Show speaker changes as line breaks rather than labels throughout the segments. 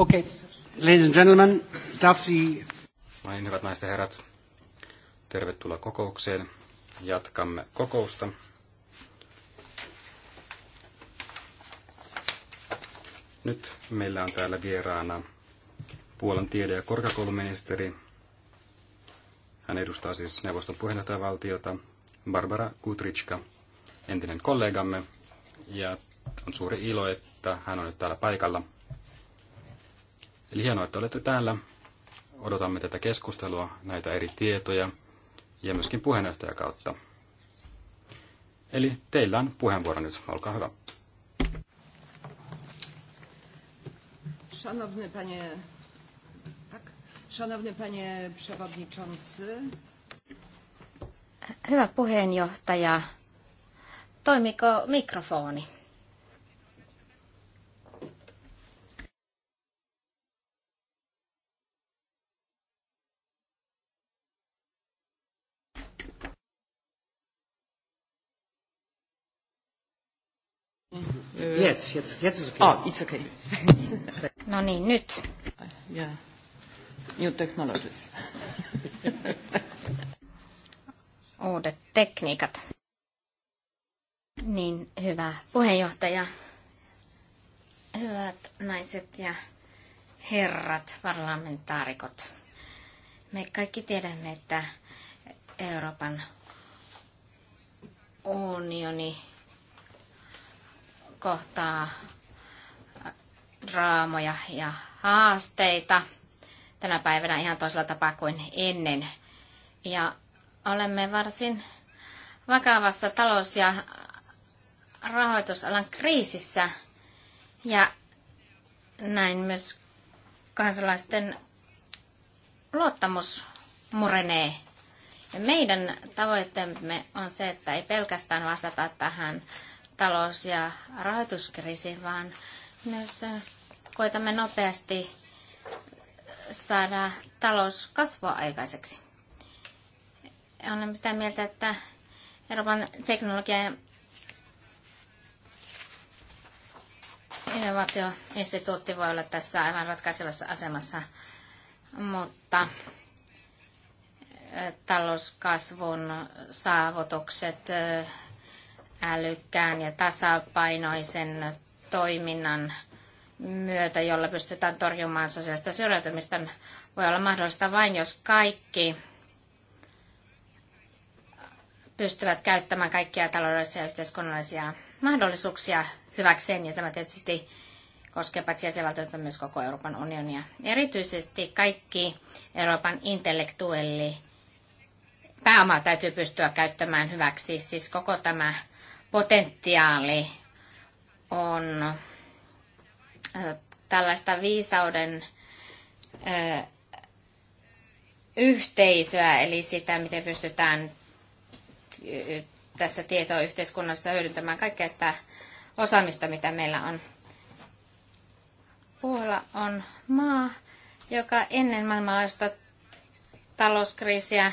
Okay. Ladies and gentlemen, darf Sie...
No niin, hyvät naiset ja herrat, tervetuloa kokoukseen. Jatkamme kokousta. Nyt meillä on täällä vieraana Puolan tiede- ja korkeakouluministeri. Hän edustaa siis neuvoston puheenjohtajavaltiota Barbara Kutrička, entinen kollegamme. Ja on suuri ilo, että hän on nyt täällä paikalla – Eli hienoa, että olette täällä. Odotamme tätä keskustelua, näitä eri tietoja ja myöskin puheenjohtajan kautta. Eli teillä on puheenvuoro nyt. Olkaa hyvä.
Szanowny panie,
tak, szanowny panie przewodniczący. Hyvä puheenjohtaja. Toimiko mikrofoni?
Jetzt, jetzt, jetzt ist okay. Oh, it's okay. no niin, nyt. Yeah. New technologies.
Uudet tekniikat. Niin, hyvä puheenjohtaja. Hyvät naiset ja herrat parlamentaarikot. Me kaikki tiedämme, että Euroopan unioni kohtaa draamoja ja haasteita tänä päivänä ihan toisella tapaa kuin ennen. Ja olemme varsin vakavassa talous- ja rahoitusalan kriisissä ja näin myös kansalaisten luottamus murenee. Ja meidän tavoitteemme on se, että ei pelkästään vastata tähän talous- ja rahoituskriisiin, vaan myös koitamme nopeasti saada talous kasvua aikaiseksi. Olemme sitä mieltä, että Euroopan teknologia- ja innovaatioinstituutti voi olla tässä aivan ratkaisevassa asemassa, mutta eh, talouskasvun saavutukset eh, älykkään ja tasapainoisen toiminnan myötä, jolla pystytään torjumaan sosiaalista syrjäytymistä, voi olla mahdollista vain, jos kaikki pystyvät käyttämään kaikkia taloudellisia ja yhteiskunnallisia mahdollisuuksia hyväkseen, ja tämä tietysti koskee paitsi jäsenvaltioita myös koko Euroopan unionia. Erityisesti kaikki Euroopan intellektuelli pääoma täytyy pystyä käyttämään hyväksi, siis koko tämä potentiaali on tällaista viisauden yhteisöä, eli sitä, miten pystytään tässä tietoyhteiskunnassa hyödyntämään kaikkea sitä osaamista, mitä meillä on. Puola on maa, joka ennen maailmanlaista talouskriisiä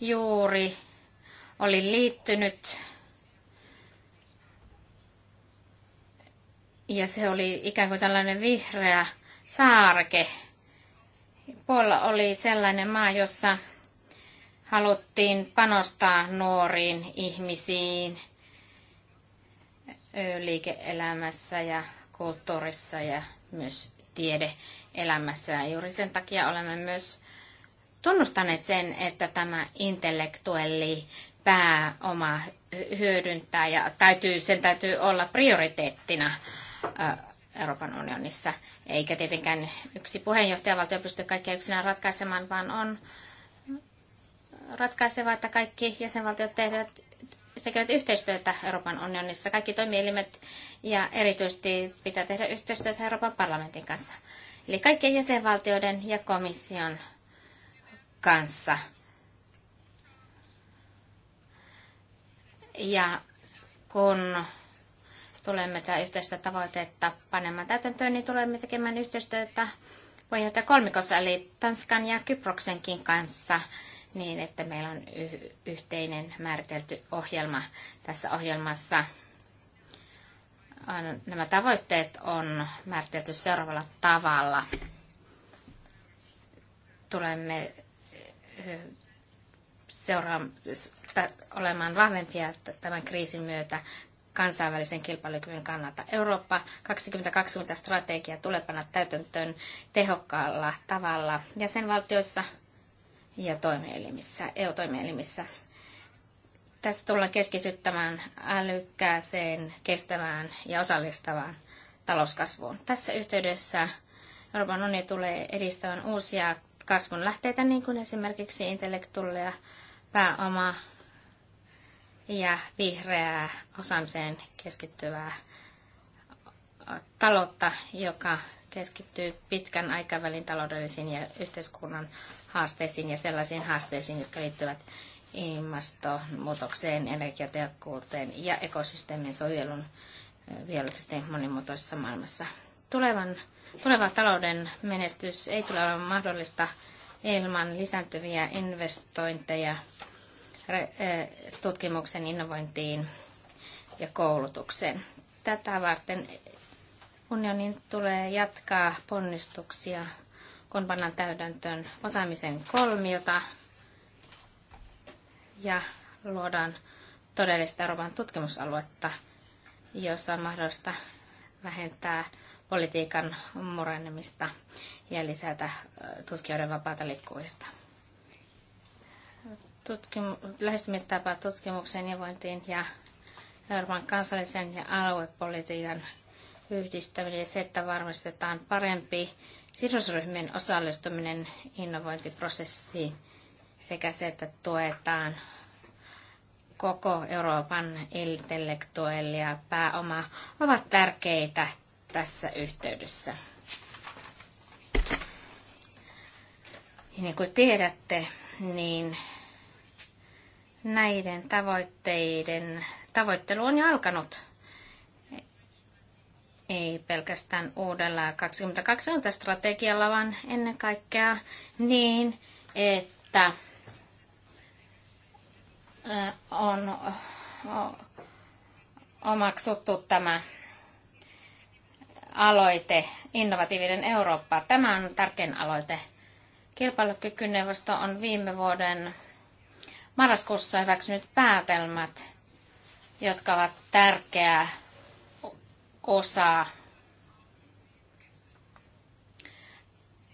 juuri oli liittynyt Ja se oli ikään kuin tällainen vihreä saarke. Puola oli sellainen maa, jossa haluttiin panostaa nuoriin ihmisiin liike-elämässä ja kulttuurissa ja myös tiedeelämässä. elämässä juuri sen takia olemme myös tunnustaneet sen, että tämä intellektuelli pääoma hyödyntää ja täytyy, sen täytyy olla prioriteettina Euroopan unionissa. Eikä tietenkään yksi puheenjohtajavaltio pysty kaikkia yksinään ratkaisemaan, vaan on ratkaisevaa, että kaikki jäsenvaltiot tekevät, tekevät yhteistyötä Euroopan unionissa. Kaikki toimielimet ja erityisesti pitää tehdä yhteistyötä Euroopan parlamentin kanssa. Eli kaikkien jäsenvaltioiden ja komission kanssa. Ja kun tulemme tätä yhteistä tavoitetta panemaan täytäntöön, niin tulemme tekemään yhteistyötä puheenjohtaja kolmikossa, eli Tanskan ja Kyproksenkin kanssa, niin että meillä on y- yhteinen määritelty ohjelma tässä ohjelmassa. On, nämä tavoitteet on määritelty seuraavalla tavalla. Tulemme eh, seuraamaan olemaan vahvempia tämän kriisin myötä kansainvälisen kilpailukyvyn kannalta. Eurooppa 2020 strategia tulee panna täytäntöön tehokkaalla tavalla jäsenvaltioissa ja toimielimissä, EU-toimielimissä. Tässä tullaan keskityttämään älykkääseen, kestävään ja osallistavaan talouskasvuun. Tässä yhteydessä Euroopan unioni tulee edistämään uusia kasvun lähteitä, niin kuin esimerkiksi intellektuaalia pääomaa, ja vihreää osaamiseen keskittyvää taloutta, joka keskittyy pitkän aikavälin taloudellisiin ja yhteiskunnan haasteisiin ja sellaisiin haasteisiin, jotka liittyvät ilmastonmuutokseen, energiatehokkuuteen ja ekosysteemin suojelun biologisesti monimuotoisessa maailmassa. Tulevan, tuleva talouden menestys ei tule olemaan mahdollista ilman lisääntyviä investointeja Eh, tutkimuksen innovointiin ja koulutukseen. Tätä varten unionin tulee jatkaa ponnistuksia, kun pannaan osaamisen kolmiota ja luodaan todellista Euroopan tutkimusaluetta, jossa on mahdollista vähentää politiikan murenemista ja lisätä tutkijoiden vapaata liikkuvista tutkimu- tutkimuksen ja vointiin ja Euroopan kansallisen ja aluepolitiikan yhdistäminen ja se, että varmistetaan parempi sidosryhmien osallistuminen innovointiprosessiin sekä se, että tuetaan koko Euroopan intellektuelli ja pääoma ovat tärkeitä tässä yhteydessä. Ja niin kuin tiedätte, niin näiden tavoitteiden tavoittelu on jo alkanut. Ei pelkästään uudella 2020 strategialla, vaan ennen kaikkea niin, että on omaksuttu tämä aloite, innovatiivinen Eurooppa. Tämä on tärkein aloite. Kilpailukykyneuvosto on viime vuoden marraskuussa hyväksynyt päätelmät, jotka ovat tärkeä osa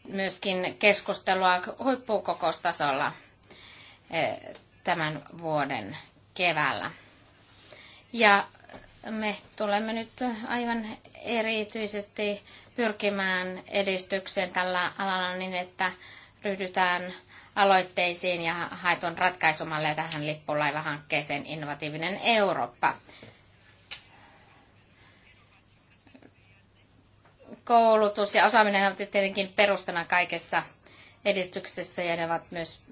myöskin keskustelua huippukokoustasolla eh, tämän vuoden keväällä. Ja me tulemme nyt aivan erityisesti pyrkimään edistykseen tällä alalla niin, että ryhdytään aloitteisiin ja haetun ratkaisumalle tähän lippulaivahankkeeseen Innovatiivinen Eurooppa. Koulutus ja osaaminen ovat tietenkin perustana kaikessa edistyksessä ja ne ovat myös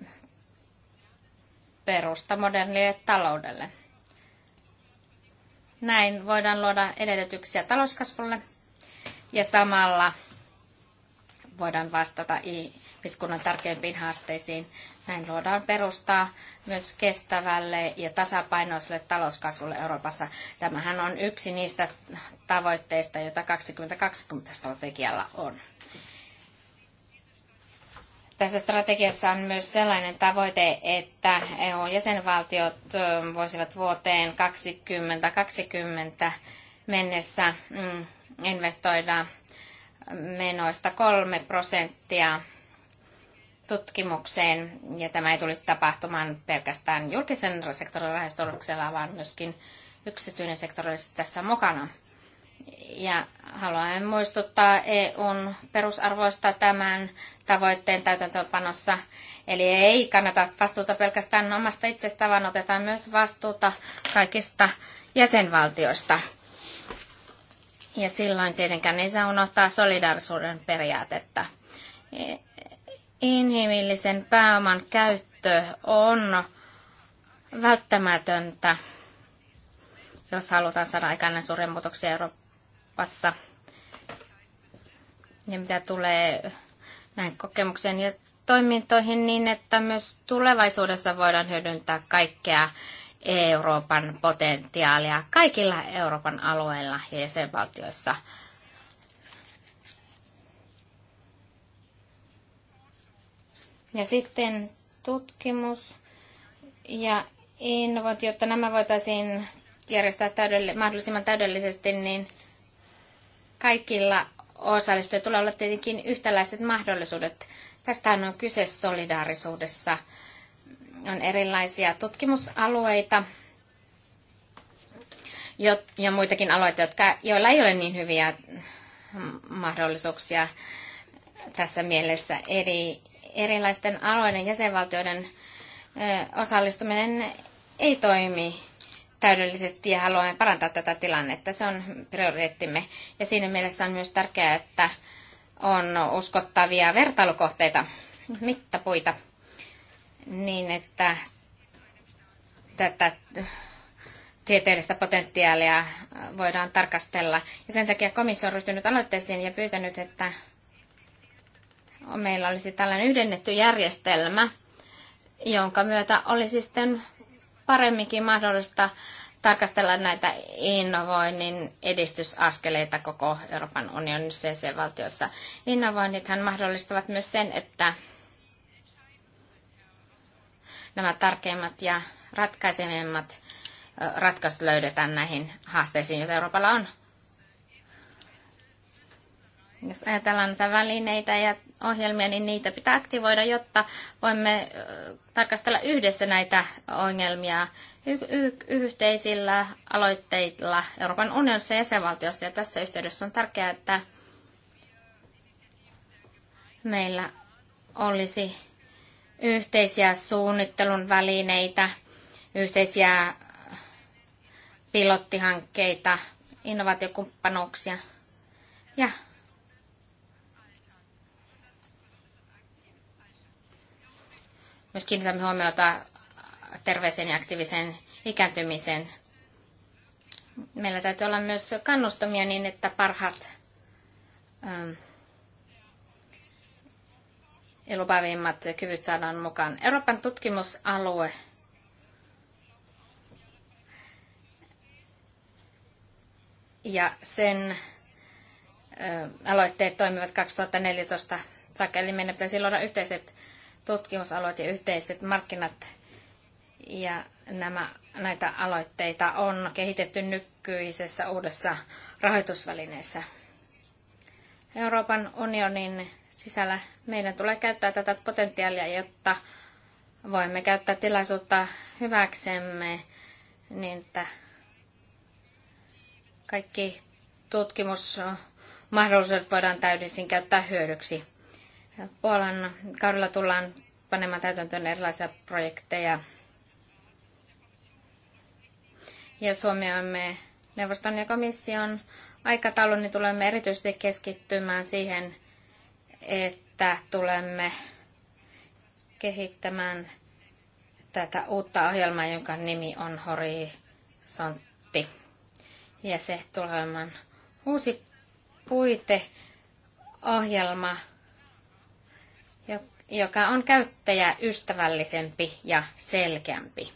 perusta modernille taloudelle. Näin voidaan luoda edellytyksiä talouskasvulle ja samalla voidaan vastata ihmiskunnan tärkeimpiin haasteisiin. Näin luodaan perustaa myös kestävälle ja tasapainoiselle talouskasvulle Euroopassa. Tämähän on yksi niistä tavoitteista, joita 2020-strategialla on. Tässä strategiassa on myös sellainen tavoite, että EU-jäsenvaltiot voisivat vuoteen 2020 mennessä mm, investoida menoista kolme prosenttia tutkimukseen, ja tämä ei tulisi tapahtumaan pelkästään julkisen sektorin lähestyksellä, vaan myöskin yksityinen sektori olisi tässä mukana. Ja haluan muistuttaa EUn perusarvoista tämän tavoitteen täytäntöönpanossa. Eli ei kannata vastuuta pelkästään omasta itsestä, vaan otetaan myös vastuuta kaikista jäsenvaltioista. Ja silloin tietenkään ei saa unohtaa solidarisuuden periaatetta. Inhimillisen pääoman käyttö on välttämätöntä, jos halutaan saada aikainen suuren muutoksen Euroopassa. Ja mitä tulee näin kokemukseen ja toimintoihin niin, että myös tulevaisuudessa voidaan hyödyntää kaikkea Euroopan potentiaalia kaikilla Euroopan alueilla ja jäsenvaltioissa. Ja sitten tutkimus ja innovaatio, jotta nämä voitaisiin järjestää täydelle, mahdollisimman täydellisesti, niin kaikilla osallistujilla tulee olla tietenkin yhtäläiset mahdollisuudet. Tästä on kyse solidaarisuudessa on erilaisia tutkimusalueita ja muitakin aloita, jotka, joilla ei ole niin hyviä mahdollisuuksia tässä mielessä. Eli erilaisten alueiden jäsenvaltioiden osallistuminen ei toimi täydellisesti ja haluamme parantaa tätä tilannetta. Se on prioriteettimme. Ja siinä mielessä on myös tärkeää, että on uskottavia vertailukohteita, mittapuita niin, että tätä tieteellistä potentiaalia voidaan tarkastella. Ja sen takia komissio on ryhtynyt aloitteisiin ja pyytänyt, että meillä olisi tällainen yhdennetty järjestelmä, jonka myötä olisi sitten paremminkin mahdollista tarkastella näitä innovoinnin edistysaskeleita koko Euroopan unionissa ja sen valtiossa. Innovoinnithan mahdollistavat myös sen, että nämä tärkeimmät ja ratkaisevimmat ratkaisut löydetään näihin haasteisiin, joita Euroopalla on. Jos ajatellaan näitä välineitä ja ohjelmia, niin niitä pitää aktivoida, jotta voimme tarkastella yhdessä näitä ongelmia yhteisillä aloitteilla Euroopan unionissa ja jäsenvaltiossa. Ja tässä yhteydessä on tärkeää, että meillä olisi yhteisiä suunnittelun välineitä, yhteisiä pilottihankkeita, innovaatiokumppanuuksia ja myös kiinnitämme huomiota terveeseen ja aktiiviseen ikääntymiseen. Meillä täytyy olla myös kannustamia niin, että parhaat ähm, lupaavimmat kyvyt saadaan mukaan. Euroopan tutkimusalue ja sen aloitteet toimivat 2014 saakka. Eli meidän pitäisi luoda yhteiset tutkimusalueet ja yhteiset markkinat. Ja nämä, näitä aloitteita on kehitetty nykyisessä uudessa rahoitusvälineessä. Euroopan unionin sisällä. Meidän tulee käyttää tätä potentiaalia, jotta voimme käyttää tilaisuutta hyväksemme, niin että kaikki tutkimusmahdollisuudet voidaan täydellisin käyttää hyödyksi. Puolan kaudella tullaan panemaan täytäntöön erilaisia projekteja. Ja me neuvoston ja komission aikataulun, niin tulemme erityisesti keskittymään siihen, että tulemme kehittämään tätä uutta ohjelmaa, jonka nimi on Horisontti. Ja se tulee olemaan uusi puiteohjelma, joka on käyttäjäystävällisempi ja selkeämpi.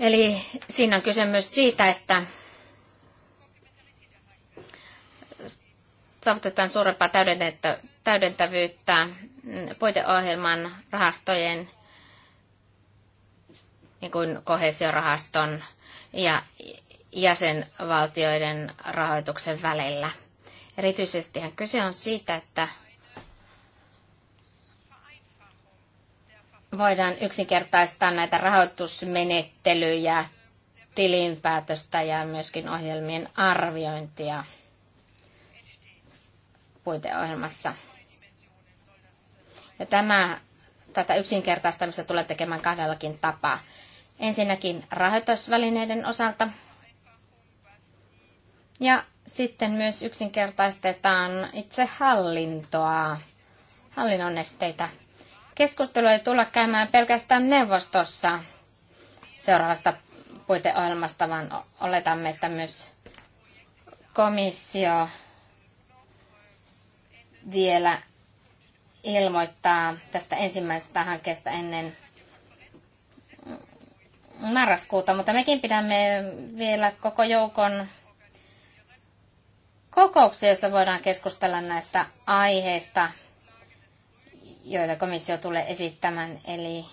Eli siinä on kyse myös siitä, että saavutetaan suurempaa täydentävyyttä mm, puiteohjelman rahastojen, niin kuin kohesiorahaston ja jäsenvaltioiden rahoituksen välillä. Erityisesti kyse on siitä, että voidaan yksinkertaistaa näitä rahoitusmenettelyjä, tilinpäätöstä ja myöskin ohjelmien arviointia puiteohjelmassa. Ja tämä, tätä yksinkertaistamista tulee tekemään kahdellakin tapaa. Ensinnäkin rahoitusvälineiden osalta. Ja sitten myös yksinkertaistetaan itse hallintoa, hallinnon esteitä. Keskustelu ei tulla käymään pelkästään neuvostossa seuraavasta puiteohjelmasta, vaan oletamme, että myös komissio vielä ilmoittaa tästä ensimmäisestä hankkeesta ennen marraskuuta, mutta mekin pidämme vielä koko joukon kokouksia, joissa voidaan keskustella näistä aiheista, joita komissio tulee esittämään. Eli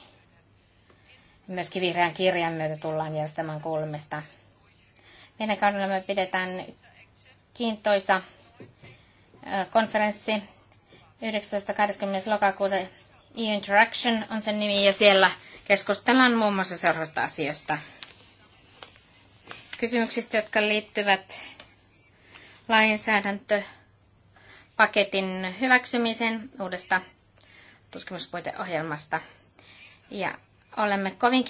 myöskin vihreän kirjan myötä tullaan järjestämään kolmesta. Meidän kaudella me pidetään kiintoista konferenssi 19.20. lokakuuta E-Interaction on sen nimi ja siellä keskustellaan muun muassa seuraavasta asiasta. Kysymyksistä, jotka liittyvät lainsäädäntöpaketin hyväksymisen uudesta tutkimuspuiteohjelmasta. Ja Olemme kovin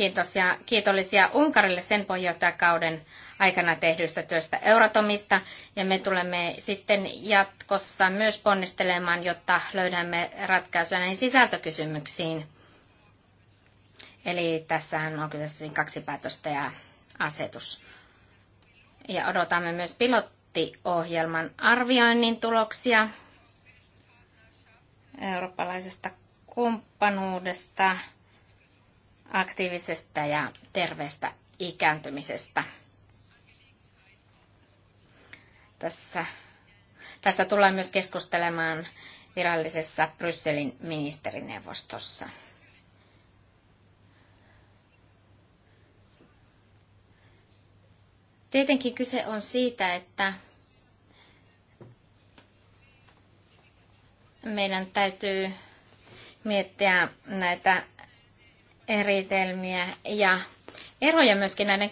kiitollisia Unkarille sen puheenjohtajakauden aikana tehdystä työstä Euratomista, ja me tulemme sitten jatkossa myös ponnistelemaan, jotta löydämme ratkaisuja näihin sisältökysymyksiin. Eli tässä on kyseessä siis kaksi päätöstä ja asetus. Ja odotamme myös pilottiohjelman arvioinnin tuloksia eurooppalaisesta kumppanuudesta aktiivisesta ja terveestä ikääntymisestä. Tässä, tästä tullaan myös keskustelemaan virallisessa Brysselin ministerineuvostossa. Tietenkin kyse on siitä, että meidän täytyy miettiä näitä eritelmiä ja eroja myöskin näiden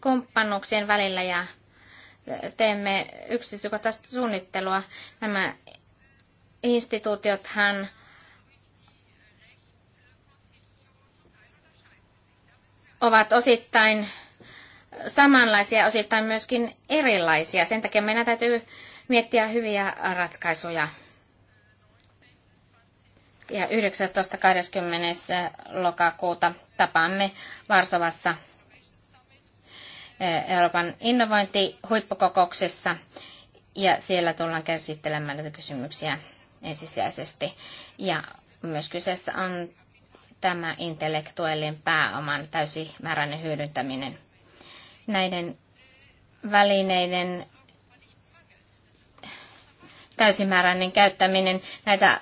kumppanuuksien välillä ja teemme yksityiskohtaista suunnittelua. Nämä instituutiothan ovat osittain samanlaisia, osittain myöskin erilaisia. Sen takia meidän täytyy miettiä hyviä ratkaisuja ja 19.20. lokakuuta tapaamme Varsovassa eh, Euroopan innovointihuippukokouksessa ja siellä tullaan käsittelemään näitä kysymyksiä ensisijaisesti. Ja myös kyseessä on tämä intellektuellin pääoman täysimääräinen hyödyntäminen. Näiden välineiden täysimääräinen käyttäminen. Näitä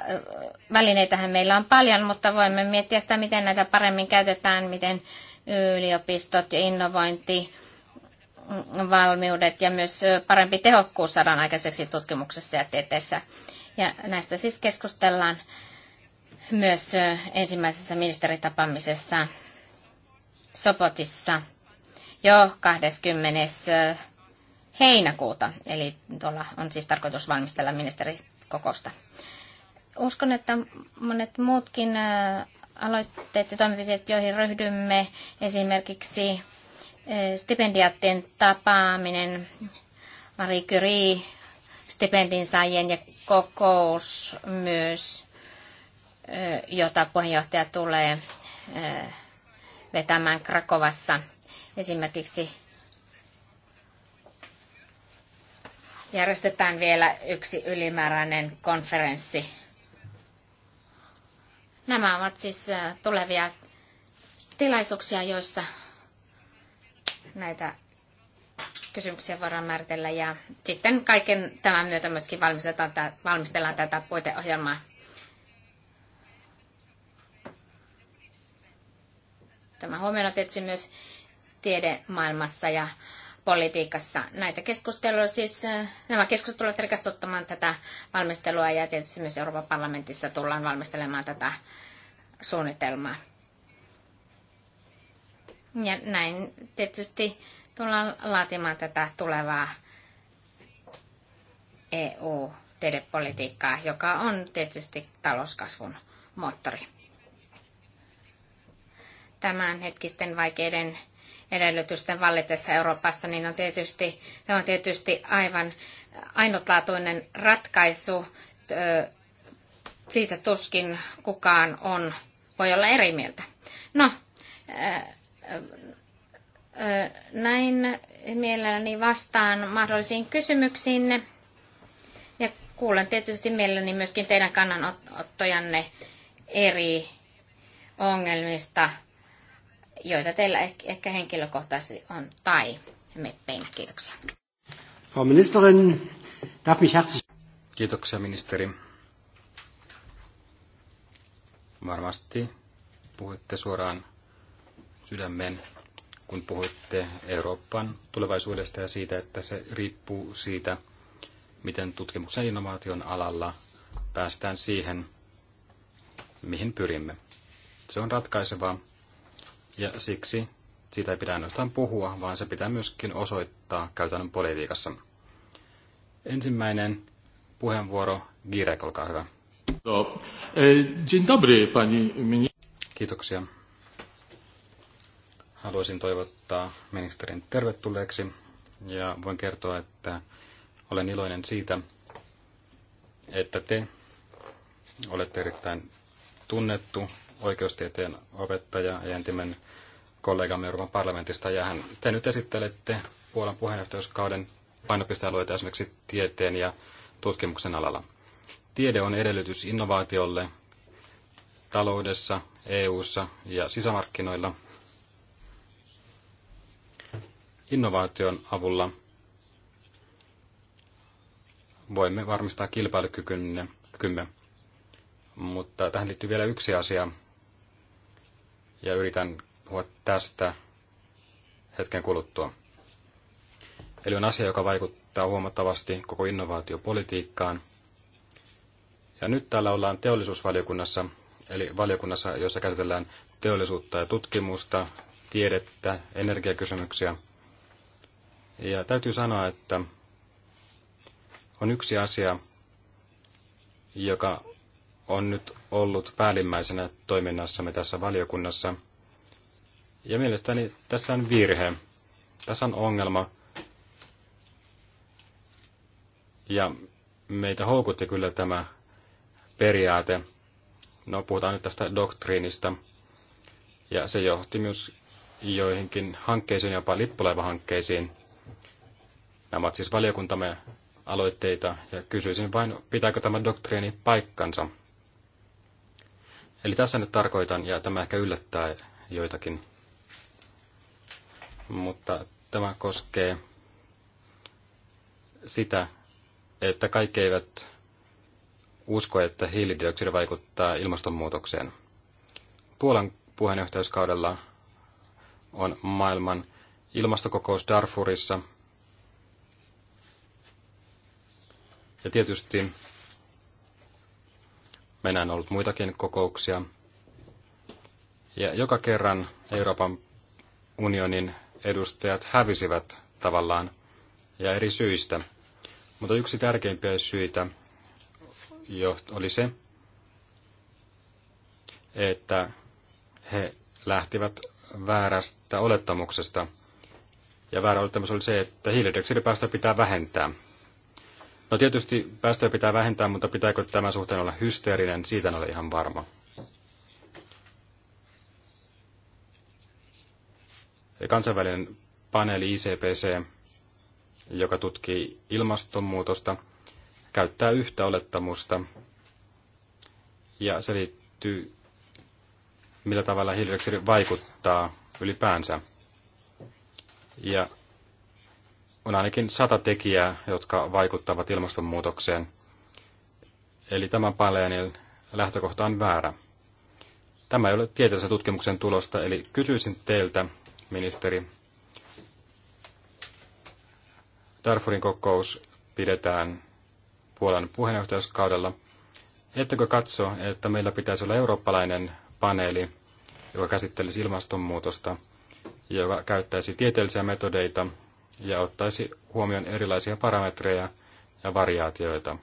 välineitähän meillä on paljon, mutta voimme miettiä sitä, miten näitä paremmin käytetään, miten yliopistot ja innovointi valmiudet ja myös parempi tehokkuus saadaan aikaiseksi tutkimuksessa ja tieteessä. Ja näistä siis keskustellaan myös ensimmäisessä ministeritapaamisessa Sopotissa jo 20 heinäkuuta. Eli tuolla on siis tarkoitus valmistella ministerikokousta. Uskon, että monet muutkin aloitteet ja toimenpiteet, joihin ryhdymme, esimerkiksi stipendiaattien tapaaminen, Marie Curie, stipendin saajien ja kokous myös, jota puheenjohtaja tulee vetämään Krakovassa. Esimerkiksi järjestetään vielä yksi ylimääräinen konferenssi. Nämä ovat siis äh, tulevia tilaisuuksia, joissa näitä kysymyksiä voidaan määritellä. Ja sitten kaiken tämän myötä myöskin valmistetaan, valmistellaan tätä puiteohjelmaa. Tämä huomioon tietysti myös tiedemaailmassa ja politiikassa. Näitä keskusteluja siis, äh, nämä keskustelut rikastuttamaan tätä valmistelua ja tietysti myös Euroopan parlamentissa tullaan valmistelemaan tätä suunnitelmaa. Ja näin tietysti tullaan laatimaan tätä tulevaa EU-tiedepolitiikkaa, joka on tietysti talouskasvun moottori. Tämän hetkisten vaikeiden edellytysten vallitessa Euroopassa, niin on tietysti, tämä on tietysti aivan ainutlaatuinen ratkaisu. Siitä tuskin kukaan on, voi olla eri mieltä. No, näin mielelläni vastaan mahdollisiin kysymyksiinne. Ja kuulen tietysti mielelläni myöskin teidän kannanottojanne eri ongelmista joita teillä ehkä henkilökohtaisesti on, tai meppeinä. Kiitoksia.
Frau Ministerin, darf mich
herzlich... Kiitoksia ministeri. Varmasti puhuitte suoraan sydämen kun puhuitte Euroopan tulevaisuudesta ja siitä, että se riippuu siitä, miten tutkimuksen innovaation alalla päästään siihen, mihin pyrimme. Se on ratkaisevaa ja siksi siitä ei pidä ainoastaan puhua, vaan se pitää myöskin osoittaa käytännön politiikassa. Ensimmäinen puheenvuoro, Girek, olkaa hyvä. E, dzień dobry, pani Kiitoksia. Haluaisin toivottaa ministerin tervetulleeksi ja voin kertoa, että olen iloinen siitä, että te olette erittäin tunnettu oikeustieteen opettaja ja entinen kollegamme Euroopan parlamentista, ja hän, te nyt esittelette Puolan puheenjohtajuuskauden painopistealueita esimerkiksi tieteen ja tutkimuksen alalla. Tiede on edellytys innovaatiolle taloudessa, EU:ssa ja sisämarkkinoilla. Innovaation avulla voimme varmistaa kilpailukykymme, mutta tähän liittyy vielä yksi asia, ja yritän puhua tästä hetken kuluttua. Eli on asia, joka vaikuttaa huomattavasti koko innovaatiopolitiikkaan. Ja nyt täällä ollaan teollisuusvaliokunnassa, eli valiokunnassa, jossa käsitellään teollisuutta ja tutkimusta, tiedettä, energiakysymyksiä. Ja täytyy sanoa, että on yksi asia, joka on nyt ollut päällimmäisenä toiminnassamme tässä valiokunnassa. Ja mielestäni tässä on virhe, tässä on ongelma. Ja meitä houkutti kyllä tämä periaate. No puhutaan nyt tästä doktriinista. Ja se johti myös joihinkin hankkeisiin, jopa lippulaivahankkeisiin. Nämä ovat siis valiokuntamme aloitteita ja kysyisin vain, pitääkö tämä doktriini paikkansa. Eli tässä nyt tarkoitan, ja tämä ehkä yllättää joitakin, mutta tämä koskee sitä, että kaikki eivät usko, että hiilidioksidi vaikuttaa ilmastonmuutokseen. Puolan puheenjohtajuuskaudella on maailman ilmastokokous Darfurissa. Ja tietysti Meillä on ollut muitakin kokouksia. Ja joka kerran Euroopan unionin edustajat hävisivät tavallaan ja eri syistä. Mutta yksi tärkeimpiä syitä oli se, että he lähtivät väärästä olettamuksesta. Ja väärä olettamus oli se, että hiilidioksidipäästöjä pitää vähentää. No tietysti päästöjä pitää vähentää, mutta pitääkö tämän suhteen olla hysteerinen, siitä en ole ihan varma. kansainvälinen paneeli ICPC, joka tutkii ilmastonmuutosta, käyttää yhtä olettamusta ja se liittyy, millä tavalla hiilidioksidi vaikuttaa ylipäänsä. Ja on ainakin sata tekijää, jotka vaikuttavat ilmastonmuutokseen. Eli tämä paleenin niin lähtökohta on väärä. Tämä ei ole tieteellisen tutkimuksen tulosta, eli kysyisin teiltä, ministeri. Darfurin kokous pidetään Puolan puheenjohtajuuskaudella. Ettekö katso, että meillä pitäisi olla eurooppalainen paneeli, joka käsittelisi ilmastonmuutosta, joka käyttäisi tieteellisiä metodeita ja ottaisi huomioon erilaisia parametreja ja variaatioita.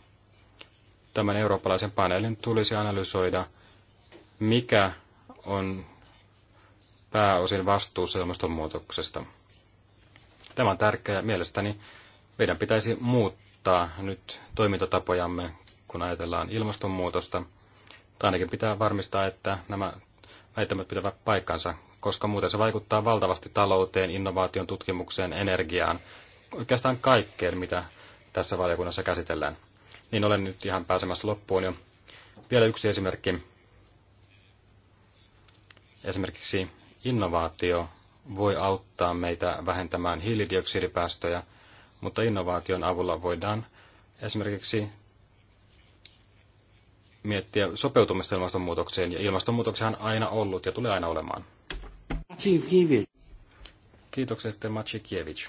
Tämän eurooppalaisen paneelin tulisi analysoida, mikä on pääosin vastuussa ilmastonmuutoksesta. Tämä on tärkeää. Mielestäni meidän pitäisi muuttaa nyt toimintatapojamme, kun ajatellaan ilmastonmuutosta. Tai ainakin pitää varmistaa, että nämä väittämät pitävät paikkansa, koska muuten se vaikuttaa valtavasti talouteen, innovaation tutkimukseen, energiaan, oikeastaan kaikkeen, mitä tässä valiokunnassa käsitellään. Niin olen nyt ihan pääsemässä loppuun jo. Vielä yksi esimerkki. Esimerkiksi innovaatio voi auttaa meitä vähentämään hiilidioksidipäästöjä, mutta innovaation avulla voidaan esimerkiksi miettiä sopeutumista ilmastonmuutokseen, ja ilmastonmuutoksehan aina ollut ja tulee aina olemaan. Kiitoksia sitten Maciej Kiewicz.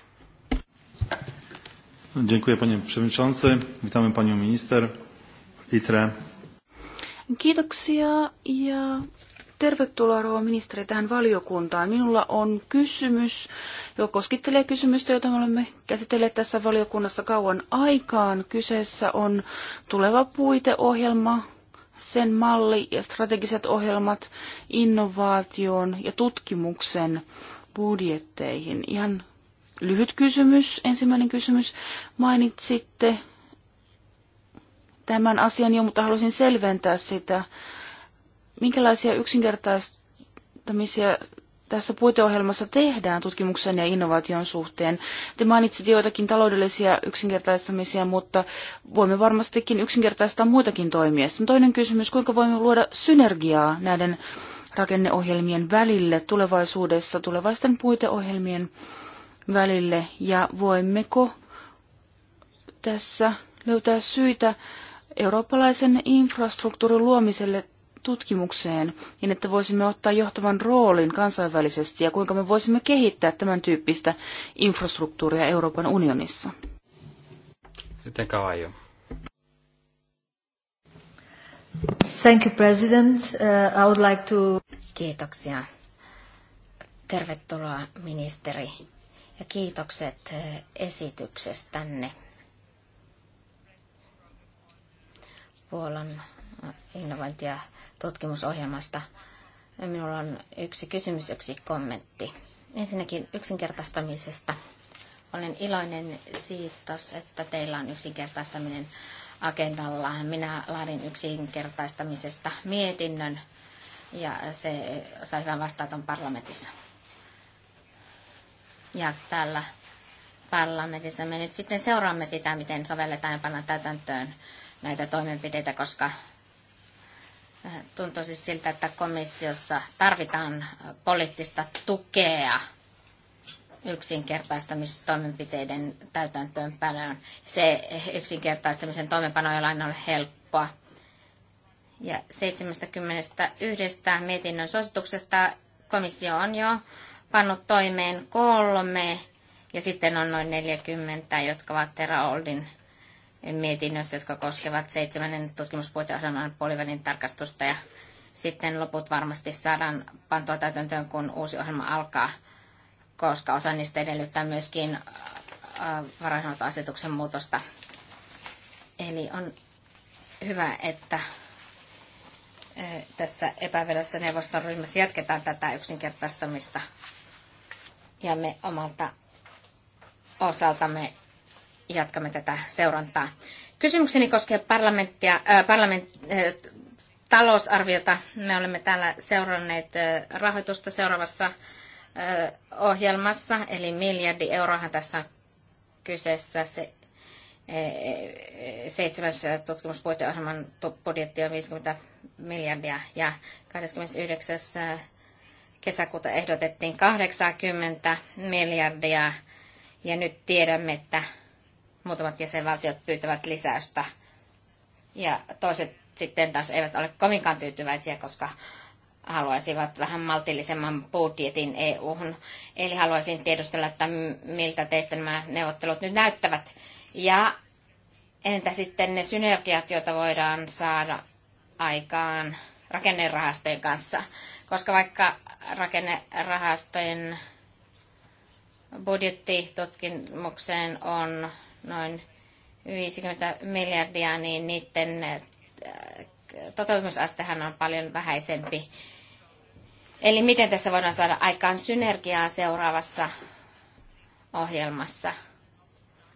Dziękuję panie przewodniczący. Witamy panią minister. Itre.
Kiitoksia ja tervetuloa rouva ministeri tähän valiokuntaan. Minulla on kysymys, joka koskittelee kysymystä, jota me olemme käsitelleet tässä valiokunnassa kauan aikaan. Kyseessä on tuleva puiteohjelma sen malli ja strategiset ohjelmat innovaation ja tutkimuksen budjetteihin. Ihan lyhyt kysymys, ensimmäinen kysymys. Mainitsitte tämän asian jo, mutta haluaisin selventää sitä. Minkälaisia yksinkertaistamisia tässä puiteohjelmassa tehdään tutkimuksen ja innovaation suhteen. Te mainitsitte joitakin taloudellisia yksinkertaistamisia, mutta voimme varmastikin yksinkertaistaa muitakin toimia. Sitten toinen kysymys, kuinka voimme luoda synergiaa näiden rakenneohjelmien välille tulevaisuudessa, tulevaisten puiteohjelmien välille, ja voimmeko tässä löytää syitä eurooppalaisen infrastruktuurin luomiselle tutkimukseen, niin että voisimme ottaa johtavan roolin kansainvälisesti ja kuinka me voisimme kehittää tämän tyyppistä infrastruktuuria Euroopan unionissa?
Sitten
Thank you, President. Uh, I would like to... Kiitoksia. Tervetuloa, ministeri. Ja kiitokset uh, esityksestänne. Puolan innovointi- ja tutkimusohjelmasta. Minulla on yksi kysymys, yksi kommentti. Ensinnäkin yksinkertaistamisesta. Olen iloinen siitä, että teillä on yksinkertaistaminen agendalla. Minä laadin yksinkertaistamisesta mietinnön ja se sai hyvän vastaanoton parlamentissa. Ja täällä parlamentissa me nyt sitten seuraamme sitä, miten sovelletaan ja pannaan täytäntöön näitä toimenpiteitä, koska tuntuu siis siltä, että komissiossa tarvitaan poliittista tukea yksinkertaistamistoimenpiteiden täytäntöönpanoon. Se yksinkertaistamisen toimenpano ei aina ole helppoa. Ja 71 mietinnön suosituksesta komissio on jo pannut toimeen kolme ja sitten on noin 40, jotka ovat Oldin mietinnössä, jotka koskevat seitsemännen tutkimuspuiteohjelman puolivälin tarkastusta ja sitten loput varmasti saadaan pantua täytäntöön, kun uusi ohjelma alkaa, koska osa niistä edellyttää myöskin äh, varainhoitoasetuksen muutosta. Eli on hyvä, että äh, tässä epävirallisessa neuvoston ryhmässä jatketaan tätä yksinkertaistamista. Ja me omalta osaltamme jatkamme tätä seurantaa. Kysymykseni koskee parlamenttia, äh, parlament, äh, talousarviota. Me olemme täällä seuranneet äh, rahoitusta seuraavassa äh, ohjelmassa, eli miljardi euroahan tässä on kyseessä. Se äh, seitsemäs tutkimuspuiteohjelman budjetti on 50 miljardia ja 29. Äh, kesäkuuta ehdotettiin 80 miljardia ja nyt tiedämme, että muutamat jäsenvaltiot pyytävät lisäystä ja toiset sitten taas eivät ole kovinkaan tyytyväisiä, koska haluaisivat vähän maltillisemman budjetin EU-hun. Eli haluaisin tiedustella, että miltä teistä nämä neuvottelut nyt näyttävät. Ja entä sitten ne synergiat, joita voidaan saada aikaan rakennerahastojen kanssa? Koska vaikka rakennerahastojen budjettitutkimukseen on noin 50 miljardia, niin niiden äh, toteutumisastehan on paljon vähäisempi. Eli miten tässä voidaan saada aikaan synergiaa seuraavassa ohjelmassa,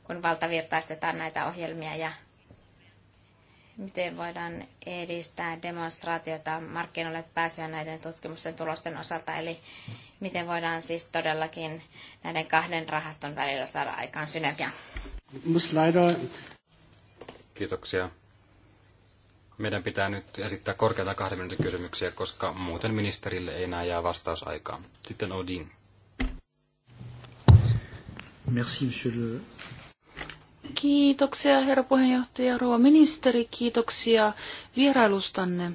kun valtavirtaistetaan näitä ohjelmia ja miten voidaan edistää demonstraatiota markkinoille pääsyä näiden tutkimusten tulosten osalta, eli miten voidaan siis todellakin näiden kahden rahaston välillä saada aikaan synergiaa
muss leider...
Kiitoksia. Meidän pitää nyt esittää korkeintaan kahden minuutin kysymyksiä, koska muuten ministerille ei enää jää vastausaikaa. Sitten Odin.
Merci, monsieur le...
Kiitoksia, herra puheenjohtaja, rouva ministeri. Kiitoksia vierailustanne.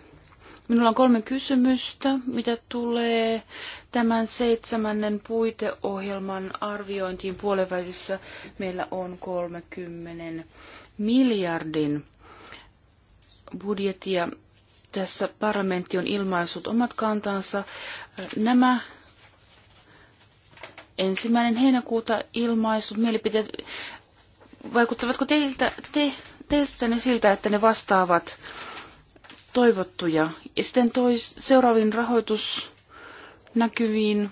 Minulla on kolme kysymystä, mitä tulee tämän seitsemännen puiteohjelman arviointiin puolivälissä. Meillä on 30 miljardin budjetia. Tässä parlamentti on ilmaissut omat kantansa. Nämä ensimmäinen heinäkuuta ilmaistut mielipiteet, vaikuttavatko teiltä, te, teistä ne siltä, että ne vastaavat toivottuja. Ja sitten toi seuraaviin rahoitusnäkyviin.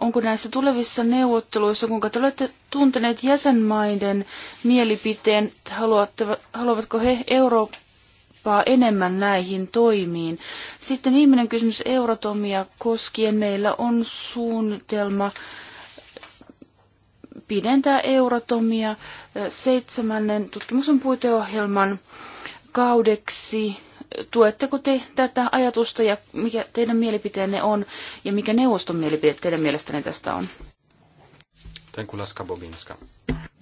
Onko näissä tulevissa neuvotteluissa, kuinka te olette tunteneet jäsenmaiden mielipiteen, haluavatko he Eurooppaa enemmän näihin toimiin? Sitten viimeinen kysymys Eurotomia koskien. Meillä on suunnitelma pidentää Eurotomia seitsemännen tutkimuksen puiteohjelman kaudeksi. Tuetteko te tätä ajatusta ja mikä teidän mielipiteenne on ja mikä neuvoston mielipide teidän mielestänne tästä on?
Tenkulaska Bobinska.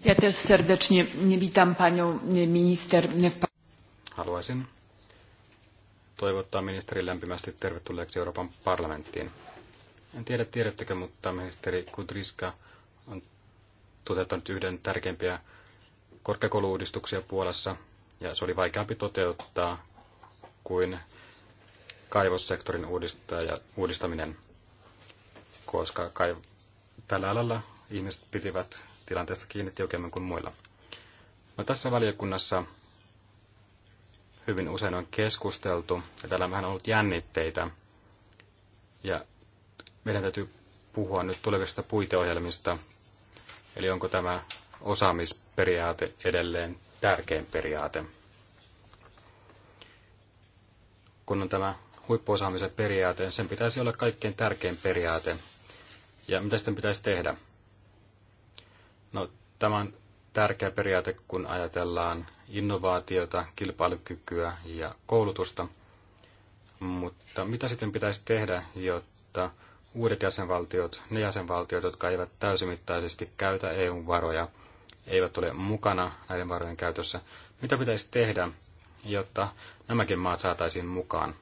Ja też serdecznie witam panią minister.
Haluaisin toivottaa ministeri lämpimästi tervetulleeksi Euroopan parlamenttiin. En tiedä, tiedättekö, mutta ministeri Kudriska on toteuttanut yhden tärkeimpiä korkeakouluuudistuksia Puolassa, ja se oli vaikeampi toteuttaa kuin kaivossektorin uudistaminen, koska kaiv- tällä alalla ihmiset pitivät tilanteesta kiinni tiukemmin kuin muilla. No, tässä valiokunnassa hyvin usein on keskusteltu, ja täällä on vähän ollut jännitteitä, ja meidän täytyy puhua nyt tulevista puiteohjelmista, eli onko tämä osaamisperiaate edelleen tärkein periaate. Kun on tämä huippuosaamisen periaate, sen pitäisi olla kaikkein tärkein periaate. Ja mitä sitten pitäisi tehdä? No, tämä on tärkeä periaate, kun ajatellaan innovaatiota, kilpailukykyä ja koulutusta. Mutta mitä sitten pitäisi tehdä, jotta uudet jäsenvaltiot, ne jäsenvaltiot, jotka eivät täysimittaisesti käytä EU-varoja, eivät ole mukana näiden varojen käytössä. Mitä pitäisi tehdä, jotta nämäkin maat saataisiin mukaan?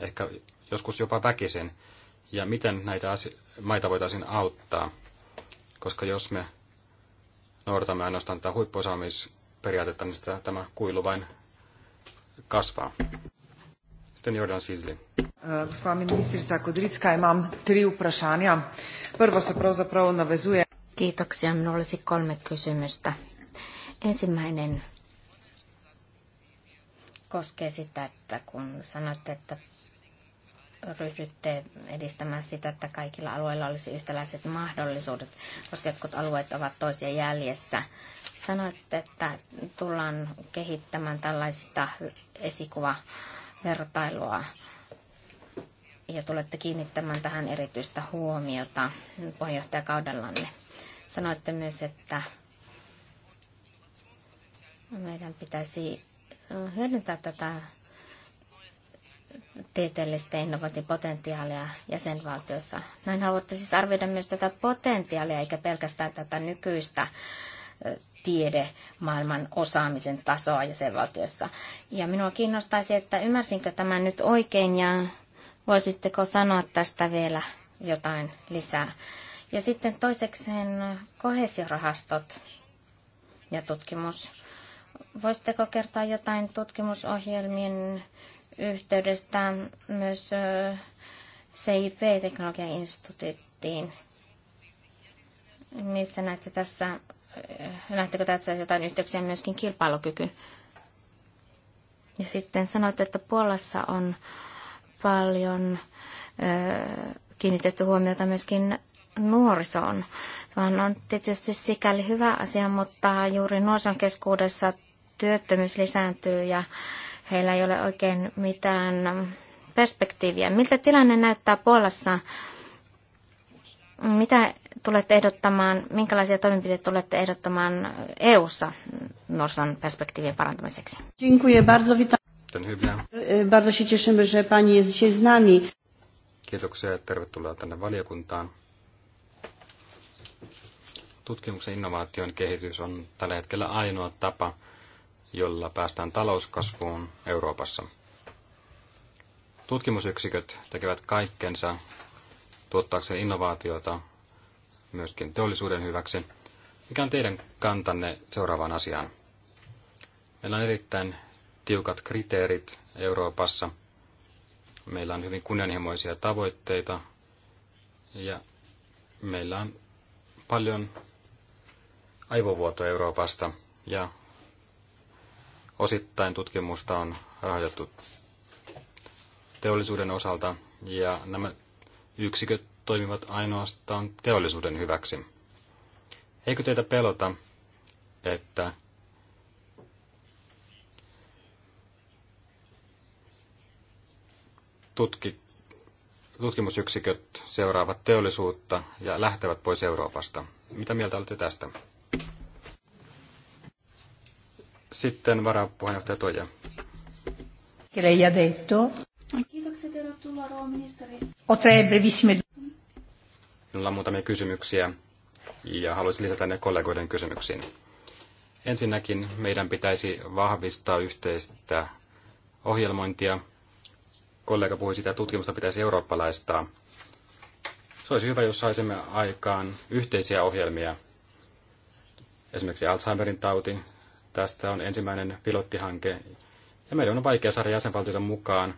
Ehkä joskus jopa väkisin. Ja miten näitä maita voitaisiin auttaa? Koska jos me noudatamme ainoastaan tätä huippuosaamisperiaatetta, niin sitä, tämä kuilu vain kasvaa. Sitten Jordan Sizli.
Gospodin ministrica Kodricka, imam tri vprašanja. Prvo se pravzaprav navezuje Kiitoksia. Minulla olisi kolme kysymystä. Ensimmäinen koskee sitä, että kun sanoitte, että ryhdytte edistämään sitä, että kaikilla alueilla olisi yhtäläiset mahdollisuudet, koska jotkut alueet ovat toisia jäljessä. Sanoitte, että tullaan kehittämään tällaista esikuvavertailua ja tulette kiinnittämään tähän erityistä huomiota puheenjohtajakaudellanne. Sanoitte myös, että meidän pitäisi hyödyntää tätä tieteellistä innovointipotentiaalia jäsenvaltiossa. Näin haluatte siis arvioida myös tätä potentiaalia, eikä pelkästään tätä nykyistä tiedemaailman osaamisen tasoa jäsenvaltiossa. Ja minua kiinnostaisi, että ymmärsinkö tämän nyt oikein ja voisitteko sanoa tästä vielä jotain lisää. Ja sitten toisekseen kohesiorahastot ja tutkimus. Voisitteko kertoa jotain tutkimusohjelmien yhteydestä myös CIP-teknologian instituuttiin? Missä näette tässä, näettekö tässä jotain yhteyksiä myöskin kilpailukykyyn? Ja sitten sanoitte, että Puolassa on paljon ö, kiinnitetty huomiota myöskin nuorisoon. Vaan on tietysti sikäli hyvä asia, mutta juuri nuorison keskuudessa työttömyys lisääntyy ja heillä ei ole oikein mitään perspektiiviä. Miltä tilanne näyttää Puolassa? Mitä tulette ehdottamaan, minkälaisia toimenpiteitä tulette ehdottamaan EU-ssa nuorison perspektiivien parantamiseksi? E,
Kiitoksia ja tervetuloa tänne valiokuntaan tutkimuksen innovaation kehitys on tällä hetkellä ainoa tapa, jolla päästään talouskasvuun Euroopassa. Tutkimusyksiköt tekevät kaikkensa tuottaakseen innovaatiota myöskin teollisuuden hyväksi. Mikä on teidän kantanne seuraavaan asiaan? Meillä on erittäin tiukat kriteerit Euroopassa. Meillä on hyvin kunnianhimoisia tavoitteita ja meillä on paljon aivovuoto Euroopasta ja osittain tutkimusta on rahoitettu teollisuuden osalta ja nämä yksiköt toimivat ainoastaan teollisuuden hyväksi. Eikö teitä pelota, että tutki, tutkimusyksiköt seuraavat teollisuutta ja lähtevät pois Euroopasta? Mitä mieltä olette tästä? Sitten varapuheenjohtaja Toija.
Lei detto.
Kiitoksia, tervetuloa
Minulla on muutamia kysymyksiä ja haluaisin lisätä ne kollegoiden kysymyksiin. Ensinnäkin meidän pitäisi vahvistaa yhteistä ohjelmointia. Kollega puhui sitä, että tutkimusta pitäisi eurooppalaistaa. Se olisi hyvä, jos saisimme aikaan yhteisiä ohjelmia. Esimerkiksi Alzheimerin tauti, Tästä on ensimmäinen pilottihanke, ja meidän on vaikea saada jäsenvaltioita mukaan.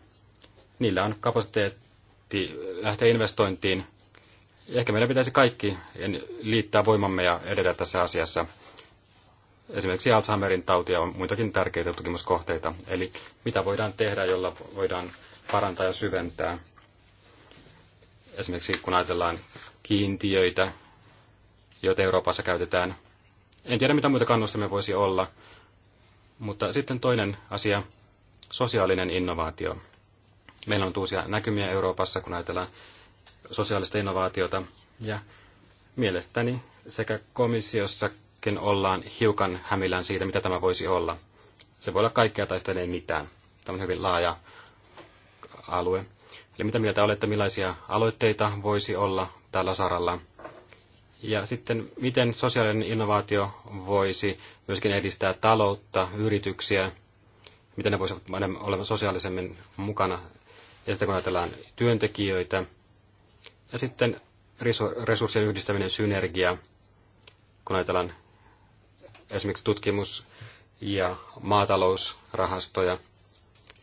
Niillä on kapasiteetti lähteä investointiin. Ehkä meidän pitäisi kaikki liittää voimamme ja edetä tässä asiassa. Esimerkiksi Alzheimerin tautia on muitakin tärkeitä tutkimuskohteita. Eli mitä voidaan tehdä, jolla voidaan parantaa ja syventää. Esimerkiksi kun ajatellaan kiintiöitä, joita Euroopassa käytetään. En tiedä, mitä muita kannustamia voisi olla, mutta sitten toinen asia, sosiaalinen innovaatio. Meillä on uusia näkymiä Euroopassa, kun ajatellaan sosiaalista innovaatiota. Ja mielestäni sekä komissiossakin ollaan hiukan hämillään siitä, mitä tämä voisi olla. Se voi olla kaikkea tai sitten ei mitään. Tämä on hyvin laaja alue. Eli mitä mieltä olette, millaisia aloitteita voisi olla tällä saralla? Ja sitten, miten sosiaalinen innovaatio voisi myöskin edistää taloutta, yrityksiä, miten ne voisivat olla sosiaalisemmin mukana, ja sitten kun ajatellaan työntekijöitä, ja sitten resurssien yhdistäminen, synergia, kun ajatellaan esimerkiksi tutkimus- ja maatalousrahastoja.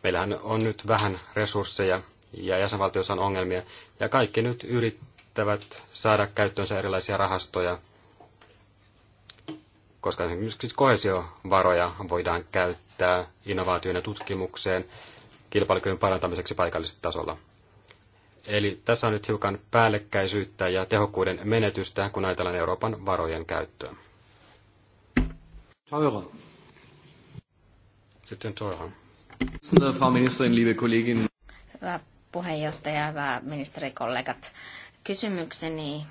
Meillähän on nyt vähän resursseja ja jäsenvaltiossa on ongelmia, ja kaikki nyt yrittää yrittävät saada käyttöönsä erilaisia rahastoja, koska esimerkiksi kohesiovaroja voidaan käyttää innovaatioiden ja tutkimukseen kilpailukyvyn parantamiseksi paikallisella tasolla. Eli tässä on nyt hiukan päällekkäisyyttä ja tehokkuuden menetystä, kun ajatellaan Euroopan varojen käyttöä. Sitten teurer. Frau Ministerin, Hyvä
puheenjohtaja, hyvä ministerikollegat. Kysymykseni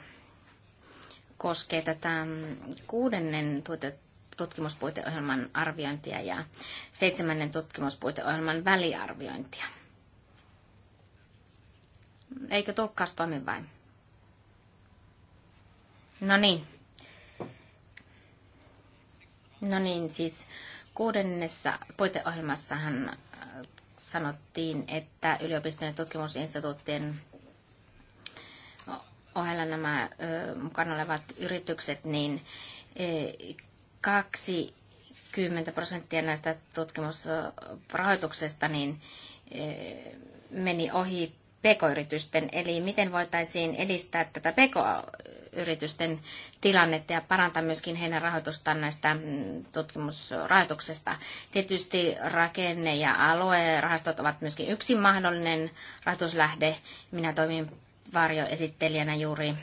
koskee tätä kuudennen tutkimuspuiteohjelman arviointia ja seitsemännen tutkimuspuiteohjelman väliarviointia. Eikö tulkkaas toimi vain? No niin. No niin, siis kuudennessa puiteohjelmassahan äh, sanottiin, että yliopistojen ja tutkimusinstituuttien ohella nämä mukana olevat yritykset, niin 20 e, prosenttia näistä tutkimusrahoituksesta niin e, meni ohi pk-yritysten. Eli miten voitaisiin edistää tätä pk-yritysten tilannetta ja parantaa myöskin heidän rahoitustaan näistä mm, tutkimusrahoituksesta. Tietysti rakenne- ja aluerahastot ovat myöskin yksi mahdollinen rahoituslähde. Minä toimin varjoesittelijänä juuri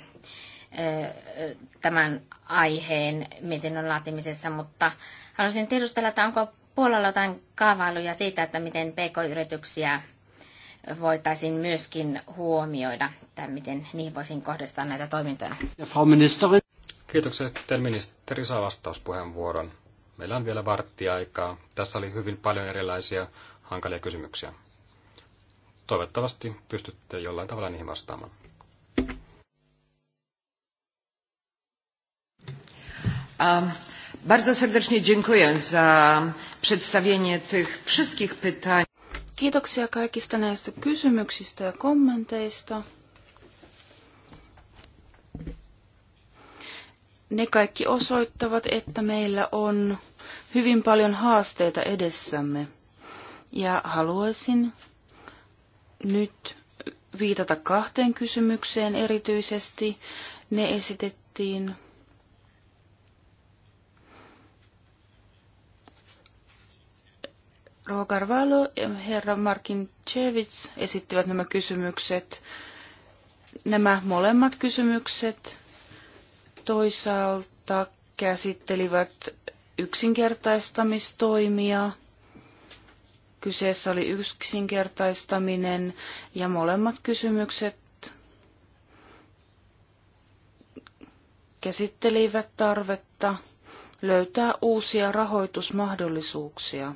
tämän aiheen mietinnön laatimisessa, mutta haluaisin tiedustella, että onko puolella jotain kaavailuja siitä, että miten pk-yrityksiä voitaisiin myöskin huomioida, tai miten niihin voisin kohdistaa näitä toimintoja.
Ja Frau
Kiitoksia. että ministeri saa vastauspuheenvuoron. Meillä on vielä varttiaikaa. Tässä oli hyvin paljon erilaisia hankalia kysymyksiä. Toivottavasti pystytte jollain tavalla niihin vastaamaan.
Um, bardzo serdecznie dziękuję za
przedstawienie tych wszystkich pytań. Kiitoksia kaikista näistä kysymyksistä ja kommenteista. Ne kaikki osoittavat, että meillä on hyvin paljon haasteita edessämme. Ja haluaisin nyt viitata kahteen kysymykseen erityisesti. Ne esitettiin Rogar Valo ja herra Markin Chevits esittivät nämä kysymykset. Nämä molemmat kysymykset toisaalta käsittelivät yksinkertaistamistoimia – Kyseessä oli yksinkertaistaminen ja molemmat kysymykset käsittelivät tarvetta löytää uusia rahoitusmahdollisuuksia.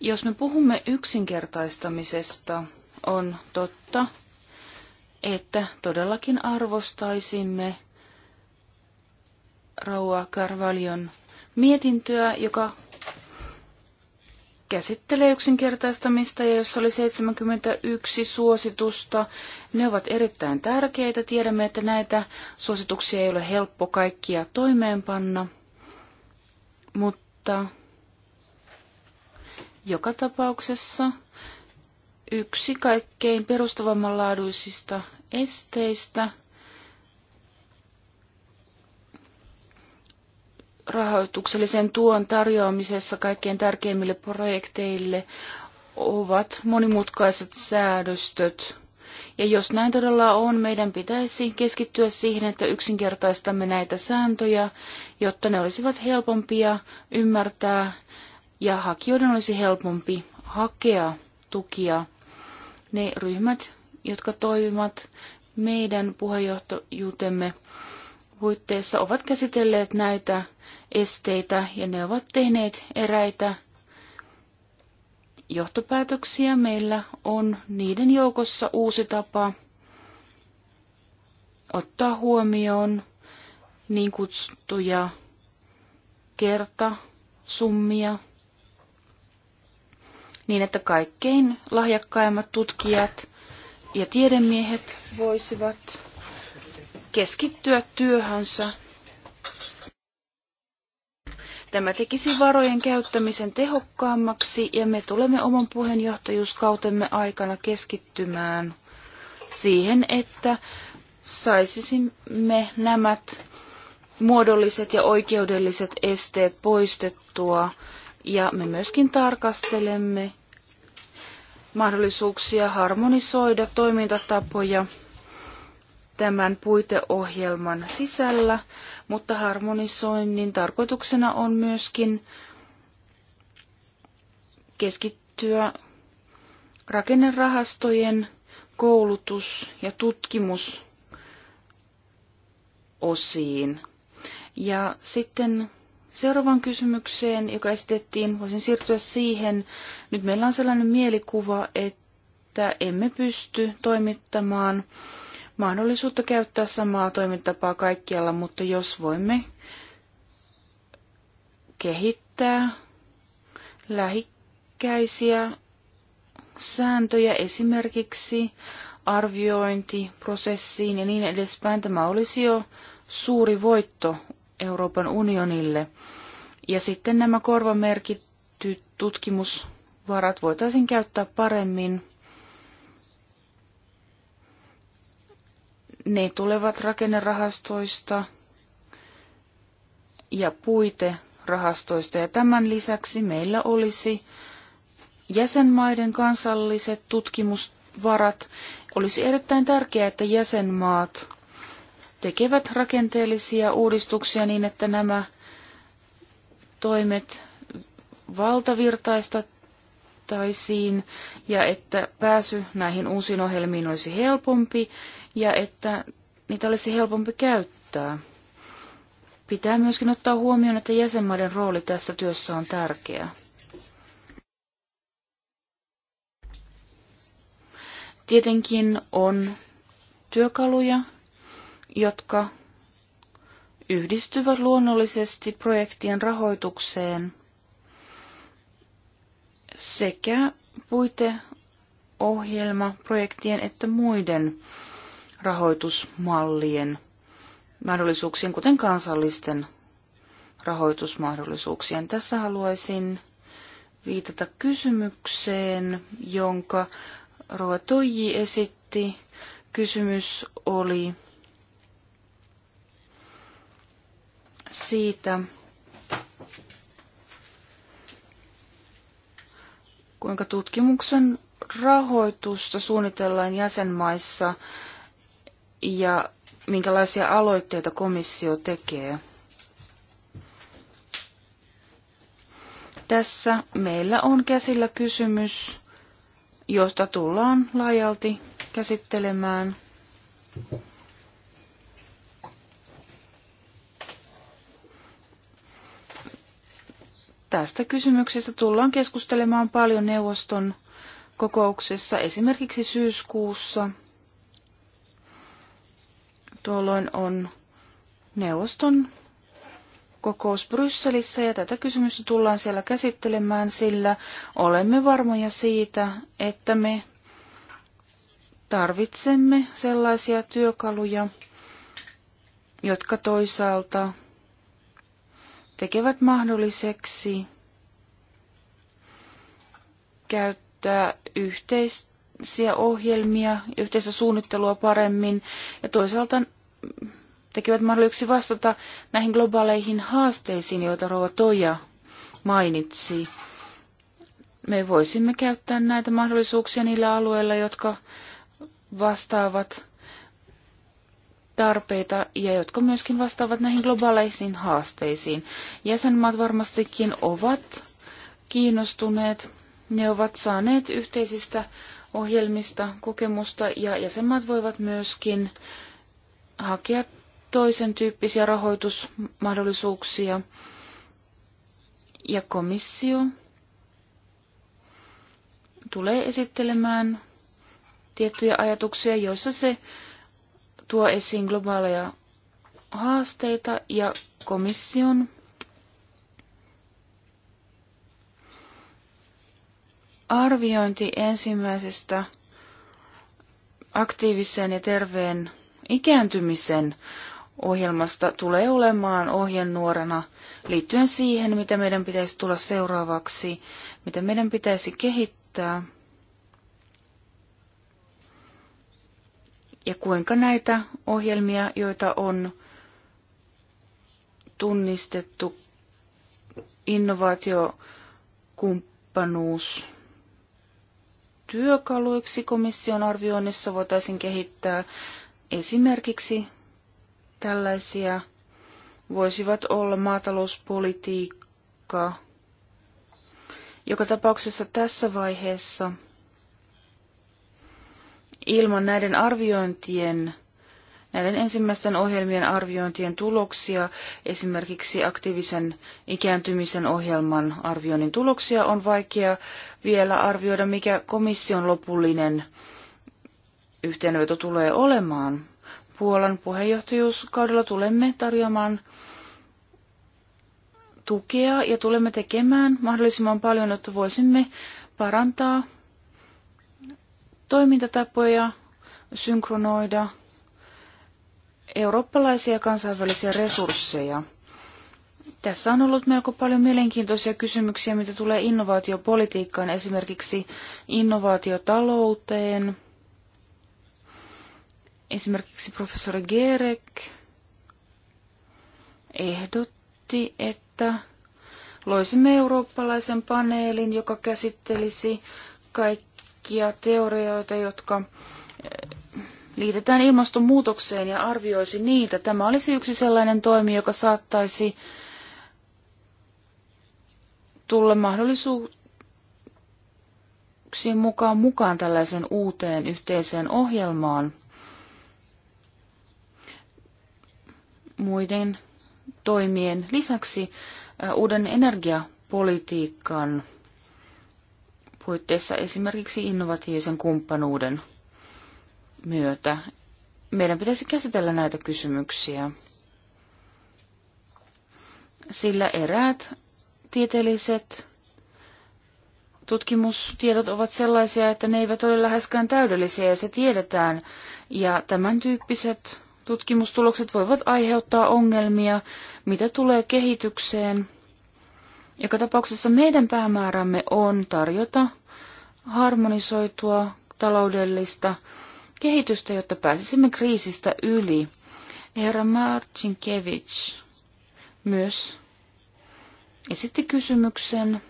Jos me puhumme yksinkertaistamisesta, on totta, että todellakin arvostaisimme Raua Carvalion mietintöä, joka käsittelee yksinkertaistamista ja jossa oli 71 suositusta. Ne ovat erittäin tärkeitä. Tiedämme, että näitä suosituksia ei ole helppo kaikkia toimeenpanna, mutta joka tapauksessa yksi kaikkein perustavammanlaaduisista esteistä – rahoituksellisen tuon tarjoamisessa kaikkein tärkeimmille projekteille ovat monimutkaiset säädöstöt. Ja jos näin todella on, meidän pitäisi keskittyä siihen, että yksinkertaistamme näitä sääntöjä, jotta ne olisivat helpompia ymmärtää ja hakijoiden olisi helpompi hakea tukia. Ne ryhmät, jotka toimivat meidän puheenjohtajuutemme puitteissa, ovat käsitelleet näitä esteitä ja ne ovat tehneet eräitä johtopäätöksiä. Meillä on niiden joukossa uusi tapa ottaa huomioon niin kutsuttuja kertasummia, niin että kaikkein lahjakkaimmat tutkijat ja tiedemiehet voisivat keskittyä työhönsä Tämä tekisi varojen käyttämisen tehokkaammaksi ja me tulemme oman puheenjohtajuuskautemme aikana keskittymään siihen, että saisimme nämä muodolliset ja oikeudelliset esteet poistettua ja me myöskin tarkastelemme mahdollisuuksia harmonisoida toimintatapoja tämän puiteohjelman sisällä, mutta harmonisoinnin tarkoituksena on myöskin keskittyä rakennerahastojen koulutus- ja tutkimusosiin. Ja sitten seuraavaan kysymykseen, joka esitettiin, voisin siirtyä siihen. Nyt meillä on sellainen mielikuva, että emme pysty toimittamaan mahdollisuutta käyttää samaa toimintatapaa kaikkialla, mutta jos voimme kehittää lähikkäisiä sääntöjä esimerkiksi arviointiprosessiin ja niin edespäin, tämä olisi jo suuri voitto Euroopan unionille. Ja sitten nämä korvamerkityt tutkimusvarat voitaisiin käyttää paremmin Ne tulevat rakennerahastoista ja puiterahastoista. Ja tämän lisäksi meillä olisi jäsenmaiden kansalliset tutkimusvarat. Olisi erittäin tärkeää, että jäsenmaat tekevät rakenteellisia uudistuksia niin, että nämä toimet valtavirtaistettaisiin ja että pääsy näihin uusiin ohjelmiin olisi helpompi ja että niitä olisi helpompi käyttää. Pitää myöskin ottaa huomioon, että jäsenmaiden rooli tässä työssä on tärkeä. Tietenkin on työkaluja, jotka yhdistyvät luonnollisesti projektien rahoitukseen sekä puiteohjelma projektien että muiden rahoitusmallien mahdollisuuksien, kuten kansallisten rahoitusmahdollisuuksien. Tässä haluaisin viitata kysymykseen, jonka Roa Toji esitti. Kysymys oli siitä, kuinka tutkimuksen rahoitusta suunnitellaan jäsenmaissa ja minkälaisia aloitteita komissio tekee. Tässä meillä on käsillä kysymys, josta tullaan laajalti käsittelemään. Tästä kysymyksestä tullaan keskustelemaan paljon neuvoston kokouksessa, esimerkiksi syyskuussa – Tuolloin on neuvoston kokous Brysselissä ja tätä kysymystä tullaan siellä käsittelemään, sillä olemme varmoja siitä, että me tarvitsemme sellaisia työkaluja, jotka toisaalta tekevät mahdolliseksi käyttää yhteistä yhteisiä ohjelmia, yhteistä suunnittelua paremmin ja toisaalta tekevät mahdolliseksi vastata näihin globaaleihin haasteisiin, joita Rouva Toja mainitsi. Me voisimme käyttää näitä mahdollisuuksia niillä alueilla, jotka vastaavat tarpeita ja jotka myöskin vastaavat näihin globaaleisiin haasteisiin. Jäsenmaat varmastikin ovat kiinnostuneet. Ne ovat saaneet yhteisistä ohjelmista kokemusta ja jäsenmaat voivat myöskin hakea toisen tyyppisiä rahoitusmahdollisuuksia. Ja komissio tulee esittelemään tiettyjä ajatuksia, joissa se tuo esiin globaaleja haasteita ja komission arviointi ensimmäisestä aktiivisen ja terveen ikääntymisen ohjelmasta tulee olemaan ohjenuorana liittyen siihen, mitä meidän pitäisi tulla seuraavaksi, mitä meidän pitäisi kehittää ja kuinka näitä ohjelmia, joita on tunnistettu, innovaatiokumppanuus, työkaluiksi komission arvioinnissa voitaisiin kehittää esimerkiksi tällaisia voisivat olla maatalouspolitiikka. Joka tapauksessa tässä vaiheessa ilman näiden arviointien näiden ensimmäisten ohjelmien arviointien tuloksia, esimerkiksi aktiivisen ikääntymisen ohjelman arvioinnin tuloksia, on vaikea vielä arvioida, mikä komission lopullinen yhteenveto tulee olemaan. Puolan puheenjohtajuuskaudella tulemme tarjoamaan tukea ja tulemme tekemään mahdollisimman paljon, jotta voisimme parantaa toimintatapoja, synkronoida eurooppalaisia kansainvälisiä resursseja. Tässä on ollut melko paljon mielenkiintoisia kysymyksiä, mitä tulee innovaatiopolitiikkaan, esimerkiksi innovaatiotalouteen. Esimerkiksi professori Gerek ehdotti, että loisimme eurooppalaisen paneelin, joka käsittelisi kaikkia teorioita, jotka liitetään ilmastonmuutokseen ja arvioisi niitä. Tämä olisi yksi sellainen toimi, joka saattaisi tulla mahdollisuuksien mukaan mukaan tällaisen uuteen yhteiseen ohjelmaan muiden toimien lisäksi uuden energiapolitiikan puitteissa esimerkiksi innovatiivisen kumppanuuden myötä. Meidän pitäisi käsitellä näitä kysymyksiä, sillä eräät tieteelliset tutkimustiedot ovat sellaisia, että ne eivät ole läheskään täydellisiä ja se tiedetään. Ja tämän tyyppiset tutkimustulokset voivat aiheuttaa ongelmia, mitä tulee kehitykseen. Joka tapauksessa meidän päämäärämme on tarjota harmonisoitua taloudellista kehitystä, jotta pääsisimme kriisistä yli. Herra Marcinkevich myös esitti kysymyksen.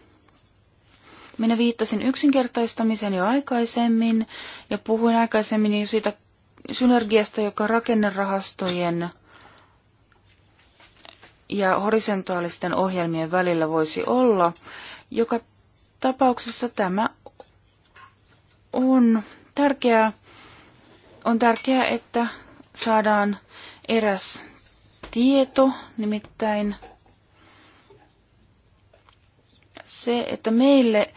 Minä viittasin yksinkertaistamiseen jo aikaisemmin ja puhuin aikaisemmin jo siitä synergiasta, joka rakennerahastojen ja horisontaalisten ohjelmien välillä voisi olla. Joka tapauksessa tämä on tärkeää on tärkeää, että saadaan eräs tieto, nimittäin se, että meille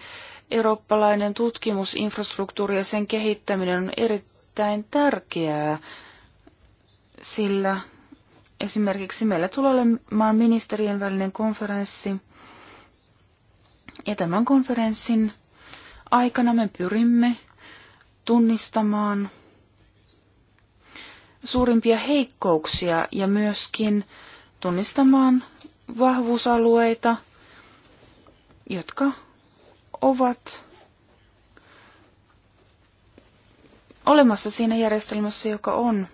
eurooppalainen tutkimusinfrastruktuuri ja sen kehittäminen on erittäin tärkeää, sillä esimerkiksi meillä tulee olemaan ministerien välinen konferenssi. Ja tämän konferenssin aikana me pyrimme tunnistamaan suurimpia heikkouksia ja myöskin tunnistamaan vahvuusalueita, jotka ovat olemassa siinä järjestelmässä, joka on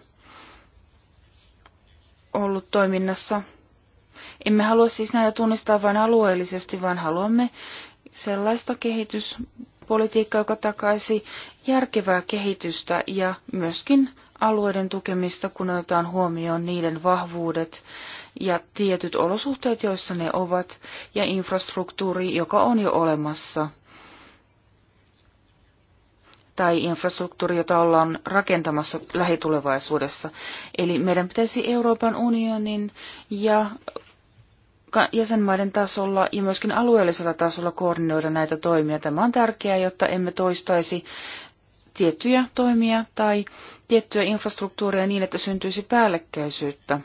ollut toiminnassa. Emme halua siis näitä tunnistaa vain alueellisesti, vaan haluamme sellaista kehityspolitiikkaa, joka takaisi järkevää kehitystä ja myöskin alueiden tukemista, kun otetaan huomioon niiden vahvuudet ja tietyt olosuhteet, joissa ne ovat, ja infrastruktuuri, joka on jo olemassa, tai infrastruktuuri, jota ollaan rakentamassa lähitulevaisuudessa. Eli meidän pitäisi Euroopan unionin ja jäsenmaiden tasolla ja myöskin alueellisella tasolla koordinoida näitä toimia. Tämä on tärkeää, jotta emme toistaisi tiettyjä toimia tai tiettyä infrastruktuuria niin, että syntyisi päällekkäisyyttä.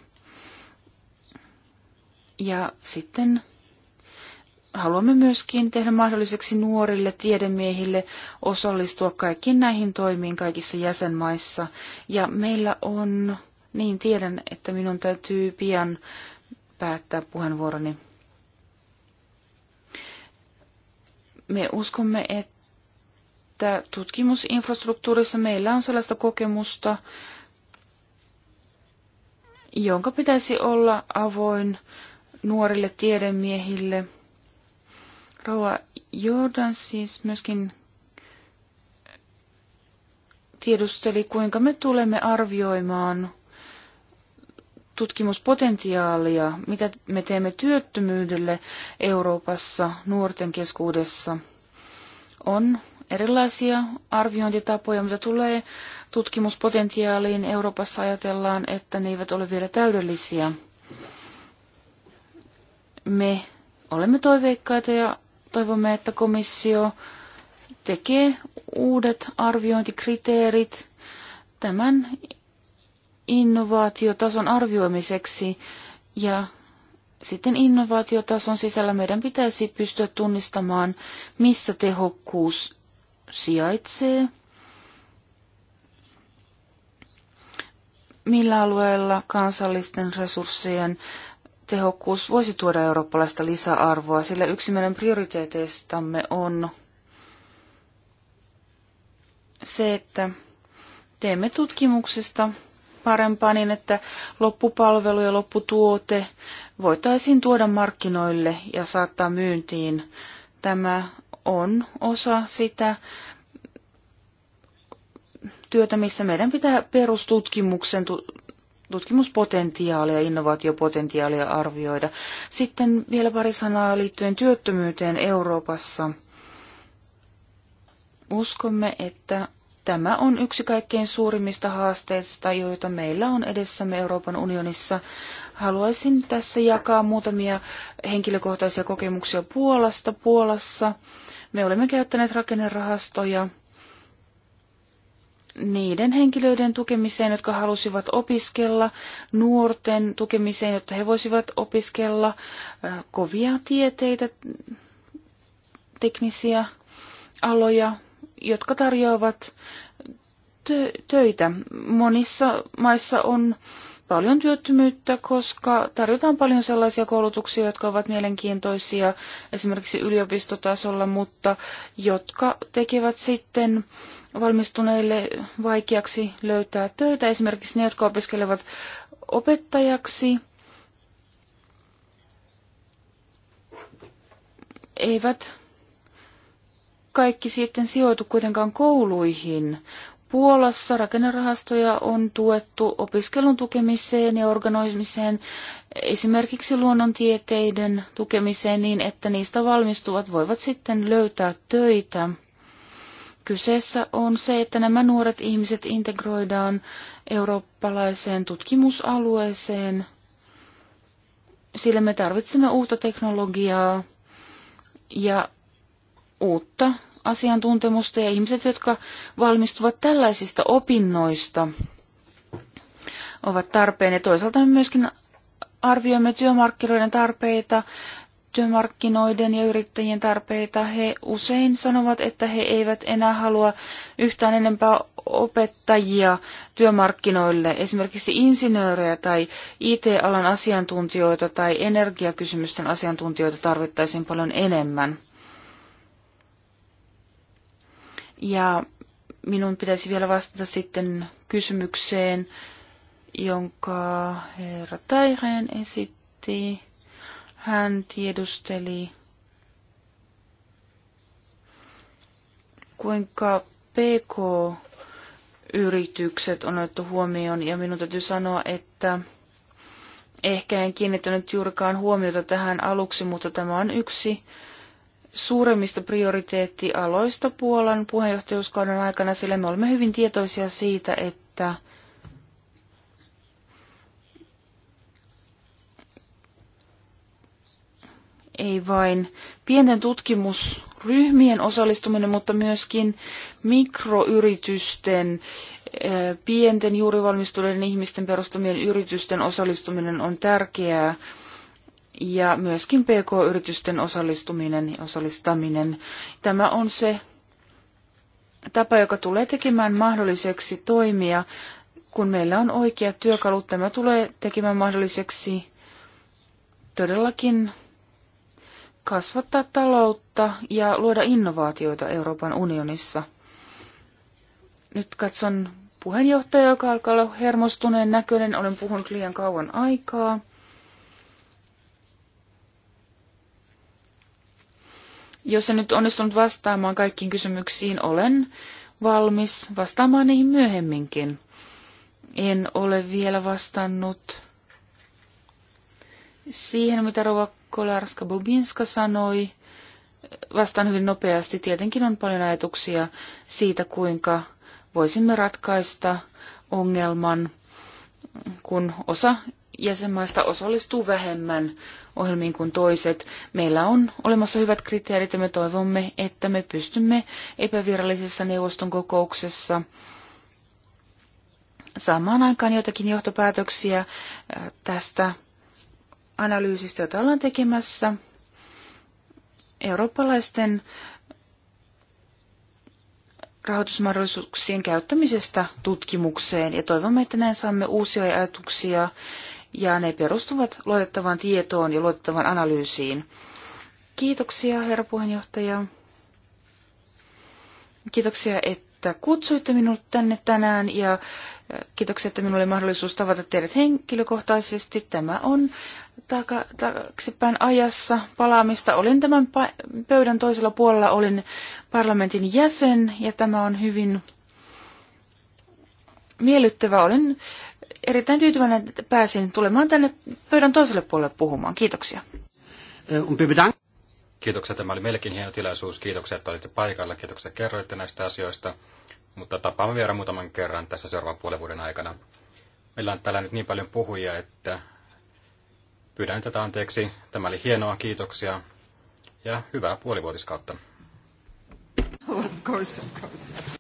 Ja sitten haluamme myöskin tehdä mahdolliseksi nuorille tiedemiehille osallistua kaikkiin näihin toimiin kaikissa jäsenmaissa. Ja meillä on, niin tiedän, että minun täytyy pian päättää puheenvuoroni. Me uskomme, että että tutkimusinfrastruktuurissa meillä on sellaista kokemusta, jonka pitäisi olla avoin nuorille tiedemiehille. Rauha Jordan siis myöskin tiedusteli, kuinka me tulemme arvioimaan tutkimuspotentiaalia, mitä me teemme työttömyydelle Euroopassa nuorten keskuudessa. On erilaisia arviointitapoja, mitä tulee tutkimuspotentiaaliin. Euroopassa ajatellaan, että ne eivät ole vielä täydellisiä. Me olemme toiveikkaita ja toivomme, että komissio tekee uudet arviointikriteerit tämän innovaatiotason arvioimiseksi ja sitten innovaatiotason sisällä meidän pitäisi pystyä tunnistamaan, missä tehokkuus sijaitsee, millä alueella kansallisten resurssien tehokkuus voisi tuoda eurooppalaista lisäarvoa, sillä yksi meidän prioriteeteistamme on se, että teemme tutkimuksesta parempaa niin, että loppupalvelu ja lopputuote voitaisiin tuoda markkinoille ja saattaa myyntiin. Tämä on osa sitä työtä, missä meidän pitää perustutkimuksen tutkimuspotentiaalia, innovaatiopotentiaalia arvioida. Sitten vielä pari sanaa liittyen työttömyyteen Euroopassa. Uskomme, että tämä on yksi kaikkein suurimmista haasteista, joita meillä on edessämme Euroopan unionissa. Haluaisin tässä jakaa muutamia henkilökohtaisia kokemuksia Puolasta. Puolassa me olemme käyttäneet rakennerahastoja niiden henkilöiden tukemiseen, jotka halusivat opiskella, nuorten tukemiseen, jotta he voisivat opiskella kovia tieteitä, teknisiä aloja, jotka tarjoavat töitä. Monissa maissa on paljon työttömyyttä, koska tarjotaan paljon sellaisia koulutuksia, jotka ovat mielenkiintoisia esimerkiksi yliopistotasolla, mutta jotka tekevät sitten valmistuneille vaikeaksi löytää töitä. Esimerkiksi ne, jotka opiskelevat opettajaksi, eivät kaikki sitten sijoitu kuitenkaan kouluihin, Puolassa rakennerahastoja on tuettu opiskelun tukemiseen ja organisoimiseen, esimerkiksi luonnontieteiden tukemiseen niin, että niistä valmistuvat voivat sitten löytää töitä. Kyseessä on se, että nämä nuoret ihmiset integroidaan eurooppalaiseen tutkimusalueeseen, sillä me tarvitsemme uutta teknologiaa ja uutta asiantuntemusta ja ihmiset, jotka valmistuvat tällaisista opinnoista, ovat tarpeen. Ja toisaalta me myöskin arvioimme työmarkkinoiden tarpeita, työmarkkinoiden ja yrittäjien tarpeita. He usein sanovat, että he eivät enää halua yhtään enempää opettajia työmarkkinoille, esimerkiksi insinöörejä tai IT-alan asiantuntijoita tai energiakysymysten asiantuntijoita tarvittaisiin paljon enemmän. Ja minun pitäisi vielä vastata sitten kysymykseen, jonka herra Taireen esitti. Hän tiedusteli, kuinka PK-yritykset on otettu huomioon, ja minun täytyy sanoa, että ehkä en kiinnittänyt juurikaan huomiota tähän aluksi, mutta tämä on yksi suuremmista prioriteettialoista Puolan puheenjohtajuuskauden aikana, sillä me olemme hyvin tietoisia siitä, että ei vain pienten tutkimusryhmien osallistuminen, mutta myöskin mikroyritysten, eh, pienten juuri valmistuneiden ihmisten perustamien yritysten osallistuminen on tärkeää ja myöskin PK-yritysten osallistuminen ja osallistaminen. Tämä on se tapa, joka tulee tekemään mahdolliseksi toimia, kun meillä on oikeat työkalut. Tämä tulee tekemään mahdolliseksi todellakin kasvattaa taloutta ja luoda innovaatioita Euroopan unionissa. Nyt katson puheenjohtaja, joka alkaa olla hermostuneen näköinen. Olen puhunut liian kauan aikaa. Jos en nyt onnistunut vastaamaan kaikkiin kysymyksiin, olen valmis vastaamaan niihin myöhemminkin. En ole vielä vastannut siihen, mitä Rova Kolarska Bobinska sanoi. Vastaan hyvin nopeasti. Tietenkin on paljon ajatuksia siitä, kuinka voisimme ratkaista ongelman, kun osa jäsenmaista osallistuu vähemmän ohjelmiin kuin toiset. Meillä on olemassa hyvät kriteerit ja me toivomme, että me pystymme epävirallisessa neuvoston kokouksessa saamaan aikaan joitakin johtopäätöksiä äh, tästä analyysistä, jota ollaan tekemässä eurooppalaisten rahoitusmahdollisuuksien käyttämisestä tutkimukseen ja toivomme, että näin saamme uusia ajatuksia ja ne perustuvat luotettavaan tietoon ja luotettavaan analyysiin. Kiitoksia, herra puheenjohtaja. Kiitoksia, että kutsuitte minut tänne tänään ja äh, kiitoksia, että minulla oli mahdollisuus tavata teidät henkilökohtaisesti. Tämä on taka, taaksepäin ajassa palaamista. Olin tämän pöydän toisella puolella, olin parlamentin jäsen ja tämä on hyvin miellyttävä. Olin erittäin tyytyväinen, että pääsin tulemaan tänne pöydän toiselle puolelle puhumaan. Kiitoksia.
Eh, Kiitoksia. Tämä oli meillekin hieno tilaisuus. Kiitoksia, että olitte paikalla. Kiitoksia, että kerroitte näistä asioista. Mutta tapaamme vielä muutaman kerran tässä seuraavan puolen vuoden aikana. Meillä on täällä nyt niin paljon puhujia, että pyydän tätä anteeksi. Tämä oli hienoa. Kiitoksia ja hyvää puolivuotiskautta.
Of course, of course.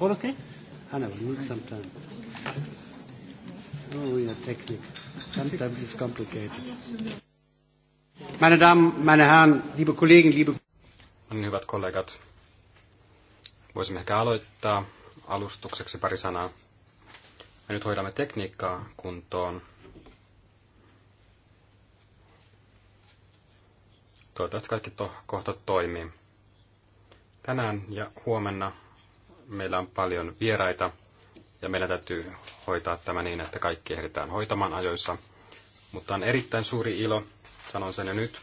All okay? Hannah, we need some time. Oh, we are technical. Sometimes it's complicated. Meine Damen, meine Herren, liebe Kollegen, liebe... No
niin, hyvät kollegat, voisimme ehkä aloittaa alustukseksi pari sanaa. Me nyt hoidamme tekniikkaa kuntoon. Toivottavasti kaikki to- kohta toimii. Tänään ja huomenna meillä on paljon vieraita ja meillä täytyy hoitaa tämä niin, että kaikki ehditään hoitamaan ajoissa. Mutta on erittäin suuri ilo, sanon sen jo nyt,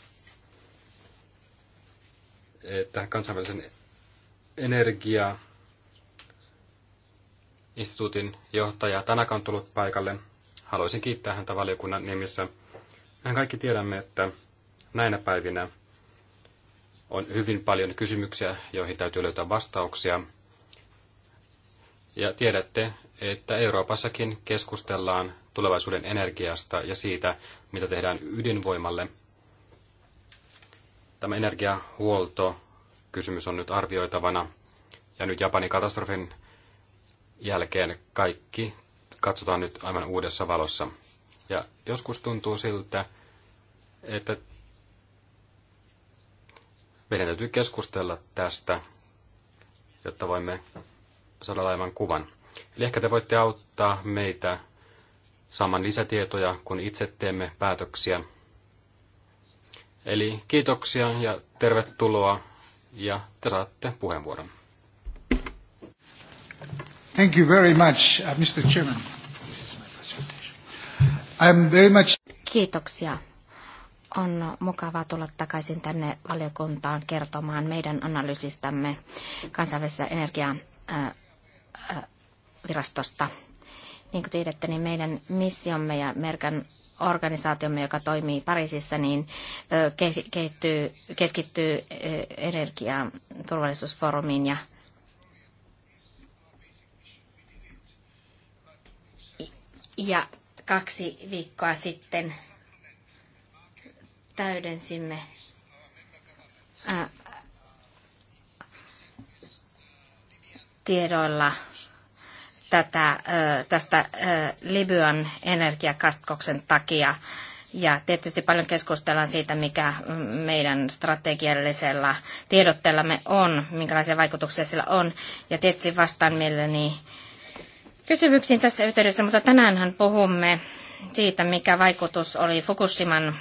että kansainvälisen energia instituutin johtaja Tanaka on tullut paikalle. Haluaisin kiittää häntä valiokunnan nimissä. Mehän kaikki tiedämme, että näinä päivinä on hyvin paljon kysymyksiä, joihin täytyy löytää vastauksia. Ja tiedätte, että Euroopassakin keskustellaan tulevaisuuden energiasta ja siitä, mitä tehdään ydinvoimalle. Tämä energiahuolto kysymys on nyt arvioitavana. Ja nyt Japanin katastrofin jälkeen kaikki katsotaan nyt aivan uudessa valossa. Ja joskus tuntuu siltä, että meidän täytyy keskustella tästä, jotta voimme saada laivan kuvan. Eli ehkä te voitte auttaa meitä saamaan lisätietoja, kun itse teemme päätöksiä. Eli kiitoksia ja tervetuloa ja te saatte puheenvuoron.
Thank you very much, uh, Mr. Chairman. I'm very much...
Kiitoksia. On mukavaa tulla takaisin tänne valiokuntaan kertomaan meidän analyysistämme kansainvälisessä energiaa äh, virastosta. Niin kuin tiedätte, niin meidän missiomme ja merkan organisaatiomme, joka toimii Pariisissa, niin keskittyy energiaan, turvallisuusfoorumiin ja Ja kaksi viikkoa sitten täydensimme tiedoilla tätä, tästä Libyan energiakastkoksen takia. Ja tietysti paljon keskustellaan siitä, mikä meidän strategiallisella tiedottelamme on, minkälaisia vaikutuksia sillä on. Ja tietysti vastaan mielelläni kysymyksiin tässä yhteydessä, mutta tänäänhän puhumme siitä, mikä vaikutus oli Fukushiman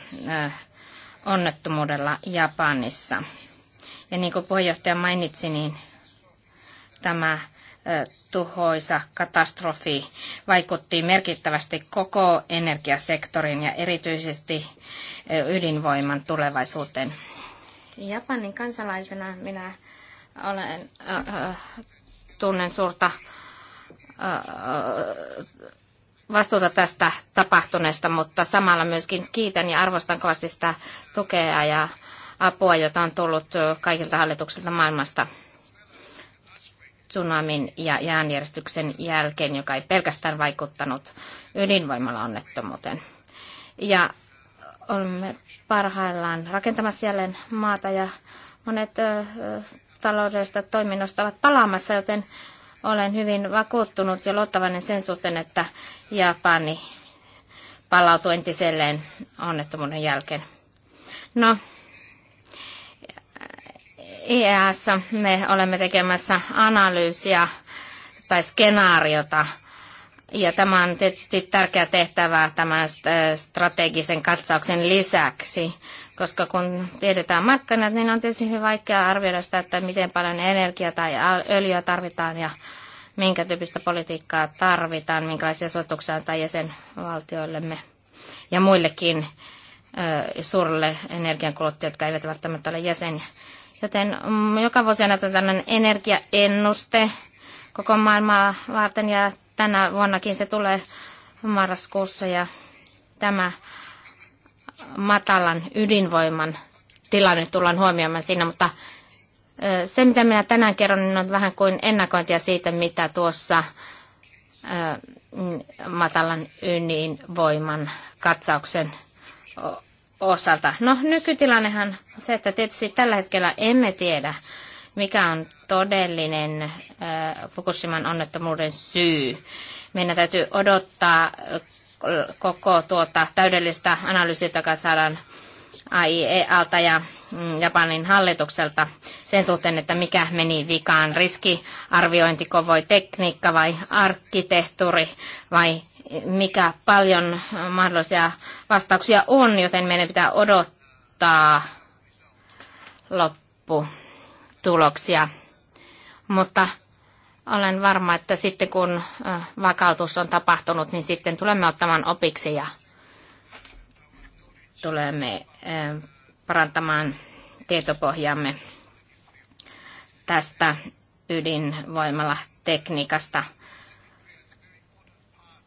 onnettomuudella Japanissa. Ja niin kuin puheenjohtaja mainitsi, niin tämä tuhoisa katastrofi vaikutti merkittävästi koko energiasektorin ja erityisesti ydinvoiman tulevaisuuteen. Japanin kansalaisena minä olen, äh, tunnen suurta äh, vastuuta tästä tapahtuneesta, mutta samalla myöskin kiitän ja arvostan kovasti sitä tukea ja apua, jota on tullut kaikilta hallituksilta maailmasta tsunamin ja jäänjärjestyksen jälkeen, joka ei pelkästään vaikuttanut onnettomuuteen. Ja olemme parhaillaan rakentamassa jälleen maata ja monet ö, toiminnosta ovat palaamassa, joten olen hyvin vakuuttunut ja luottavainen sen suhteen, että Japani palautuu entiselleen onnettomuuden jälkeen. No, IEAssa me olemme tekemässä analyysiä tai skenaariota. Ja tämä on tietysti tärkeä tehtävä tämän strategisen katsauksen lisäksi, koska kun tiedetään markkinat, niin on tietysti hyvin vaikea arvioida sitä, että miten paljon energiaa tai öljyä tarvitaan ja minkä tyyppistä politiikkaa tarvitaan, minkälaisia sotuksia tai jäsenvaltioillemme ja muillekin suurille energiankuluttajille, jotka eivät välttämättä ole jäseniä. Joten mm, joka vuosi annetaan tällainen energiaennuste koko maailmaa varten ja tänä vuonnakin se tulee marraskuussa ja tämä matalan ydinvoiman tilanne tullaan huomioimaan siinä, mutta se, mitä minä tänään kerron, niin on vähän kuin ennakointia siitä, mitä tuossa mm, matalan ydinvoiman katsauksen osalta. No nykytilannehan se, että tietysti tällä hetkellä emme tiedä, mikä on todellinen äh, Fukushiman onnettomuuden syy. Meidän täytyy odottaa äh, koko tuota täydellistä analyysiä, joka saadaan AIEA-alta ja mm, Japanin hallitukselta sen suhteen, että mikä meni vikaan, riskiarviointiko voi tekniikka vai arkkitehtuuri vai mikä paljon mahdollisia vastauksia on, joten meidän pitää odottaa lopputuloksia. Mutta olen varma, että sitten kun vakautus on tapahtunut, niin sitten tulemme ottamaan opiksi ja tulemme eh, parantamaan tietopohjamme tästä ydinvoimalla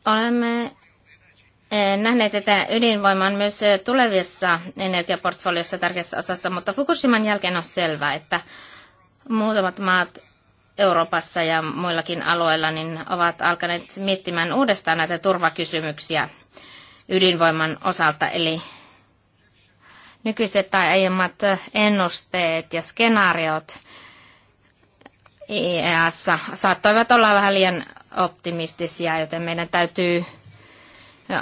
Olemme eh, nähneet, että ydinvoima on myös tulevissa energiaportfoliossa tärkeässä osassa, mutta Fukushiman jälkeen on selvää, että muutamat maat Euroopassa ja muillakin alueilla niin ovat alkaneet miettimään uudestaan näitä turvakysymyksiä ydinvoiman osalta. Eli nykyiset tai aiemmat ennusteet ja skenaariot IES saattoivat olla vähän liian optimistisia, joten meidän täytyy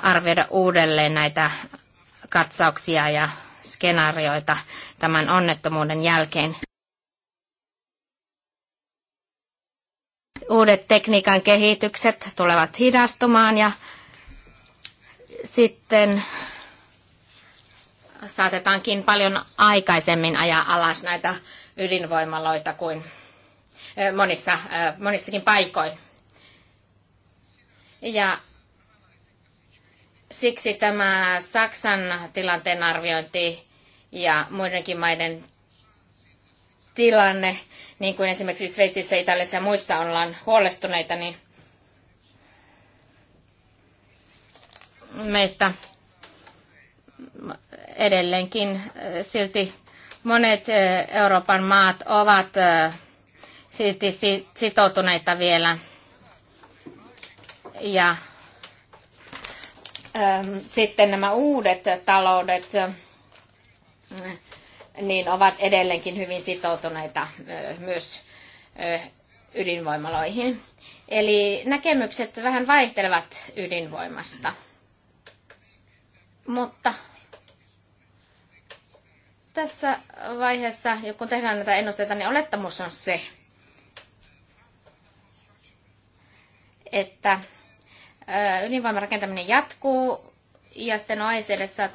arvioida uudelleen näitä katsauksia ja skenaarioita tämän onnettomuuden jälkeen. Uudet tekniikan kehitykset tulevat hidastumaan ja sitten saatetaankin paljon aikaisemmin ajaa alas näitä ydinvoimaloita kuin monissa, monissakin paikoin. Ja siksi tämä Saksan tilanteen arviointi ja muidenkin maiden tilanne, niin kuin esimerkiksi Sveitsissä, Italiassa ja muissa ollaan huolestuneita, niin meistä edelleenkin äh, silti monet äh, Euroopan maat ovat äh, silti sitoutuneita vielä. Ja ähm, sitten nämä uudet taloudet niin ovat edelleenkin hyvin sitoutuneita myös ydinvoimaloihin. Eli näkemykset vähän vaihtelevat ydinvoimasta. Mutta tässä vaiheessa, kun tehdään näitä ennusteita, niin olettamus on se, että ydinvoiman rakentaminen jatkuu ja sitten OECDssä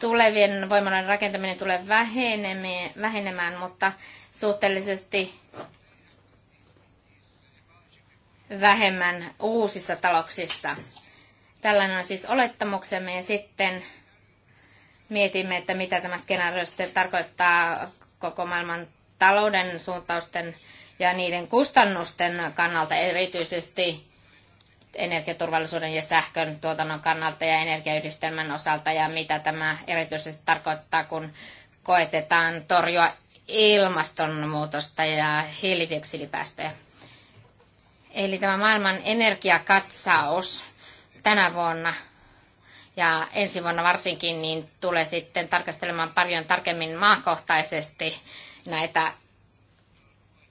tulevien voimaloiden rakentaminen tulee vähenemään, mutta suhteellisesti vähemmän uusissa talouksissa. Tällainen on siis olettamuksemme ja sitten mietimme, että mitä tämä skenaario sitten tarkoittaa koko maailman talouden suuntausten ja niiden kustannusten kannalta, erityisesti energiaturvallisuuden ja sähkön tuotannon kannalta ja energiayhdistelmän osalta ja mitä tämä erityisesti tarkoittaa, kun koetetaan torjua ilmastonmuutosta ja hiilidioksidipäästöjä. Eli tämä maailman energiakatsaus tänä vuonna ja ensi vuonna varsinkin, niin tulee sitten tarkastelemaan paljon tarkemmin maakohtaisesti näitä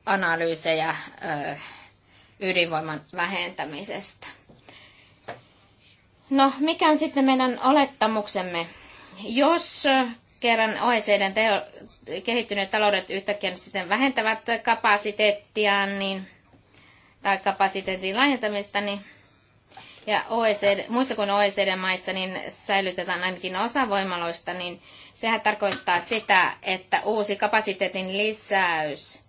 analyysejä ydinvoiman vähentämisestä. No, mikä on sitten meidän olettamuksemme? Jos kerran OECDn teo- kehittyneet taloudet yhtäkkiä nyt sitten vähentävät kapasiteettiaan niin, tai kapasiteetin laajentamista, niin ja OECD, muissa kuin OECD-maissa niin säilytetään ainakin osa voimaloista, niin sehän tarkoittaa sitä, että uusi kapasiteetin lisäys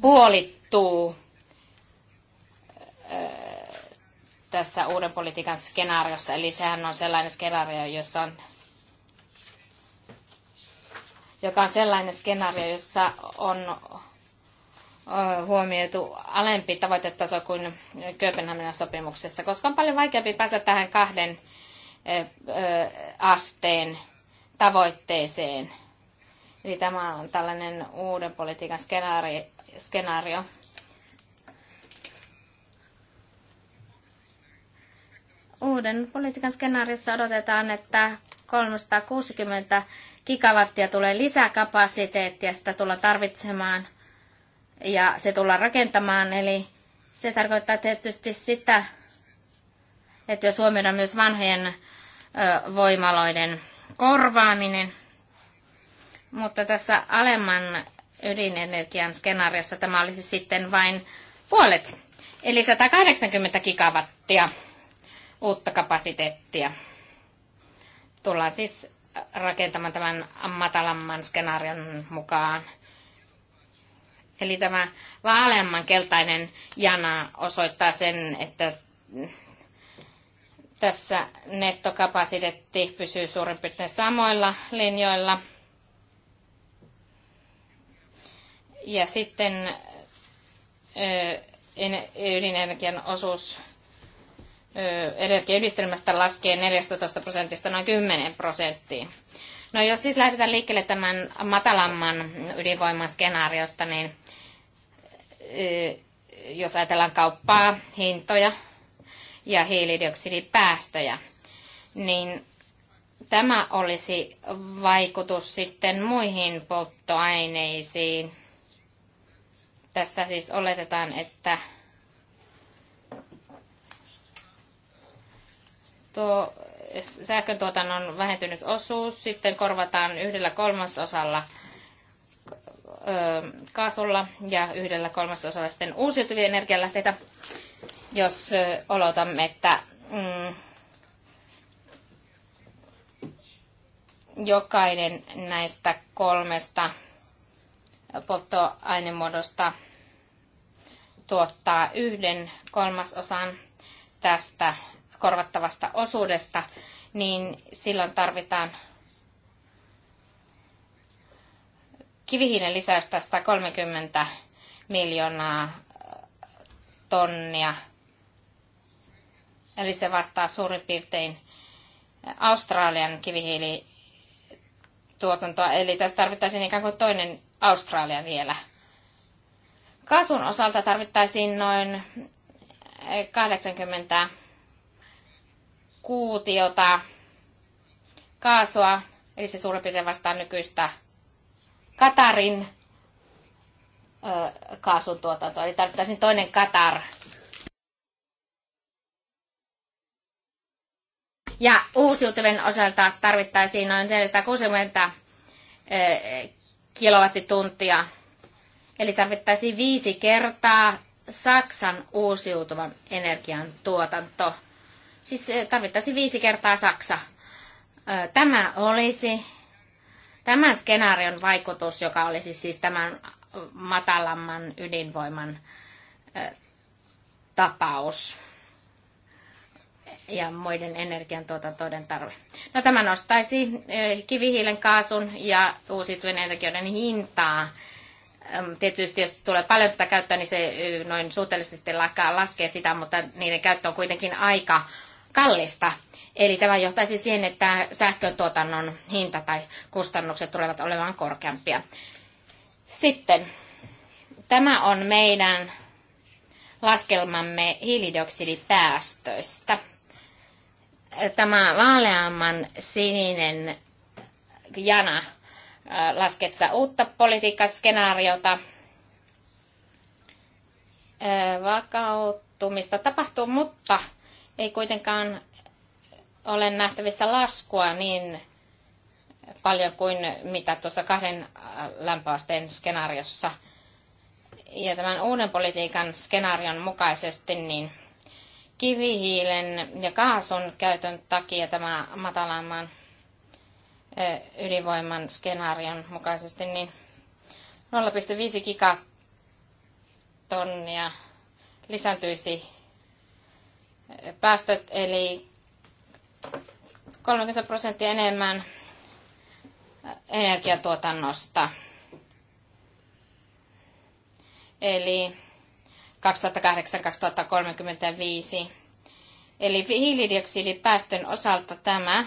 puolittuu tässä uuden politiikan skenaariossa. Eli sehän on sellainen skenaario, jossa on joka on sellainen skenaario, jossa on huomioitu alempi tavoitetaso kuin Kööpenhaminan sopimuksessa, koska on paljon vaikeampi päästä tähän kahden asteen tavoitteeseen. Eli tämä on tällainen uuden politiikan skenaario. skenaario. Uuden politiikan skenaariossa odotetaan, että 360 gigawattia tulee lisää kapasiteettia, sitä tullaan tarvitsemaan – ja se tullaan rakentamaan. Eli se tarkoittaa tietysti sitä, että jos huomioidaan myös vanhojen voimaloiden korvaaminen, mutta tässä alemman ydinenergian skenaariossa tämä olisi sitten vain puolet, eli 180 gigawattia uutta kapasiteettia. Tullaan siis rakentamaan tämän matalamman skenaarion mukaan. Eli tämä vaaleamman keltainen jana osoittaa sen, että tässä nettokapasiteetti pysyy suurin piirtein samoilla linjoilla. Ja sitten ydinenergian osuus energiayhdistelmästä laskee 14 prosentista noin 10 prosenttiin. No jos siis lähdetään liikkeelle tämän matalamman ydinvoimaskenaariosta, niin jos ajatellaan kauppaa, hintoja ja hiilidioksidipäästöjä, niin tämä olisi vaikutus sitten muihin polttoaineisiin. Tässä siis oletetaan, että tuo sähköntuotannon vähentynyt osuus sitten korvataan yhdellä kolmasosalla kaasulla ja yhdellä kolmasosalla sitten uusiutuvia energialähteitä, jos olotamme, että mm, jokainen näistä kolmesta polttoainemuodosta tuottaa yhden kolmasosan tästä korvattavasta osuudesta, niin silloin tarvitaan kivihiilen lisäystä 130 miljoonaa äh, tonnia. Eli se vastaa suurin piirtein Australian kivihiilituotantoa. Eli tässä tarvittaisiin ikään kuin toinen Australia vielä. Kaasun osalta tarvittaisiin noin 80 kuutiota kaasua, eli se suurin piirtein vastaa nykyistä Katarin ö, kaasun tuotantoa, eli tarvittaisiin toinen Katar. Ja uusiutuvien osalta tarvittaisiin noin 460 kilowattituntia, eli tarvittaisiin viisi kertaa Saksan uusiutuvan energian tuotanto. Siis eh, tarvittaisiin viisi kertaa Saksa. Eh, tämä olisi tämän skenaarion vaikutus, joka olisi siis tämän matalamman ydinvoiman eh, tapaus ja muiden energiantuotantoiden tarve. No tämä nostaisi kivihiilen, kaasun ja uusiutuvien energioiden hintaa. Tietysti jos tulee paljon tätä käyttöä, niin se noin suhteellisesti laskee sitä, mutta niiden käyttö on kuitenkin aika kallista. Eli tämä johtaisi siihen, että sähkön tuotannon hinta tai kustannukset tulevat olemaan korkeampia. Sitten tämä on meidän laskelmamme hiilidioksidipäästöistä. Tämä vaaleamman sininen jana äh, laskee uutta politiikkaskenaariota. Äh, Vakauttumista tapahtuu, mutta ei kuitenkaan ole nähtävissä laskua niin paljon kuin mitä tuossa kahden lämpöasteen skenaariossa. Ja tämän uuden politiikan skenaarion mukaisesti niin kivihiilen ja kaasun käytön takia tämä matalamman ydinvoiman skenaarion mukaisesti niin 0,5 gigatonnia lisääntyisi päästöt, eli 30 prosenttia enemmän energiatuotannosta. Eli 2008-2035. Eli hiilidioksidipäästön osalta tämä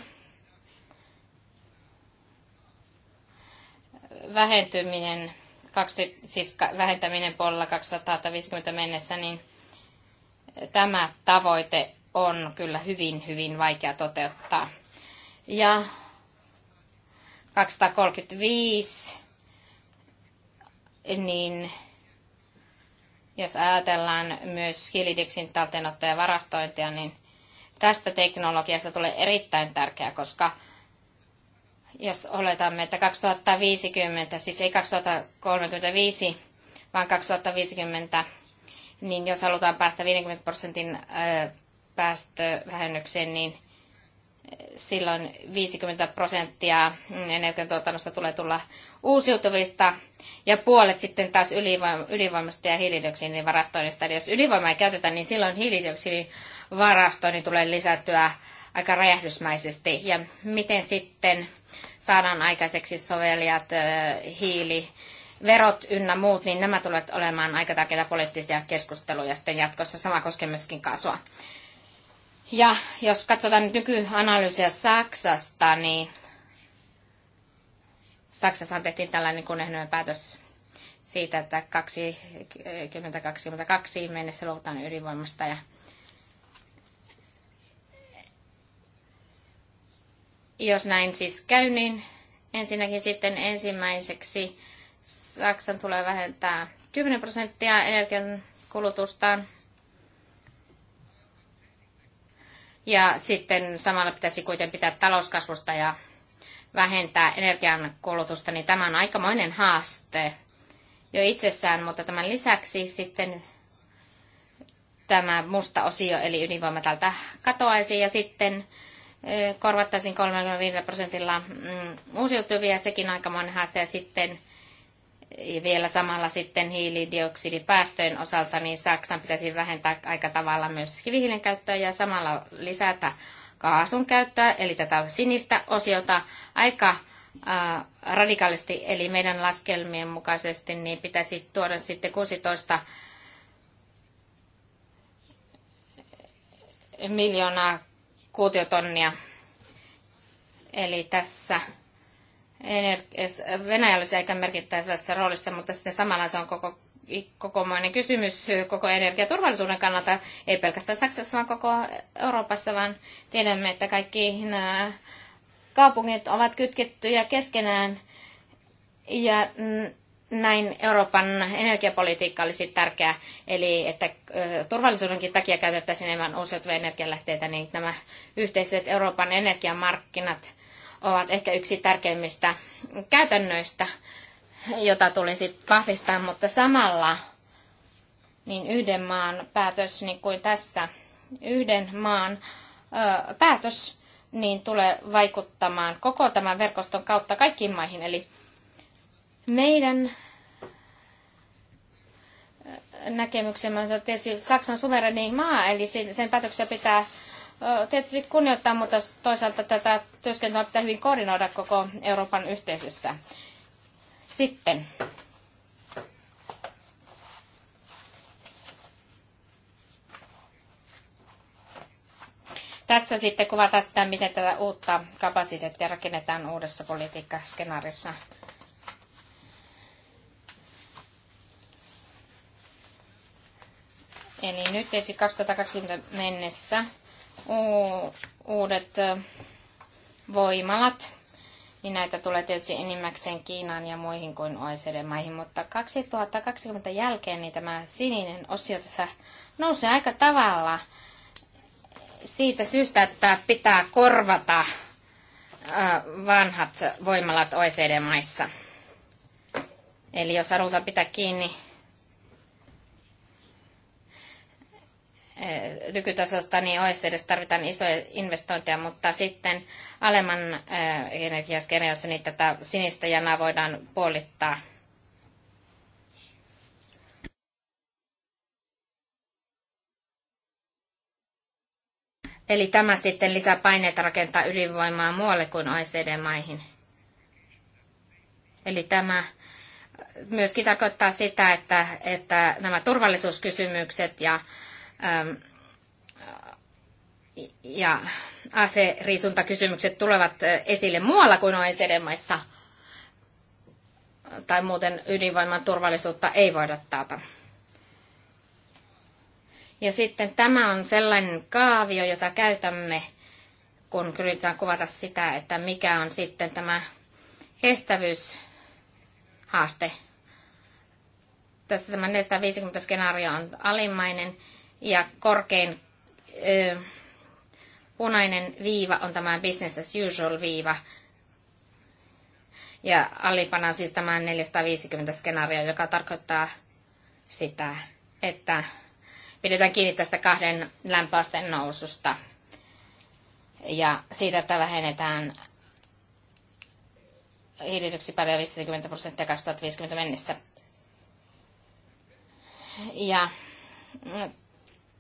vähentyminen, kaksi, siis vähentäminen puolella 250 mennessä, niin tämä tavoite on kyllä hyvin, hyvin vaikea toteuttaa. Ja 235, niin jos ajatellaan myös hiilidioksidin talteenottoa ja varastointia, niin tästä teknologiasta tulee erittäin tärkeä, koska jos oletamme, että 2050, siis ei 2035, vaan 2050 niin jos halutaan päästä 50 prosentin äh, päästövähennykseen, niin äh, silloin 50 prosenttia mm, energiantuotannosta tulee tulla uusiutuvista ja puolet sitten taas ylivoimasta ja hiilidioksidin varastoinnista. Eli jos ylivoimaa ei käytetä, niin silloin hiilidioksidin varastoinnin tulee lisättyä aika räjähdysmäisesti. Ja miten sitten saadaan aikaiseksi sovelijat äh, hiili verot ynnä muut, niin nämä tulevat olemaan aika tärkeitä poliittisia keskusteluja sitten jatkossa. Sama koskee myöskin kasvua. Ja jos katsotaan nyt nykyanalyysiä Saksasta, niin Saksassa tehtiin tällainen kunnianhimoinen päätös siitä, että 2022 mennessä luovutaan ydinvoimasta ja jos näin siis käy, niin ensinnäkin sitten ensimmäiseksi Saksan tulee vähentää 10 prosenttia energian Ja sitten samalla pitäisi kuitenkin pitää talouskasvusta ja vähentää energian kulutusta, niin tämä on aikamoinen haaste jo itsessään, mutta tämän lisäksi sitten tämä musta osio, eli ydinvoima tältä katoaisi ja sitten eh, korvattaisiin 35 prosentilla mm, uusiutuvia, sekin aikamoinen haaste ja sitten ja vielä samalla sitten hiilidioksidipäästöjen osalta, niin Saksan pitäisi vähentää aika tavalla myös kivihiilen käyttöä ja samalla lisätä kaasun käyttöä, eli tätä sinistä osiota aika äh, radikaalisti, eli meidän laskelmien mukaisesti, niin pitäisi tuoda sitten 16 miljoonaa kuutiotonnia. Eli tässä Venäjä olisi aika merkittävässä roolissa, mutta sitten samalla se on koko kokomainen kysymys koko energiaturvallisuuden kannalta, ei pelkästään Saksassa, vaan koko Euroopassa, vaan tiedämme, että kaikki nämä kaupungit ovat kytkettyjä keskenään ja näin Euroopan energiapolitiikka olisi tärkeää, eli että turvallisuudenkin takia käytettäisiin enemmän uusiutuvia energialähteitä, niin nämä yhteiset Euroopan energiamarkkinat – ovat ehkä yksi tärkeimmistä käytännöistä, jota tulisi vahvistaa, mutta samalla niin yhden maan päätös, niin kuin tässä yhden maan ö, päätös, niin tulee vaikuttamaan koko tämän verkoston kautta kaikkiin maihin. Eli meidän näkemyksemme on tietysti Saksan suvereni maa, eli sen päätöksiä pitää tietysti kunnioittaa, mutta toisaalta tätä työskentelyä pitää hyvin koordinoida koko Euroopan yhteisössä. Sitten. Tässä sitten kuvataan sitä, miten tätä uutta kapasiteettia rakennetaan uudessa politiikkaskenaarissa. Eli nyt ensin 2020 mennessä uudet voimalat, niin näitä tulee tietysti enimmäkseen Kiinaan ja muihin kuin OECD-maihin, mutta 2020 jälkeen niin tämä sininen osio tässä nousee aika tavalla siitä syystä, että pitää korvata vanhat voimalat OECD-maissa. Eli jos halutaan pitää kiinni Eh, nykytasosta, niin edes tarvitaan isoja investointeja, mutta sitten alemman eh, energiaskeneossa niin tätä sinistä janaa voidaan puolittaa. Eli tämä sitten lisää paineita rakentaa ydinvoimaa muualle kuin OECD-maihin. Eli tämä myöskin tarkoittaa sitä, että, että nämä turvallisuuskysymykset ja Ähm, ja aseriisuntakysymykset tulevat äh, esille muualla kuin OECD-maissa, tai muuten ydinvoiman turvallisuutta ei voida taata. Ja sitten tämä on sellainen kaavio, jota käytämme, kun yritetään kuvata sitä, että mikä on sitten tämä kestävyyshaaste. Tässä tämä 450 skenaario on alimmainen, ja korkein ö, punainen viiva on tämä business as usual viiva. Ja alipana on siis tämä 450 skenaario, joka tarkoittaa sitä, että pidetään kiinni tästä kahden lämpöasteen noususta ja siitä, että vähennetään hiilidioksipäivä 50 prosenttia 2050 mennessä. Ja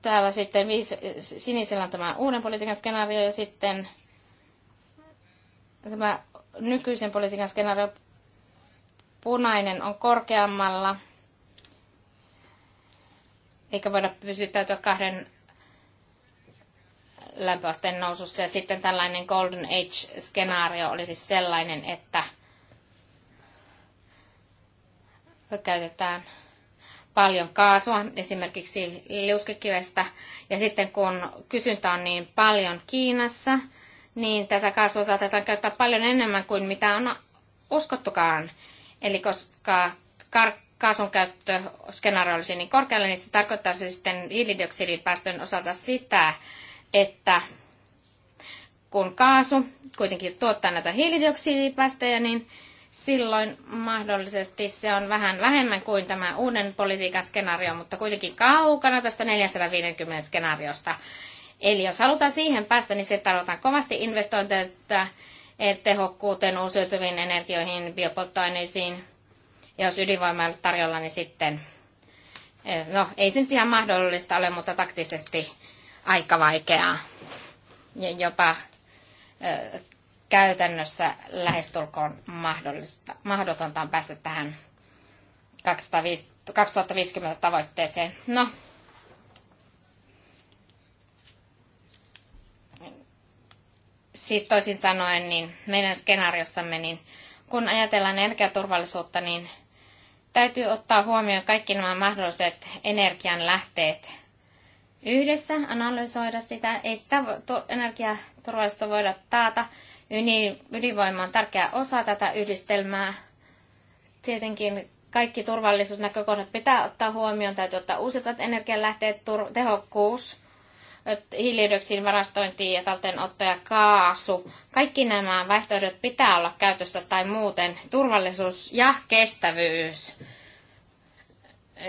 täällä sitten viisi, sinisellä on tämä uuden politiikan skenaario ja sitten tämä nykyisen politiikan skenaario punainen on korkeammalla. Eikä voida pysyttäytyä kahden lämpöasteen nousussa. Ja sitten tällainen Golden Age-skenaario oli siis sellainen, että käytetään paljon kaasua esimerkiksi liuskekivestä, Ja sitten kun kysyntä on niin paljon Kiinassa, niin tätä kaasua saatetaan käyttää paljon enemmän kuin mitä on uskottukaan. Eli koska kaasun skenaario olisi niin korkealla, niin se tarkoittaa se sitten päästön osalta sitä, että kun kaasu kuitenkin tuottaa näitä hiilidioksidipäästöjä, niin silloin mahdollisesti se on vähän vähemmän kuin tämä uuden politiikan skenaario, mutta kuitenkin kaukana tästä 450 skenaariosta. Eli jos halutaan siihen päästä, niin se tarvitaan kovasti investointeja eh, tehokkuuteen, uusiutuviin energioihin, biopolttoaineisiin. Ja jos ydinvoima ei ole tarjolla, niin sitten, eh, no ei se nyt ihan mahdollista ole, mutta taktisesti aika vaikeaa. Ja jopa eh, käytännössä lähestulkoon mahdollista, mahdotonta on päästä tähän 2050 tavoitteeseen. No, siis toisin sanoen, niin meidän skenaariossamme, niin kun ajatellaan energiaturvallisuutta, niin täytyy ottaa huomioon kaikki nämä mahdolliset energian lähteet yhdessä, analysoida sitä. Ei sitä energiaturvallisuutta voida taata Ydinvoima on tärkeä osa tätä yhdistelmää. Tietenkin kaikki turvallisuusnäkökohdat pitää ottaa huomioon. Täytyy ottaa uusiutuvat energialähteet, tehokkuus, hiilidioksidin varastointi ja talteenotto ja kaasu. Kaikki nämä vaihtoehdot pitää olla käytössä tai muuten turvallisuus ja kestävyys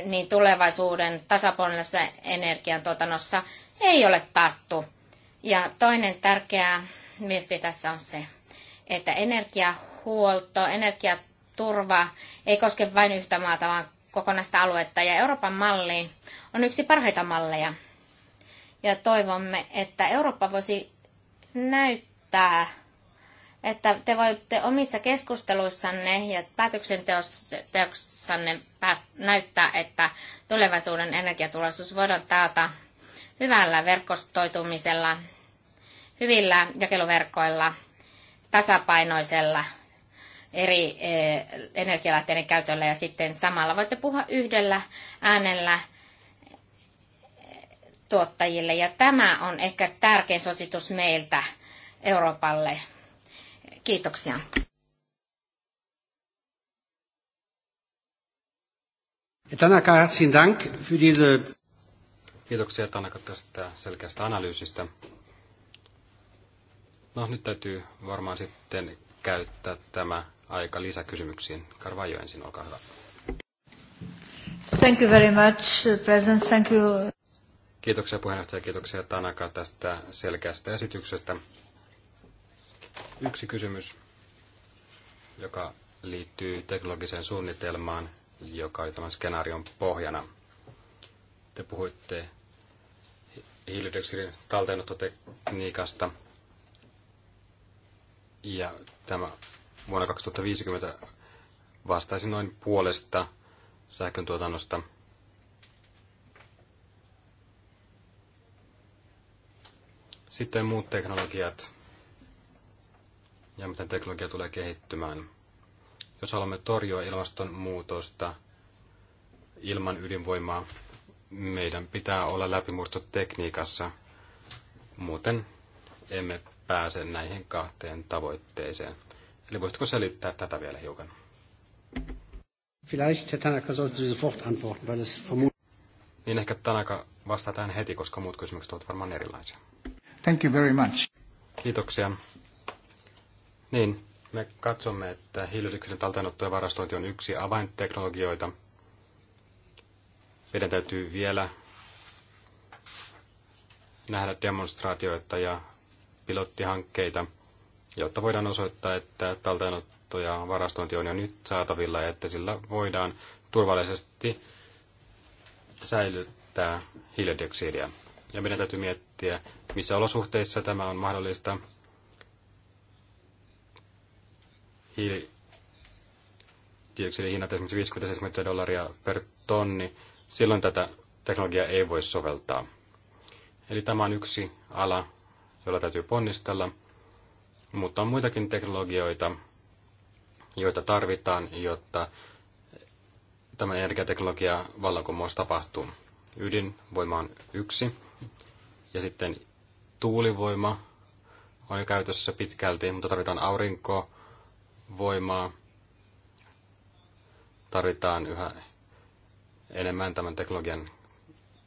niin tulevaisuuden tasapuolisessa energiantuotannossa ei ole taattu. Ja toinen tärkeä viesti tässä on se, että energiahuolto, energiaturva ei koske vain yhtä maata, vaan kokonaista aluetta. Ja Euroopan malli on yksi parhaita malleja. Ja toivomme, että Eurooppa voisi näyttää, että te voitte omissa keskusteluissanne ja päätöksenteossanne näyttää, että tulevaisuuden energiaturvallisuus voidaan taata hyvällä verkostoitumisella hyvillä jakeluverkoilla tasapainoisella eri e, energialähteiden käytöllä ja sitten samalla voitte puhua yhdellä äänellä tuottajille. Ja tämä on ehkä tärkein suositus meiltä Euroopalle. Kiitoksia.
Tanaka, herzlichen Dank für diese...
Kiitoksia Tanaka tästä selkeästä analyysistä. No nyt täytyy varmaan sitten käyttää tämä aika lisäkysymyksiin. Karvaajo ensin, olkaa hyvä.
Thank you very much, President. Thank you.
Kiitoksia puheenjohtaja, kiitoksia Tanaka tästä selkeästä esityksestä. Yksi kysymys, joka liittyy teknologiseen suunnitelmaan, joka oli tämän skenaarion pohjana. Te puhuitte hiilidioksidin talteenottotekniikasta – ja tämä vuonna 2050 vastaisi noin puolesta tuotannosta. Sitten muut teknologiat ja miten teknologia tulee kehittymään. Jos haluamme torjua ilmastonmuutosta ilman ydinvoimaa, meidän pitää olla läpimurto tekniikassa, muuten emme pääse näihin kahteen tavoitteeseen. Eli voisitko selittää tätä vielä hiukan?
Vielleicht Herr Tanaka sollte Sie sofort antworten, weil es
Niin ehkä Tanaka vastaa tähän heti, koska muut kysymykset ovat varmaan erilaisia.
Thank you very much.
Kiitoksia. Niin, me katsomme, että hiilidioksidin talteenotto ja varastointi on yksi avainteknologioita. Meidän täytyy vielä nähdä demonstraatioita ja pilottihankkeita, jotta voidaan osoittaa, että talteenotto ja varastointi on jo nyt saatavilla ja että sillä voidaan turvallisesti säilyttää hiilidioksidia. Ja meidän täytyy miettiä, missä olosuhteissa tämä on mahdollista. Hiilidioksidin hinnat esimerkiksi 50-70 dollaria per tonni, silloin tätä teknologiaa ei voi soveltaa. Eli tämä on yksi ala, joilla täytyy ponnistella, mutta on muitakin teknologioita, joita tarvitaan, jotta tämä energiateknologia vallankumous tapahtuu. Ydinvoima on yksi, ja sitten tuulivoima on jo käytössä pitkälti, mutta tarvitaan aurinkovoimaa, tarvitaan yhä enemmän tämän teknologian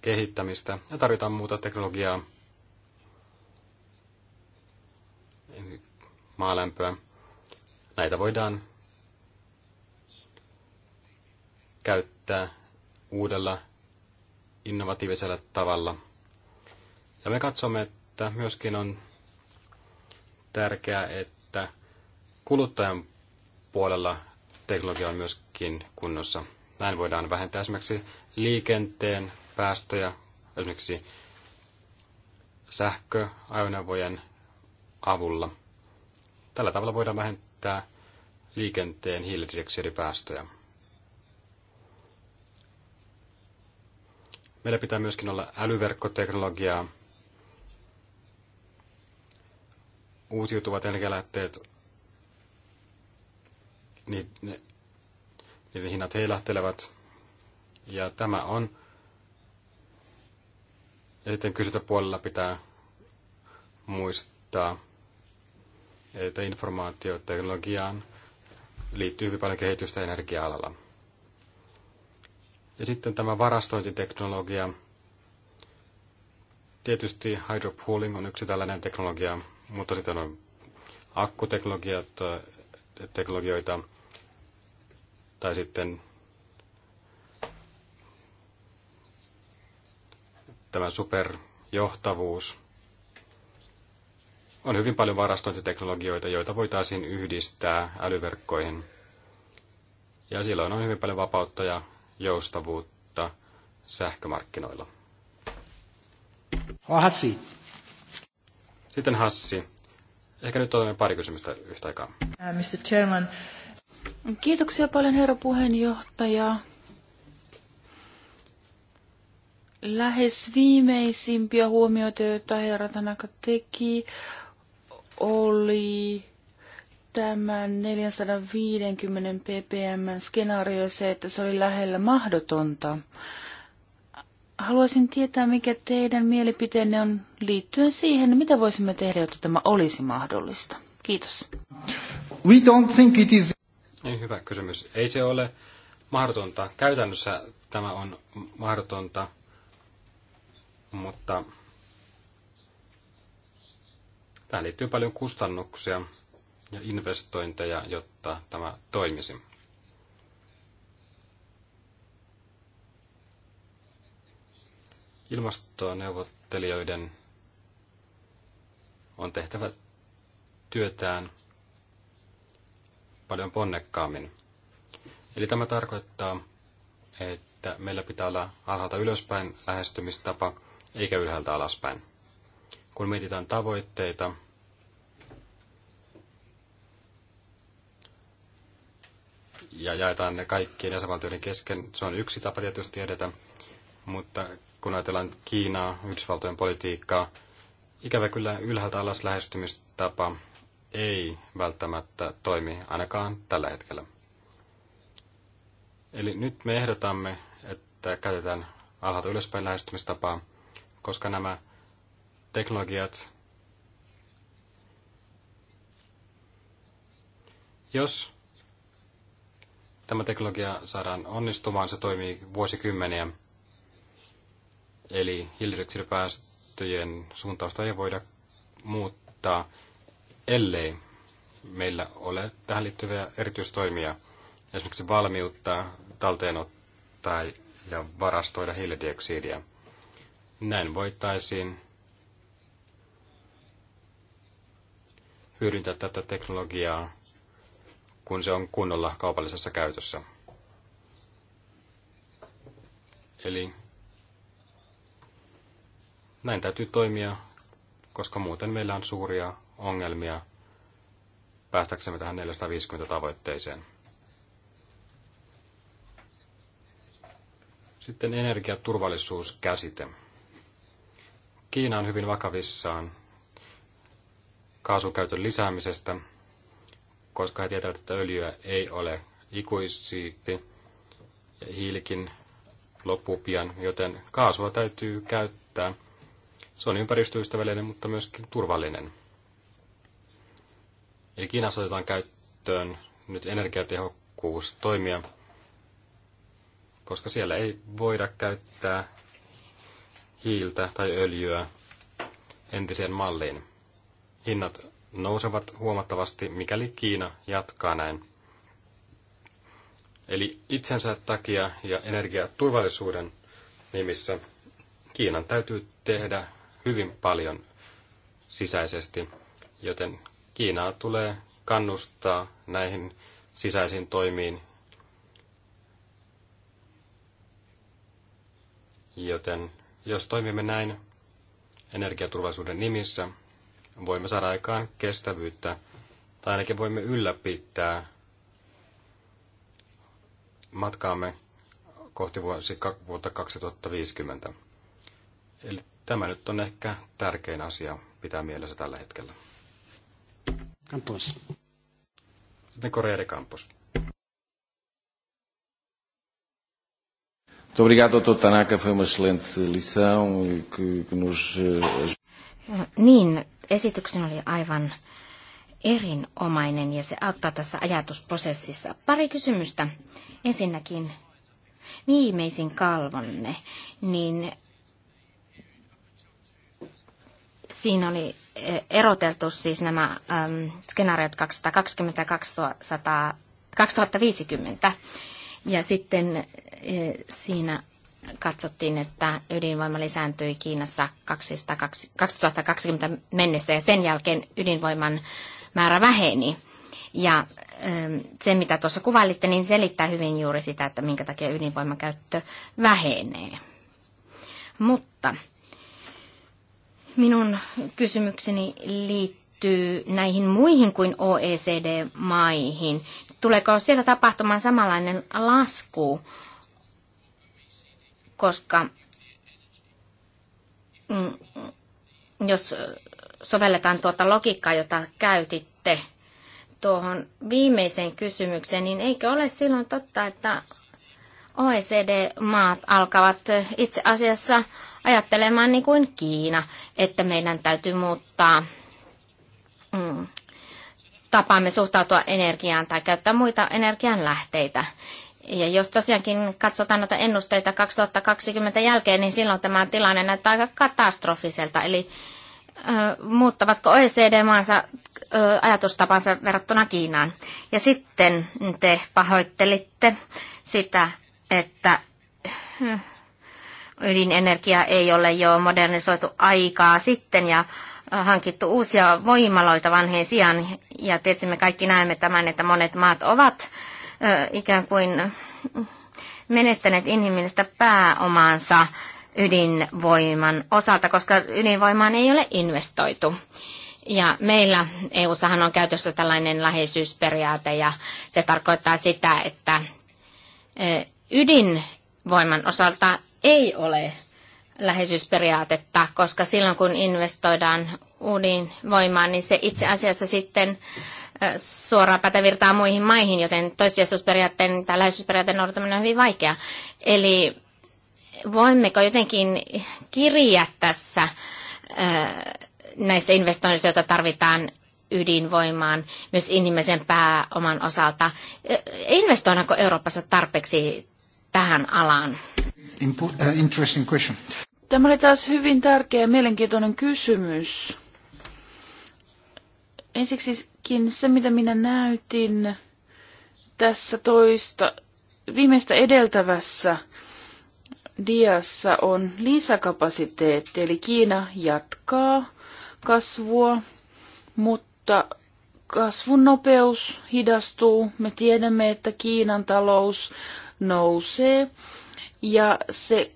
kehittämistä ja tarvitaan muuta teknologiaa, maalämpöä. Näitä voidaan käyttää uudella innovatiivisella tavalla. Ja me katsomme, että myöskin on tärkeää, että kuluttajan puolella teknologia on myöskin kunnossa. Näin voidaan vähentää esimerkiksi liikenteen päästöjä, esimerkiksi sähköajoneuvojen avulla. Tällä tavalla voidaan vähentää liikenteen hiilidioksidipäästöjä. Meillä pitää myöskin olla älyverkkoteknologiaa. Uusiutuvat energialähteet, niin niiden hinnat heilahtelevat. Ja tämä on. Ja sitten kysyntäpuolella pitää muistaa että informaatioteknologiaan liittyy hyvin paljon kehitystä energia-alalla. Ja sitten tämä varastointiteknologia. Tietysti hydropooling on yksi tällainen teknologia, mutta sitten on akkuteknologiat, äh, teknologioita tai sitten tämä superjohtavuus – on hyvin paljon varastointiteknologioita, joita voitaisiin yhdistää älyverkkoihin. Ja silloin on hyvin paljon vapautta ja joustavuutta sähkömarkkinoilla. Hassi. Sitten Hassi. Ehkä nyt otamme pari kysymystä yhtä aikaa.
Äh, Mr. Chairman. Kiitoksia paljon herra puheenjohtaja. Lähes viimeisimpiä huomioita, joita herra Tanaka teki, oli tämän 450 ppm skenaario se, että se oli lähellä mahdotonta. Haluaisin tietää, mikä teidän mielipiteenne on liittyen siihen, mitä voisimme tehdä, jotta tämä olisi mahdollista. Kiitos.
We don't think it is...
Niin, hyvä kysymys. Ei se ole mahdotonta. Käytännössä tämä on mahdotonta, mutta Tähän liittyy paljon kustannuksia ja investointeja, jotta tämä toimisi. Ilmastoneuvottelijoiden on tehtävä työtään paljon ponnekkaammin. Eli tämä tarkoittaa, että meillä pitää olla alhaalta ylöspäin lähestymistapa, eikä ylhäältä alaspäin kun mietitään tavoitteita, ja jaetaan ne kaikkien jäsenvaltioiden kesken. Se on yksi tapa tietysti edetä, mutta kun ajatellaan Kiinaa, Yhdysvaltojen politiikkaa, ikävä kyllä ylhäältä alas lähestymistapa ei välttämättä toimi ainakaan tällä hetkellä. Eli nyt me ehdotamme, että käytetään alhaalta ylöspäin lähestymistapaa, koska nämä teknologiat. Jos tämä teknologia saadaan onnistumaan, se toimii vuosikymmeniä. Eli hiilidioksidipäästöjen suuntausta ei voida muuttaa, ellei meillä ole tähän liittyviä erityistoimia, esimerkiksi valmiutta talteenottaa ja varastoida hiilidioksidia. Näin voitaisiin hyödyntää tätä teknologiaa, kun se on kunnolla kaupallisessa käytössä. Eli näin täytyy toimia, koska muuten meillä on suuria ongelmia päästäksemme tähän 450 tavoitteeseen. Sitten energiaturvallisuuskäsite. Kiina on hyvin vakavissaan kaasukäytön lisäämisestä, koska he tietävät, että öljyä ei ole ikuisesti ja hiilikin loppuu pian, joten kaasua täytyy käyttää. Se on ympäristöystävällinen, mutta myöskin turvallinen. Eli Kiinassa otetaan käyttöön nyt energiatehokkuustoimia, koska siellä ei voida käyttää hiiltä tai öljyä entiseen malliin hinnat nousevat huomattavasti, mikäli Kiina jatkaa näin. Eli itsensä takia ja energiaturvallisuuden nimissä Kiinan täytyy tehdä hyvin paljon sisäisesti, joten Kiinaa tulee kannustaa näihin sisäisiin toimiin, joten jos toimimme näin energiaturvallisuuden nimissä, voimme saada aikaan kestävyyttä, tai ainakin voimme ylläpitää matkaamme kohti vuotta 2050. Eli tämä nyt on ehkä tärkein asia pitää mielessä tällä hetkellä. Campos. Sitten Koreeri Campos.
obrigado, Dr. Tanaka. Foi uma excelente lição e que nos...
Eh, niin, esityksen oli aivan erinomainen ja se auttaa tässä ajatusprosessissa. Pari kysymystä. Ensinnäkin viimeisin kalvonne, niin siinä oli eh, eroteltu siis nämä äm, skenaariot 220 ja 2050. Ja sitten ä, eh, siinä katsottiin, että ydinvoima lisääntyi Kiinassa 2020 mennessä ja sen jälkeen ydinvoiman määrä väheni. Ja ähm, se, mitä tuossa kuvailitte, niin selittää hyvin juuri sitä, että minkä takia ydinvoiman käyttö vähenee. Mutta minun kysymykseni liittyy näihin muihin kuin OECD-maihin. Tuleeko siellä tapahtumaan samanlainen lasku? koska mm, jos sovelletaan tuota logiikkaa, jota käytitte tuohon viimeiseen kysymykseen, niin eikö ole silloin totta, että OECD-maat alkavat itse asiassa ajattelemaan niin kuin Kiina, että meidän täytyy muuttaa mm, tapaamme suhtautua energiaan tai käyttää muita energian lähteitä. Ja jos tosiaankin katsotaan noita ennusteita 2020 jälkeen, niin silloin tämä tilanne näyttää aika katastrofiselta. Eli äh, muuttavatko OECD-maansa äh, ajatustapansa verrattuna Kiinaan? Ja sitten te pahoittelitte sitä, että ydinenergia ei ole jo modernisoitu aikaa sitten ja hankittu uusia voimaloita vanheen sijaan. Ja tietysti me kaikki näemme tämän, että monet maat ovat ikään kuin menettäneet inhimillistä pääomaansa ydinvoiman osalta, koska ydinvoimaan ei ole investoitu. Ja meillä EU-sahan on käytössä tällainen läheisyysperiaate ja se tarkoittaa sitä, että ydinvoiman osalta ei ole läheisyysperiaatetta, koska silloin kun investoidaan ydinvoimaan, niin se itse asiassa sitten suoraan pätevirtaa muihin maihin, joten toissijaisuusperiaatteen tai läheisyysperiaatteen noudattaminen on hyvin vaikea. Eli voimmeko jotenkin kirjaa tässä näissä investoinnissa, joita tarvitaan ydinvoimaan, myös inhimillisen pääoman osalta. Investoidaanko Euroopassa tarpeeksi tähän alaan?
Äh,
Tämä oli taas hyvin tärkeä ja mielenkiintoinen kysymys.
Ensiksikin se, mitä minä näytin tässä toista, viimeistä edeltävässä diassa on lisäkapasiteetti, eli Kiina jatkaa kasvua, mutta kasvun nopeus hidastuu. Me tiedämme, että Kiinan talous nousee ja se,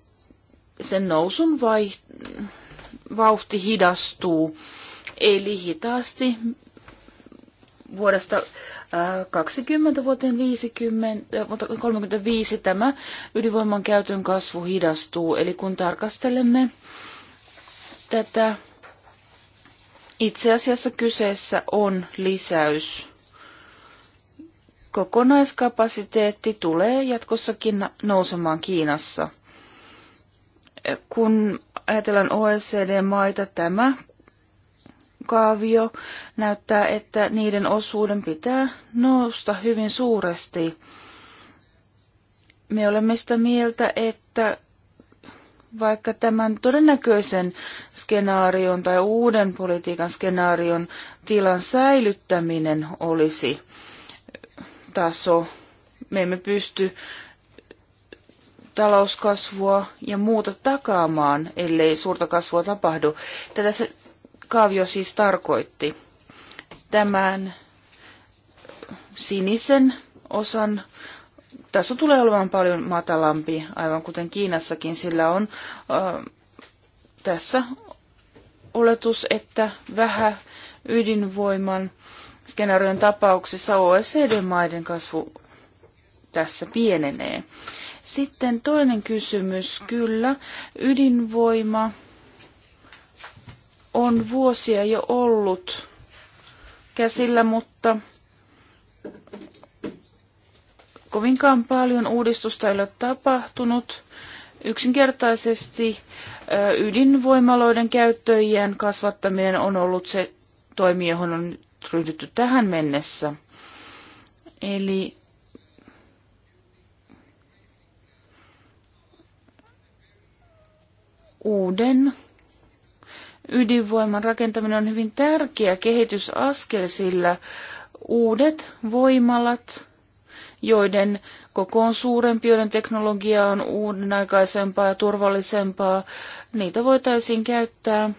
sen nousun vaiht- vauhti hidastuu. Eli hitaasti vuodesta 20 äh, vuoteen 50, 35 äh, tämä ydinvoiman käytön kasvu hidastuu. Eli kun tarkastelemme tätä, itse asiassa kyseessä on lisäys. Kokonaiskapasiteetti tulee jatkossakin nousemaan Kiinassa. Kun ajatellaan OECD-maita, tämä kaavio näyttää, että niiden osuuden pitää nousta hyvin suuresti. Me olemme sitä mieltä, että vaikka tämän todennäköisen skenaarion tai uuden politiikan skenaarion tilan säilyttäminen olisi taso, me emme pysty talouskasvua ja muuta takaamaan, ellei suurta kasvua tapahdu. Tätä kaavio siis tarkoitti. Tämän sinisen osan tässä tulee olemaan paljon matalampi, aivan kuten Kiinassakin, sillä on äh, tässä oletus, että vähän ydinvoiman skenaarion tapauksessa OECD-maiden kasvu tässä pienenee. Sitten toinen kysymys, kyllä, ydinvoima on vuosia jo ollut käsillä, mutta kovinkaan paljon uudistusta ei ole tapahtunut. Yksinkertaisesti ydinvoimaloiden käyttöjien kasvattaminen on ollut se toimi, johon on ryhdytty tähän mennessä. Eli uuden ydinvoiman rakentaminen on hyvin tärkeä kehitysaskel, sillä uudet voimalat, joiden koko on suurempi, joiden teknologia on uudenaikaisempaa ja turvallisempaa, niitä voitaisiin käyttää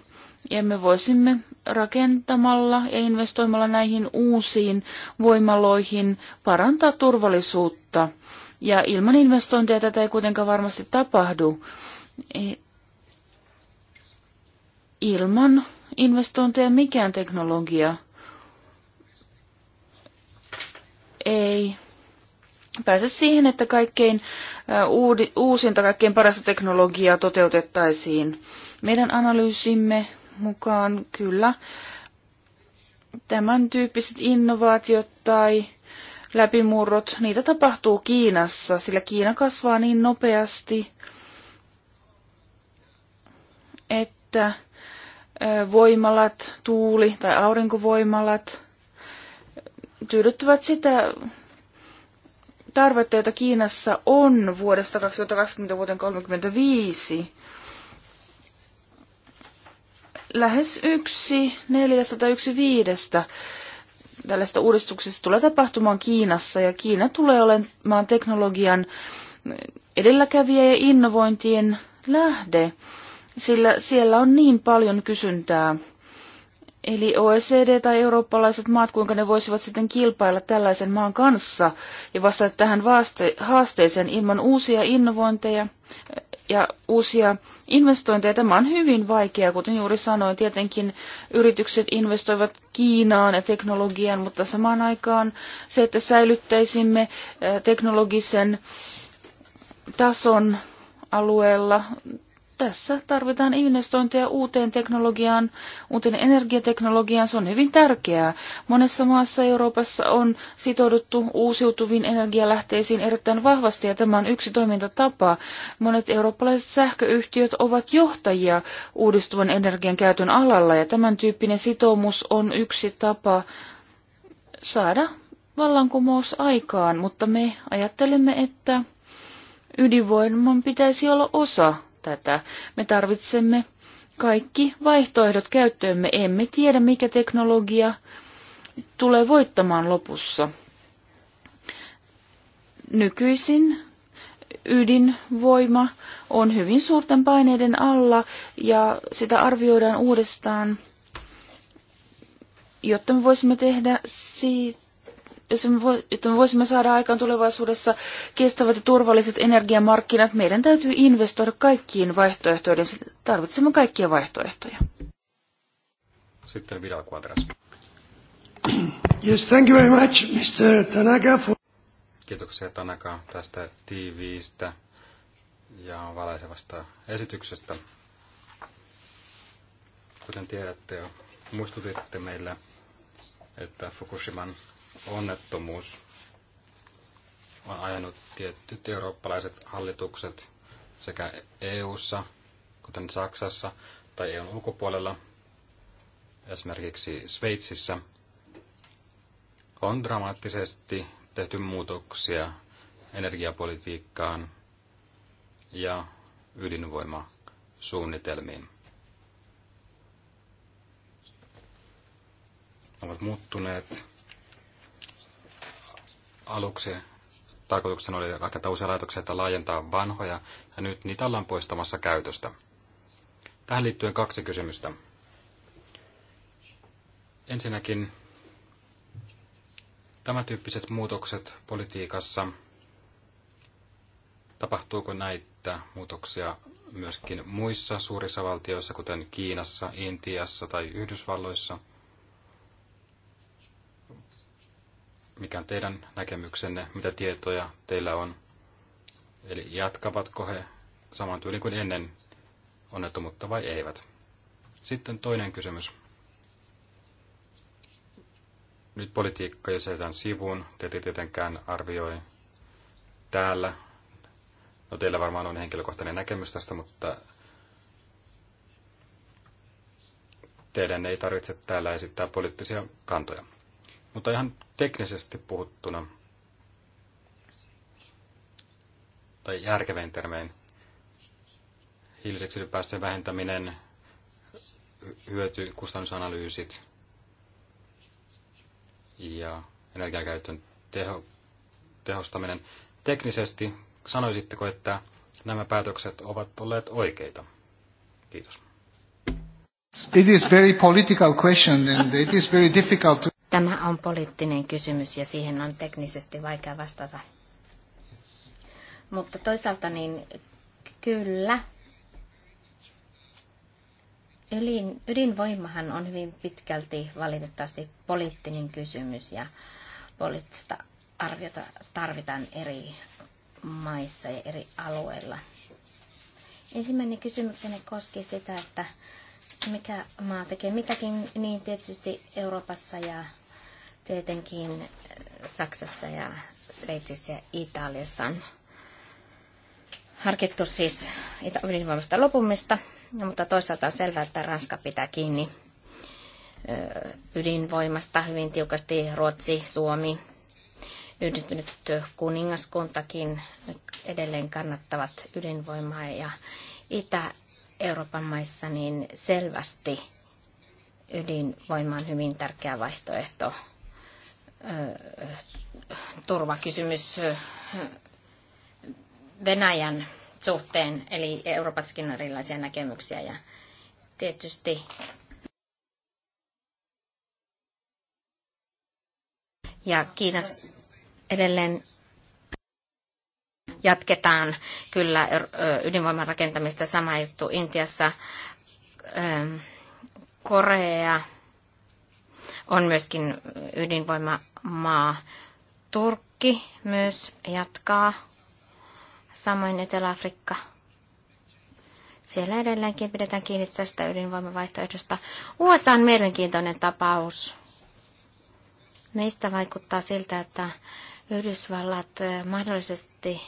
ja me voisimme rakentamalla ja investoimalla näihin uusiin voimaloihin parantaa turvallisuutta. Ja ilman investointeja tätä ei kuitenkaan varmasti tapahdu ilman investointeja mikään teknologia ei pääse siihen, että kaikkein uusinta, kaikkein parasta teknologiaa toteutettaisiin. Meidän analyysimme mukaan kyllä tämän tyyppiset innovaatiot tai läpimurrot, niitä tapahtuu Kiinassa, sillä Kiina kasvaa niin nopeasti, että voimalat, tuuli- tai aurinkovoimalat tyydyttävät sitä tarvetta, jota Kiinassa on vuodesta 2020 vuoteen 35. Lähes yksi neljästä tai yksi viidestä tällaista uudistuksesta tulee tapahtumaan Kiinassa ja Kiina tulee olemaan teknologian edelläkävijä ja innovointien lähde sillä siellä on niin paljon kysyntää. Eli OECD tai eurooppalaiset maat, kuinka ne voisivat sitten kilpailla tällaisen maan kanssa ja vastata tähän vaaste- haasteeseen ilman uusia innovointeja ja uusia investointeja. Tämä on hyvin vaikeaa, kuten juuri sanoin. Tietenkin yritykset investoivat Kiinaan ja teknologiaan, mutta samaan aikaan se, että säilyttäisimme teknologisen tason alueella tässä tarvitaan investointeja uuteen teknologiaan, uuteen energiateknologiaan. Se on hyvin tärkeää. Monessa maassa Euroopassa on sitouduttu uusiutuviin energialähteisiin erittäin vahvasti ja tämä on yksi toimintatapa. Monet eurooppalaiset sähköyhtiöt ovat johtajia uudistuvan energian käytön alalla ja tämän tyyppinen sitoumus on yksi tapa saada vallankumous aikaan, mutta me ajattelemme, että ydinvoiman pitäisi olla osa tätä. Me tarvitsemme kaikki vaihtoehdot käyttöömme. Emme tiedä, mikä teknologia tulee voittamaan lopussa. Nykyisin ydinvoima on hyvin suurten paineiden alla ja sitä arvioidaan uudestaan, jotta me voisimme tehdä siitä jotta me voisimme saada aikaan tulevaisuudessa kestävät ja turvalliset energiamarkkinat, meidän täytyy investoida kaikkiin vaihtoehtoihin. Tarvitsemme kaikkia vaihtoehtoja.
Sitten Vidal
Quadras. Yes, thank you very much, Mr. Tanaka. For...
Kiitoksia Tanaka tästä tiiviistä ja valaisevasta esityksestä. Kuten tiedätte, muistutitte meille, että Fukushiman onnettomuus on ajanut tietyt eurooppalaiset hallitukset sekä EU:ssa, kuten Saksassa, tai EUn ulkopuolella, esimerkiksi Sveitsissä, on dramaattisesti tehty muutoksia energiapolitiikkaan ja ydinvoimasuunnitelmiin. Ne ovat muuttuneet Aluksi tarkoituksena oli rakentaa uusia laitoksia tai laajentaa vanhoja, ja nyt niitä ollaan poistamassa käytöstä. Tähän liittyen kaksi kysymystä. Ensinnäkin tämän tyyppiset muutokset politiikassa, tapahtuuko näitä muutoksia myöskin muissa suurissa valtioissa, kuten Kiinassa, Intiassa tai Yhdysvalloissa – mikä on teidän näkemyksenne, mitä tietoja teillä on. Eli jatkavatko he saman tyylin kuin ennen onnettomuutta vai eivät. Sitten toinen kysymys. Nyt politiikka, jos jätetään sivuun, te ette tietenkään arvioi täällä. No teillä varmaan on henkilökohtainen näkemys tästä, mutta teidän ei tarvitse täällä esittää poliittisia kantoja. Mutta ihan teknisesti puhuttuna, tai järkevän termein, hiilidioksidipäästöjen vähentäminen, hyöty, kustannusanalyysit ja energiakäytön teho, tehostaminen. Teknisesti sanoisitteko, että nämä päätökset ovat olleet oikeita? Kiitos.
It is very political question and it is very difficult to...
Tämä on poliittinen kysymys ja siihen on teknisesti vaikea vastata. Mutta toisaalta niin kyllä, ydinvoimahan on hyvin pitkälti valitettavasti poliittinen kysymys ja poliittista arviota tarvitaan eri maissa ja eri alueilla. Ensimmäinen kysymykseni koski sitä, että mikä maa tekee mitäkin, niin tietysti Euroopassa ja Tietenkin Saksassa ja Sveitsissä ja Italiassa on harkittu siis ydinvoimasta lopumista, mutta toisaalta on selvää, että Ranska pitää kiinni ydinvoimasta hyvin tiukasti Ruotsi, Suomi, yhdistynyt kuningaskuntakin edelleen kannattavat ydinvoimaa ja Itä-Euroopan maissa niin selvästi ydinvoima on hyvin tärkeä vaihtoehto turvakysymys Venäjän suhteen, eli Euroopassakin on erilaisia näkemyksiä ja tietysti ja Kiinas edelleen jatketaan kyllä ydinvoiman rakentamista. Sama juttu Intiassa, Korea, on myöskin ydinvoimamaa. Turkki myös jatkaa, samoin Etelä-Afrikka. Siellä edelleenkin pidetään kiinni tästä ydinvoimavaihtoehdosta. USA on mielenkiintoinen tapaus. Meistä vaikuttaa siltä, että Yhdysvallat eh, mahdollisesti,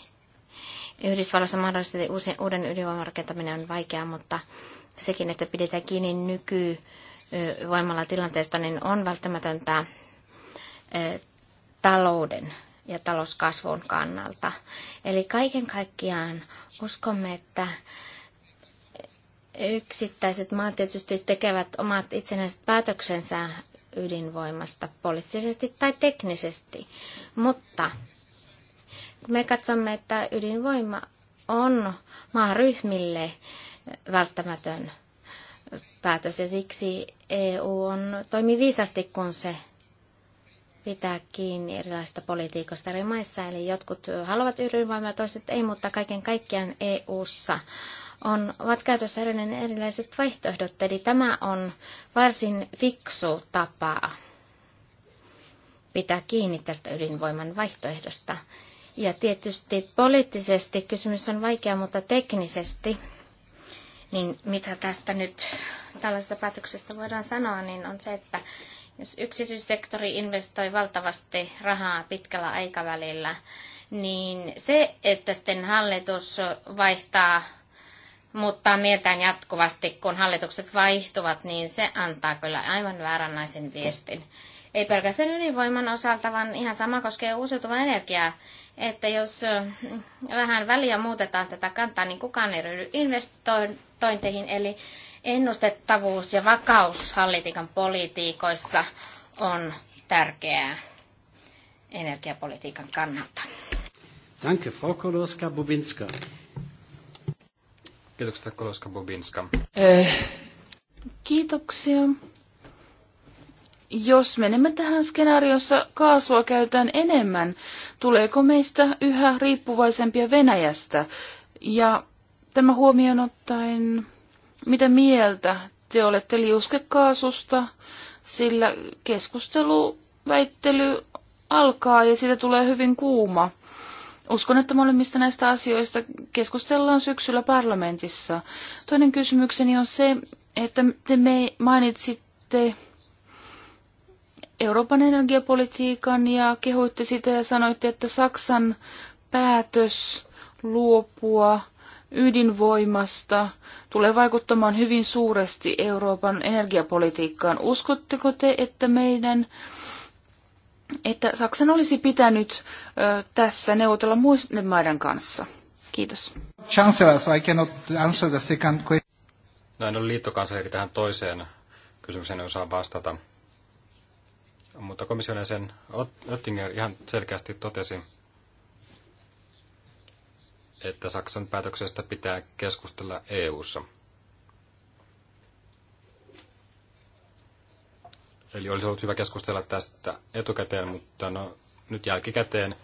Yhdysvallassa mahdollisesti uuden ydinvoiman rakentaminen on vaikeaa, mutta sekin, että pidetään kiinni nyky voimalla tilanteesta, niin on välttämätöntä talouden ja talouskasvun kannalta. Eli kaiken kaikkiaan uskomme, että yksittäiset maat tietysti tekevät omat itsenäiset päätöksensä ydinvoimasta poliittisesti tai teknisesti, mutta me katsomme, että ydinvoima on maaryhmille välttämätön päätös ja siksi EU on, toimii viisasti, kun se pitää kiinni erilaisista politiikoista eri maissa. Eli jotkut haluavat ydinvoimaa, toiset ei, mutta kaiken kaikkiaan EU-ssa on, ovat käytössä erilaiset vaihtoehdot. Eli tämä on varsin fiksu tapa pitää kiinni tästä ydinvoiman vaihtoehdosta. Ja tietysti poliittisesti kysymys on vaikea, mutta teknisesti niin mitä tästä nyt tällaisesta päätöksestä voidaan sanoa, niin on se, että jos yksityissektori investoi valtavasti rahaa pitkällä aikavälillä, niin se, että sitten hallitus vaihtaa, muuttaa mieltään jatkuvasti, kun hallitukset vaihtuvat, niin se antaa kyllä aivan vääränlaisen viestin. Ei pelkästään ydinvoiman osalta, vaan ihan sama koskee uusiutuvaa energiaa. Että jos vähän väliä muutetaan tätä kantaa, niin kukaan ei ryhdy investoimaan investointeihin, eli ennustettavuus ja vakaus hallitikan politiikoissa on tärkeää energiapolitiikan kannalta.
Danke, Frau Koloska-Bubinska. Kiitoksia,
Koloska-Bubinska.
Eh. Kiitoksia. Jos menemme tähän skenaariossa kaasua käytetään enemmän, tuleeko meistä yhä riippuvaisempia Venäjästä? Ja Tämä huomioon ottaen, mitä mieltä te olette liuskekaasusta, sillä keskustelu, väittely alkaa ja siitä tulee hyvin kuuma. Uskon, että molemmista näistä asioista keskustellaan syksyllä parlamentissa. Toinen kysymykseni on se, että te me mainitsitte Euroopan energiapolitiikan ja kehuitte sitä ja sanoitte, että Saksan päätös luopua ydinvoimasta tulee vaikuttamaan hyvin suuresti Euroopan energiapolitiikkaan. Uskotteko te, että meidän että Saksan olisi pitänyt ö, tässä neuvotella muiden maiden kanssa? Kiitos.
Chancellor, I cannot answer the second question.
No en ole liittokansleri tähän toiseen kysymykseen, osaa vastata. Mutta komission jäsen Oettinger ihan selkeästi totesi, että Saksan päätöksestä pitää keskustella EU:ssa. Eli olisi ollut hyvä keskustella tästä etukäteen, mutta no, nyt jälkikäteen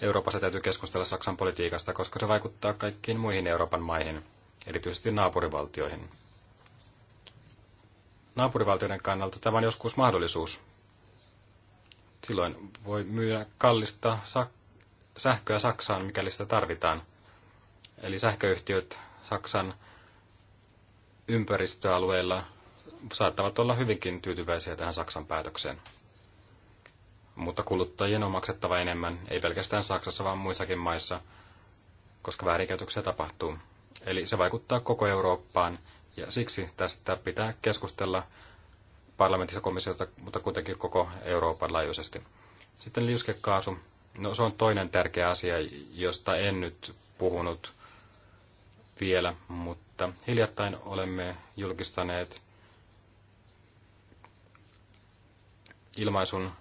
Euroopassa täytyy keskustella Saksan politiikasta, koska se vaikuttaa kaikkiin muihin Euroopan maihin, erityisesti naapurivaltioihin. Naapurivaltioiden kannalta tämä on joskus mahdollisuus. Silloin voi myydä kallista sak- sähköä Saksaan, mikäli sitä tarvitaan. Eli sähköyhtiöt Saksan ympäristöalueilla saattavat olla hyvinkin tyytyväisiä tähän Saksan päätökseen. Mutta kuluttajien on maksettava enemmän, ei pelkästään Saksassa, vaan muissakin maissa, koska väärinkäytöksiä tapahtuu. Eli se vaikuttaa koko Eurooppaan, ja siksi tästä pitää keskustella parlamentissa komissiota, mutta kuitenkin koko Euroopan laajuisesti. Sitten liuskekaasu. No se on toinen tärkeä asia, josta en nyt puhunut vielä, mutta hiljattain olemme julkistaneet ilmaisun,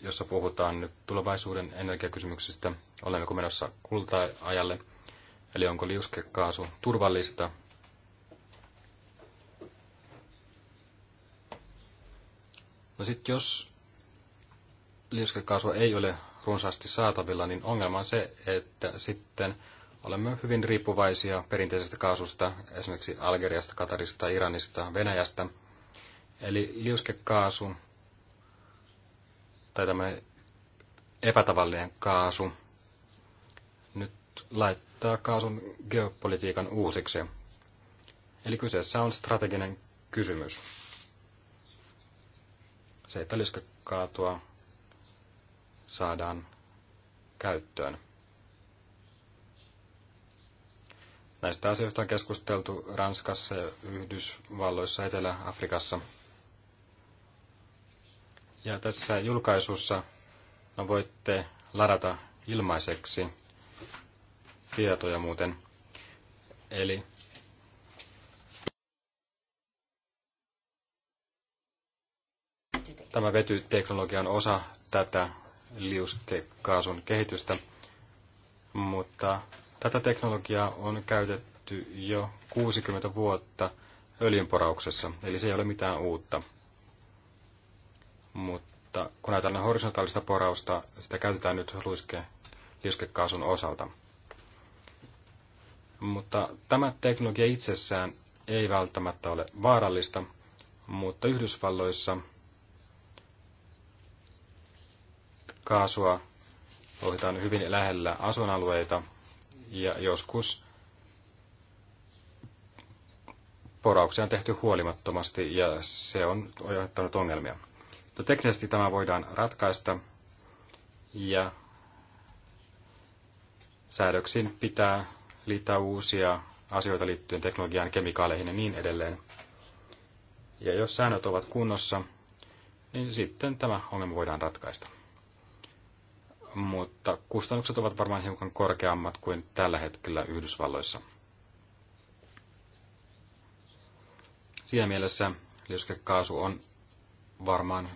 jossa puhutaan nyt tulevaisuuden energiakysymyksistä. Olemmeko menossa kulta-ajalle, eli onko liuskekaasu turvallista? No sitten jos liuskekaasua ei ole runsaasti saatavilla, niin ongelma on se, että sitten – Olemme hyvin riippuvaisia perinteisestä kaasusta, esimerkiksi Algeriasta, Katarista, Iranista, Venäjästä. Eli liuskekaasu tai tämmöinen epätavallinen kaasu nyt laittaa kaasun geopolitiikan uusiksi. Eli kyseessä on strateginen kysymys. Se, että liuskekaatua saadaan käyttöön. Näistä asioista on keskusteltu Ranskassa ja Yhdysvalloissa, Etelä-Afrikassa. Ja tässä julkaisussa no, voitte ladata ilmaiseksi tietoja muuten. Eli tämä vetyteknologia on osa tätä liuskekaasun kehitystä, mutta Tätä teknologiaa on käytetty jo 60 vuotta öljynporauksessa, eli se ei ole mitään uutta. Mutta kun ajatellaan horisontaalista porausta, sitä käytetään nyt luiske, liuskekaasun osalta. Mutta tämä teknologia itsessään ei välttämättä ole vaarallista, mutta Yhdysvalloissa kaasua louhitaan hyvin lähellä asuinalueita – ja joskus porauksia on tehty huolimattomasti ja se on aiheuttanut ongelmia. No, teknisesti tämä voidaan ratkaista ja säädöksiin pitää liittää uusia asioita liittyen teknologiaan, kemikaaleihin ja niin edelleen. Ja jos säännöt ovat kunnossa, niin sitten tämä ongelma voidaan ratkaista mutta kustannukset ovat varmaan hiukan korkeammat kuin tällä hetkellä Yhdysvalloissa. Siinä mielessä liuskekaasu on varmaan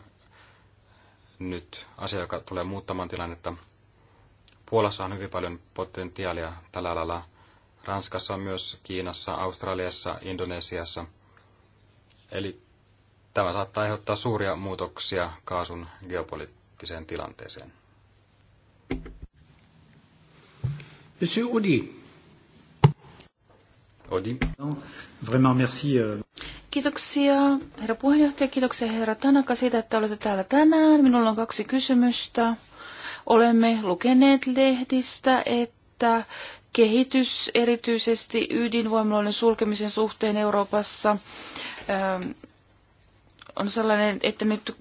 nyt asia, joka tulee muuttamaan tilannetta. Puolassa on hyvin paljon potentiaalia tällä alalla. Ranskassa myös, Kiinassa, Australiassa, Indonesiassa. Eli tämä saattaa aiheuttaa suuria muutoksia kaasun geopoliittiseen tilanteeseen.
Monsieur Audi. Audi. vraiment merci. Euh.
Kiitoksia herra puheenjohtaja, kiitoksia herra Tanaka siitä, että olette täällä tänään. Minulla on kaksi kysymystä. Olemme lukeneet lehdistä, että kehitys erityisesti ydinvoimaloiden sulkemisen suhteen Euroopassa ähm, on sellainen, että nyt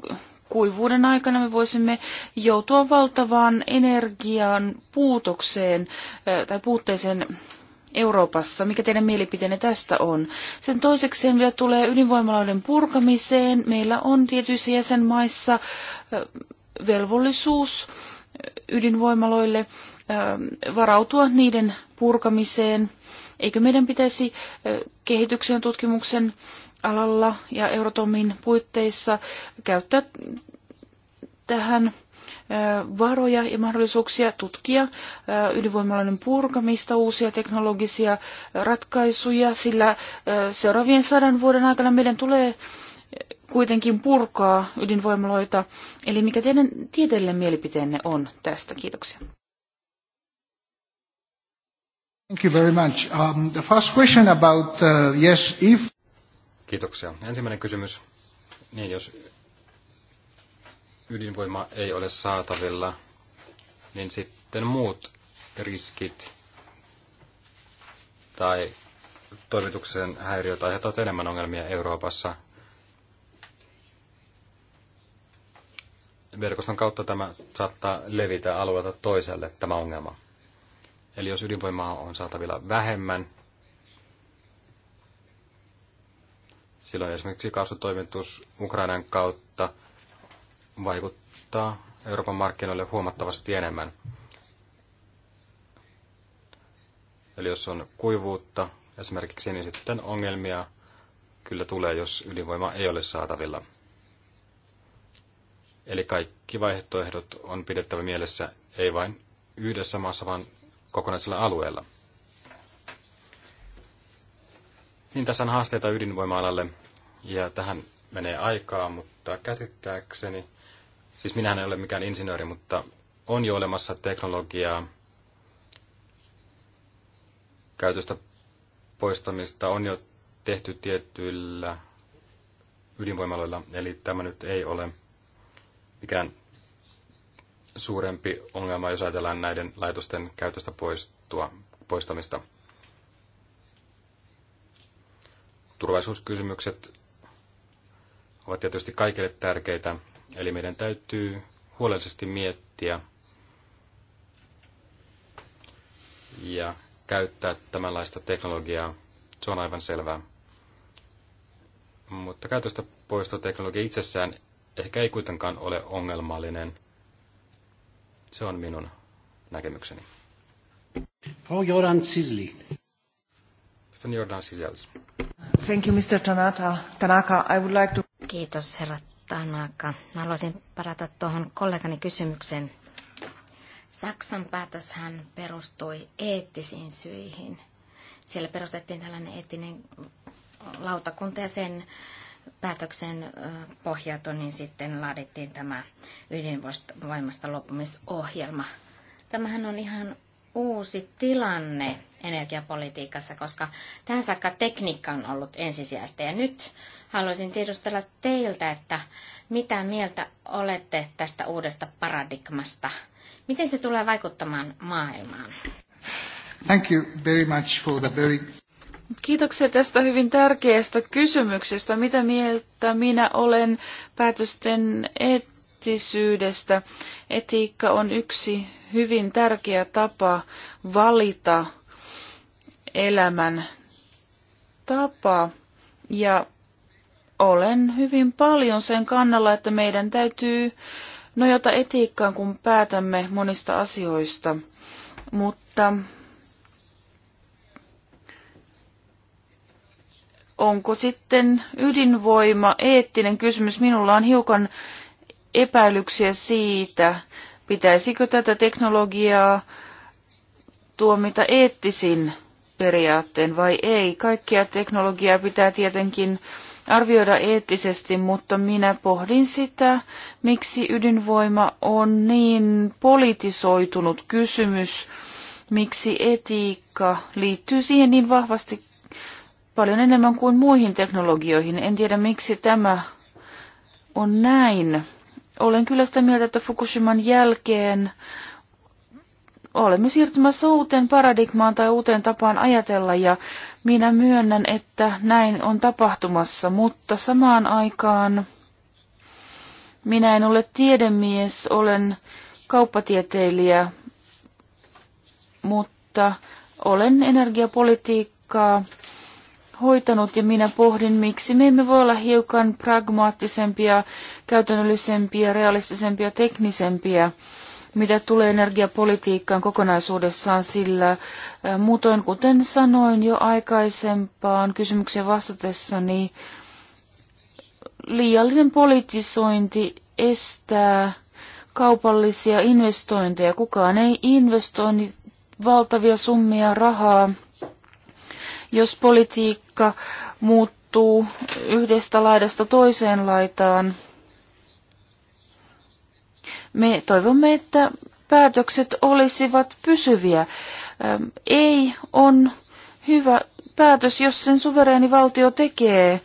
kuivuuden aikana me voisimme joutua valtavaan energian puutokseen tai puutteeseen Euroopassa. Mikä teidän mielipiteenne tästä on? Sen toisekseen, vielä tulee ydinvoimaloiden purkamiseen, meillä on tietyissä jäsenmaissa velvollisuus ydinvoimaloille varautua niiden purkamiseen. Eikö meidän pitäisi kehityksen tutkimuksen alalla ja Eurotomin puitteissa käyttää tähän varoja ja mahdollisuuksia tutkia ydinvoimaloiden purkamista, uusia teknologisia ratkaisuja, sillä seuraavien sadan vuoden aikana meidän tulee kuitenkin purkaa ydinvoimaloita. Eli mikä teidän tieteellinen mielipiteenne on tästä? Kiitoksia.
Thank you very much. Um, the first question about uh, yes, if
Kiitoksia. Ensimmäinen kysymys. Niin, jos ydinvoima ei ole saatavilla, niin sitten muut riskit tai toimituksen häiriöt aiheuttavat enemmän ongelmia Euroopassa. Verkoston kautta tämä saattaa levitä alueelta toiselle, tämä ongelma. Eli jos ydinvoimaa on saatavilla vähemmän, Silloin esimerkiksi kaasutoimitus Ukrainan kautta vaikuttaa Euroopan markkinoille huomattavasti enemmän. Eli jos on kuivuutta esimerkiksi, niin sitten ongelmia kyllä tulee, jos ydinvoima ei ole saatavilla. Eli kaikki vaihtoehdot on pidettävä mielessä ei vain yhdessä maassa, vaan kokonaisella alueella. Niin tässä on haasteita ydinvoimaalalle ja tähän menee aikaa, mutta käsittääkseni, siis minähän en ole mikään insinööri, mutta on jo olemassa teknologiaa, käytöstä poistamista on jo tehty tiettyillä ydinvoimaloilla, eli tämä nyt ei ole mikään suurempi ongelma, jos ajatellaan näiden laitosten käytöstä poistua, poistamista. Turvallisuuskysymykset ovat tietysti kaikille tärkeitä, eli meidän täytyy huolellisesti miettiä ja käyttää tämänlaista teknologiaa. Se on aivan selvää. Mutta käytöstä poistoteknologia itsessään ehkä ei kuitenkaan ole ongelmallinen. Se on minun näkemykseni.
Frau Jordan Sisli. Thank
you, Mr. Tanaka. Tanaka, I would like to... Kiitos, herra Tanaka. Haluaisin parata tuohon kollegani kysymykseen. Saksan päätöshän perustui eettisiin syihin. Siellä perustettiin tällainen eettinen lautakunta ja sen päätöksen pohjautu, niin sitten laadittiin tämä ydinvoimasta luopumisohjelma. Tämähän on ihan uusi tilanne energiapolitiikassa, koska tähän saakka tekniikka on ollut ensisijaista. Ja nyt haluaisin tiedustella teiltä, että mitä mieltä olette tästä uudesta paradigmasta? Miten se tulee vaikuttamaan maailmaan?
Thank you very much for the very...
Kiitoksia tästä hyvin
tärkeästä kysymyksestä. Mitä mieltä minä olen päätösten et eettisyydestä. Etiikka on yksi hyvin tärkeä tapa valita elämän tapa ja olen hyvin paljon sen kannalla, että meidän täytyy nojata etiikkaan, kun päätämme monista asioista. Mutta onko sitten ydinvoima eettinen kysymys? Minulla on hiukan epäilyksiä siitä, pitäisikö tätä teknologiaa tuomita eettisin periaatteen vai ei. Kaikkia teknologiaa pitää tietenkin arvioida eettisesti, mutta minä pohdin sitä, miksi ydinvoima on niin politisoitunut kysymys, miksi etiikka liittyy siihen niin vahvasti paljon enemmän kuin muihin teknologioihin. En tiedä, miksi tämä on näin. Olen kyllä sitä mieltä, että Fukushiman jälkeen olemme siirtymässä uuteen paradigmaan tai uuteen tapaan ajatella ja minä myönnän, että näin on tapahtumassa, mutta samaan aikaan minä en ole tiedemies, olen kauppatieteilijä, mutta olen energiapolitiikkaa hoitanut ja minä pohdin, miksi me emme voi olla hiukan pragmaattisempia, käytännöllisempiä, realistisempia, teknisempiä, mitä tulee energiapolitiikkaan kokonaisuudessaan, sillä muutoin, kuten sanoin jo aikaisempaan kysymykseen vastatessani, liiallinen politisointi estää kaupallisia investointeja. Kukaan ei investoi valtavia summia rahaa, jos politiikka politiikka muuttuu yhdestä laidasta toiseen laitaan. Me toivomme, että päätökset olisivat pysyviä. Ei on hyvä päätös, jos sen suvereeni valtio tekee,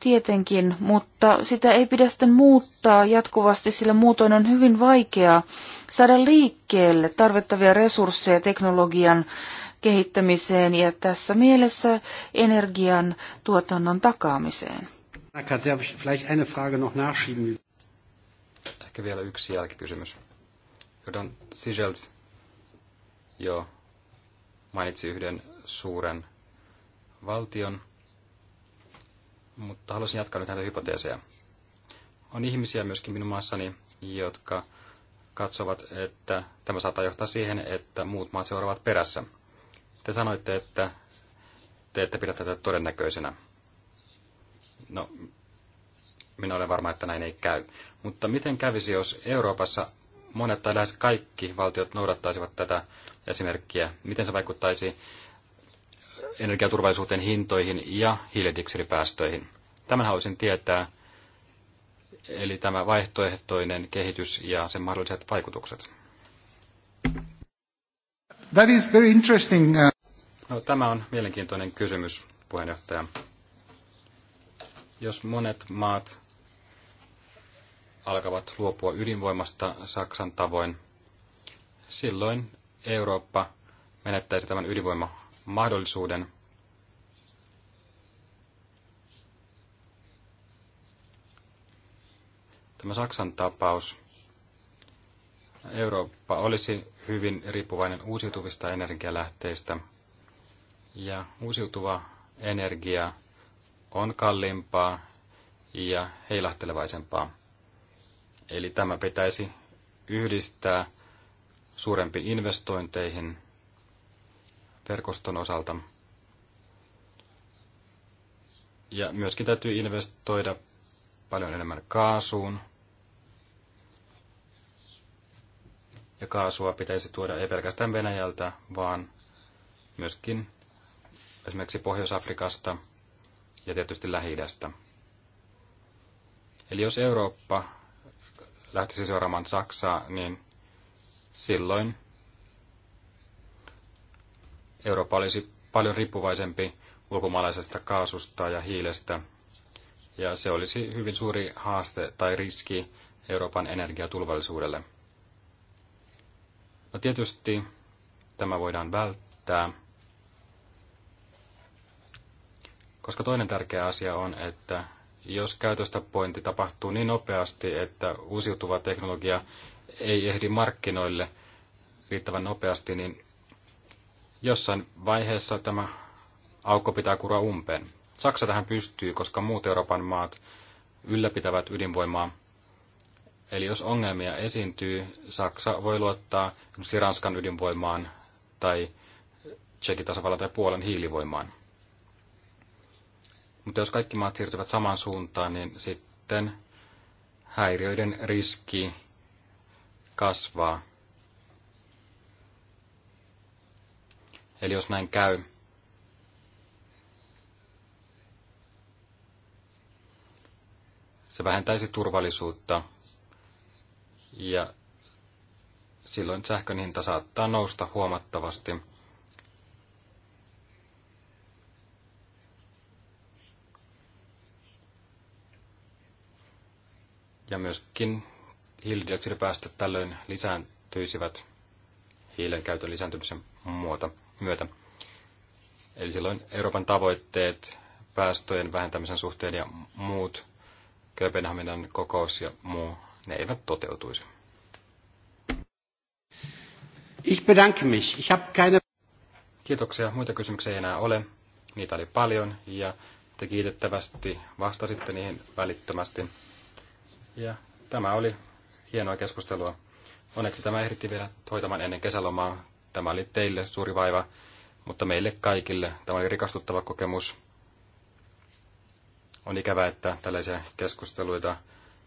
tietenkin, mutta sitä ei pidä sitten muuttaa jatkuvasti, sillä muutoin on hyvin vaikea saada liikkeelle tarvittavia resursseja teknologian äh, kehittämiseen ja tässä mielessä energian tuotannon takaamiseen.
Ehkä vielä yksi jälkikysymys. Jordan Sigelt
jo mainitsi yhden suuren valtion, mutta haluaisin jatkaa nyt näitä hypoteeseja. On ihmisiä myöskin minun maassani, jotka katsovat, että tämä saattaa johtaa siihen, että muut maat seuraavat perässä. Te sanoitte, että te ette pidä tätä todennäköisenä. No, minä olen varma, että näin ei käy. Mutta miten kävisi, jos Euroopassa monet tai lähes kaikki valtiot noudattaisivat tätä esimerkkiä? Miten se vaikuttaisi energiaturvallisuuteen, hintoihin ja hiilidioksidipäästöihin? Tämän haluaisin tietää, eli tämä vaihtoehtoinen kehitys ja sen mahdolliset vaikutukset.
That is very interesting. Uh,
No, tämä on mielenkiintoinen kysymys, puheenjohtaja. Jos monet maat alkavat luopua ydinvoimasta Saksan tavoin, silloin Eurooppa menettäisi tämän ydinvoimamahdollisuuden. Tämä Saksan tapaus. Eurooppa olisi hyvin riippuvainen uusiutuvista energialähteistä – ja uusiutuva energia on kalliimpaa ja heilahtelevaisempaa. Eli tämä pitäisi yhdistää suurempiin investointeihin verkoston osalta. Ja myöskin täytyy investoida paljon enemmän kaasuun. Ja kaasua pitäisi tuoda ei pelkästään Venäjältä, vaan myöskin esimerkiksi Pohjois-Afrikasta ja tietysti lähi -idästä. Eli jos Eurooppa lähtisi seuraamaan Saksaa, niin silloin Eurooppa olisi paljon riippuvaisempi ulkomaalaisesta kaasusta ja hiilestä, ja se olisi hyvin suuri haaste tai riski Euroopan energiaturvallisuudelle. No tietysti tämä voidaan välttää Koska toinen tärkeä asia on, että jos käytöstapointi tapahtuu niin nopeasti, että uusiutuva teknologia ei ehdi markkinoille riittävän nopeasti, niin jossain vaiheessa tämä aukko pitää kuraa umpeen. Saksa tähän pystyy, koska muut Euroopan maat ylläpitävät ydinvoimaa. Eli jos ongelmia esiintyy, Saksa voi luottaa esimerkiksi Ranskan ydinvoimaan tai Tsekin tasavallan tai Puolan hiilivoimaan. Mutta jos kaikki maat siirtyvät samaan suuntaan, niin sitten häiriöiden riski kasvaa. Eli jos näin käy, se vähentäisi turvallisuutta ja silloin sähkön hinta saattaa nousta huomattavasti – Ja myöskin hiilidioksidipäästöt tällöin lisääntyisivät hiilen käytön lisääntymisen muota, myötä. Eli silloin Euroopan tavoitteet päästöjen vähentämisen suhteen ja muut Kööpenhaminan kokous ja muu, ne eivät toteutuisi. Ich bedanke mich. Ich habe keine... Kiitoksia. Muita kysymyksiä ei enää ole. Niitä oli paljon ja te kiitettävästi vastasitte niihin välittömästi. Ja tämä oli hienoa keskustelua. Onneksi tämä ehditti vielä hoitamaan ennen kesälomaa. Tämä oli teille suuri vaiva, mutta meille kaikille tämä oli rikastuttava kokemus. On ikävää, että tällaisia keskusteluita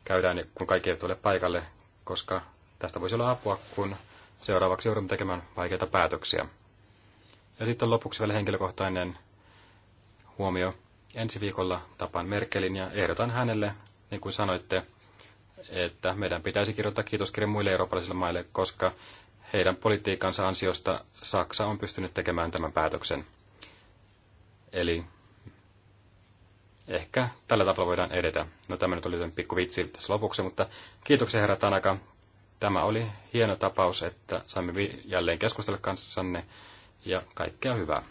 käydään, kun kaikki eivät ole paikalle, koska tästä voisi olla apua, kun seuraavaksi joudumme tekemään vaikeita päätöksiä. Ja sitten lopuksi vielä henkilökohtainen huomio. Ensi viikolla tapaan Merkelin ja ehdotan hänelle, niin kuin sanoitte, että meidän pitäisi kirjoittaa kiitoskirja muille eurooppalaisille maille, koska heidän politiikkansa ansiosta Saksa on pystynyt tekemään tämän päätöksen. Eli ehkä tällä tavalla voidaan edetä. No tämä nyt oli pikku vitsi tässä lopuksi, mutta kiitoksia herra Tanaka. Tämä oli hieno tapaus, että saimme jälleen keskustella kanssanne ja kaikkea hyvää.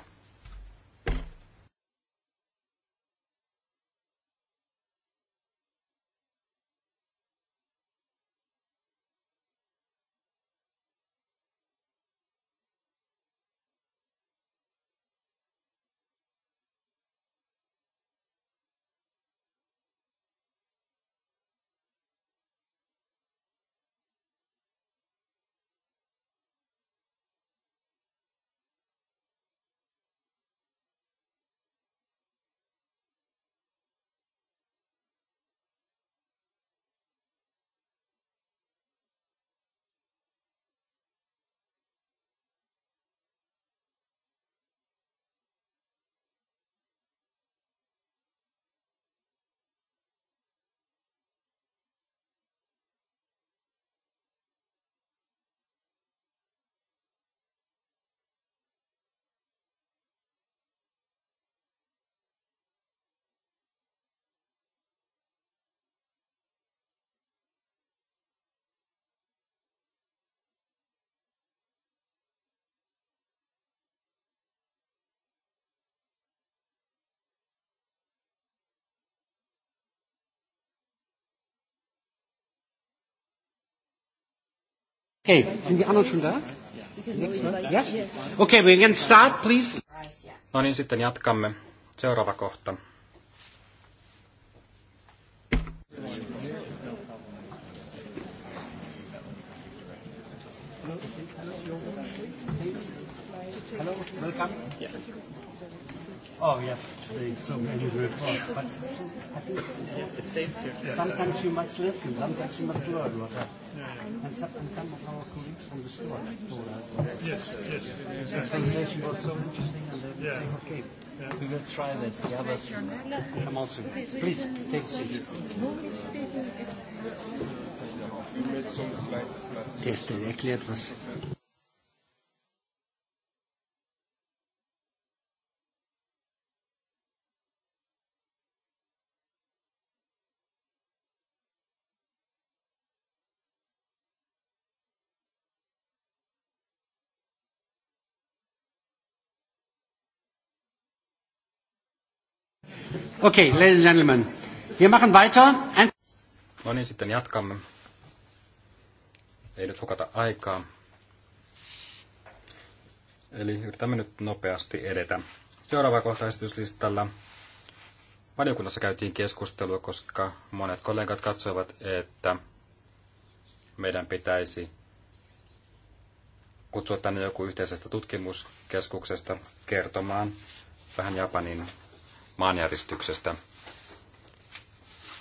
Okay, sind die anderen schon da? Ja? Okay, we
can start, please. No niin, sitten jatkamme. Seuraava kohta. Hello, welcome. Yeah.
Oh, yeah makes so many good words. But it's, I think it's yes, it saves here. Yes. Sometimes you must listen, sometimes you must learn what happened. Yeah, And some of our colleagues from the store told us. Yes, yes. yes. yes. The presentation was so interesting, and they yeah. say, okay, yeah. we will try that. The others come also. Please, take a seat. Gestern erklärt was. Okei, okay, ladies and gentlemen. Wir machen weiter. And...
No niin, sitten jatkamme. Ei nyt hukata aikaa. Eli yritämme nyt nopeasti edetä. Seuraava kohta esityslistalla. Valiokunnassa käytiin keskustelua, koska monet kollegat katsoivat, että meidän pitäisi kutsua tänne joku yhteisestä tutkimuskeskuksesta kertomaan vähän Japanin maanjäristyksestä.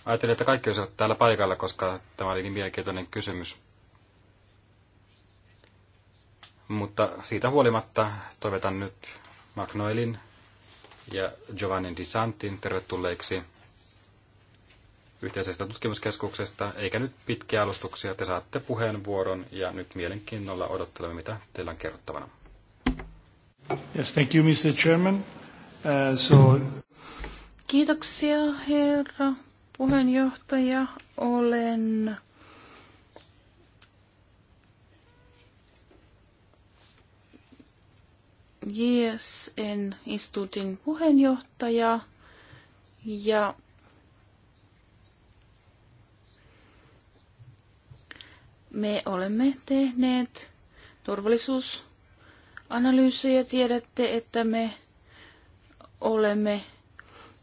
Ajattelin, että kaikki olisivat täällä paikalla, koska tämä oli niin mielenkiintoinen kysymys. Mutta siitä huolimatta toivotan nyt Magnoelin ja Giovanni Di Santin tervetulleiksi yhteisestä tutkimuskeskuksesta, eikä nyt pitkiä alustuksia. Te saatte puheenvuoron ja nyt mielenkiinnolla odottelemme, mitä teillä on kerrottavana.
Yes, thank you, Mr. Chairman. Uh, so...
Kiitoksia, herra puheenjohtaja. Olen JSN-instituutin puheenjohtaja ja me olemme tehneet turvallisuusanalyysejä. Tiedätte, että me olemme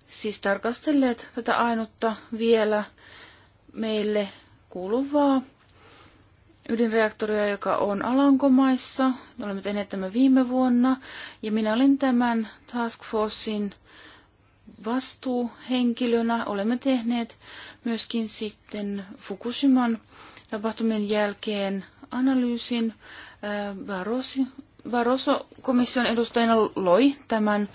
siis tarkastelleet tätä ainutta vielä meille kuuluvaa ydinreaktoria, joka on Alankomaissa. Olemme tehneet tämän viime vuonna ja minä olen tämän Task Forcein vastuuhenkilönä. Olemme tehneet myöskin sitten Fukushiman tapahtumien jälkeen analyysin. varoso komission edustajana loi tämän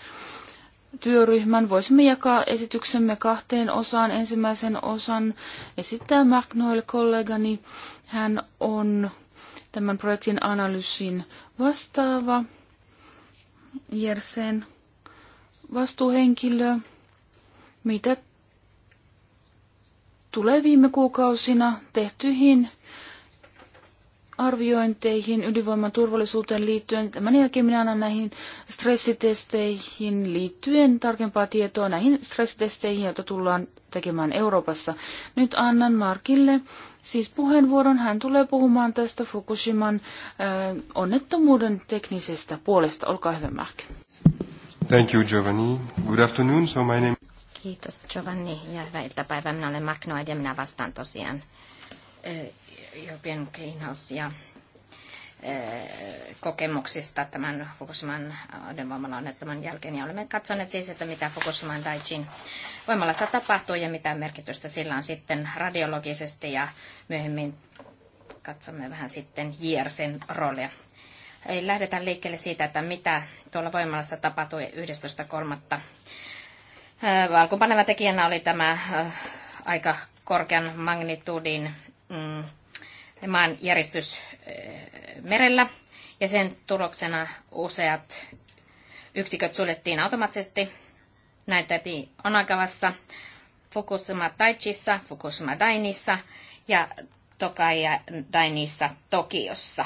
työryhmän voisimme jakaa esityksemme kahteen osaan. Ensimmäisen osan esittää Mark Noel kollegani. Hän on tämän projektin analyysin vastaava Jersen vastuuhenkilö. Mitä tulee viime kuukausina tehtyihin arviointeihin ydinvoiman turvallisuuteen liittyen. Tämän jälkeen minä annan näihin stressitesteihin liittyen tarkempaa tietoa näihin stressitesteihin, joita tullaan tekemään Euroopassa. Nyt annan Markille siis puheenvuoron. Hän tulee puhumaan tästä Fukushiman äh, onnettomuuden teknisestä
puolesta. Olkaa hyvä, Mark.
Thank you, Giovanni. Good afternoon. So my name...
Kiitos, Giovanni, ja hyvää iltapäivää. Minä olen Mark Noid ja minä vastaan tosiaan äh, European Greenhouse ja eh, kokemuksista tämän Fukushiman ydinvoimalan eh, jälkeen. Ja olemme katsoneet siis, että mitä Fukushiman Daichin voimalassa tapahtuu ja mitä merkitystä sillä on sitten radiologisesti ja myöhemmin katsomme vähän sitten Jersen roolia. Eli lähdetään liikkeelle siitä, että mitä tuolla voimalassa tapahtui 11.3. Valkupaneva eh, tekijänä oli tämä aika korkean magnitudin mm, maan järjestys eh, merellä ja sen tuloksena useat yksiköt suljettiin automaattisesti. Näin tehtiin Onagavassa, Fukushima Taichissa, Fukushima Dainissa ja Tokai ja Dainissa Tokiossa.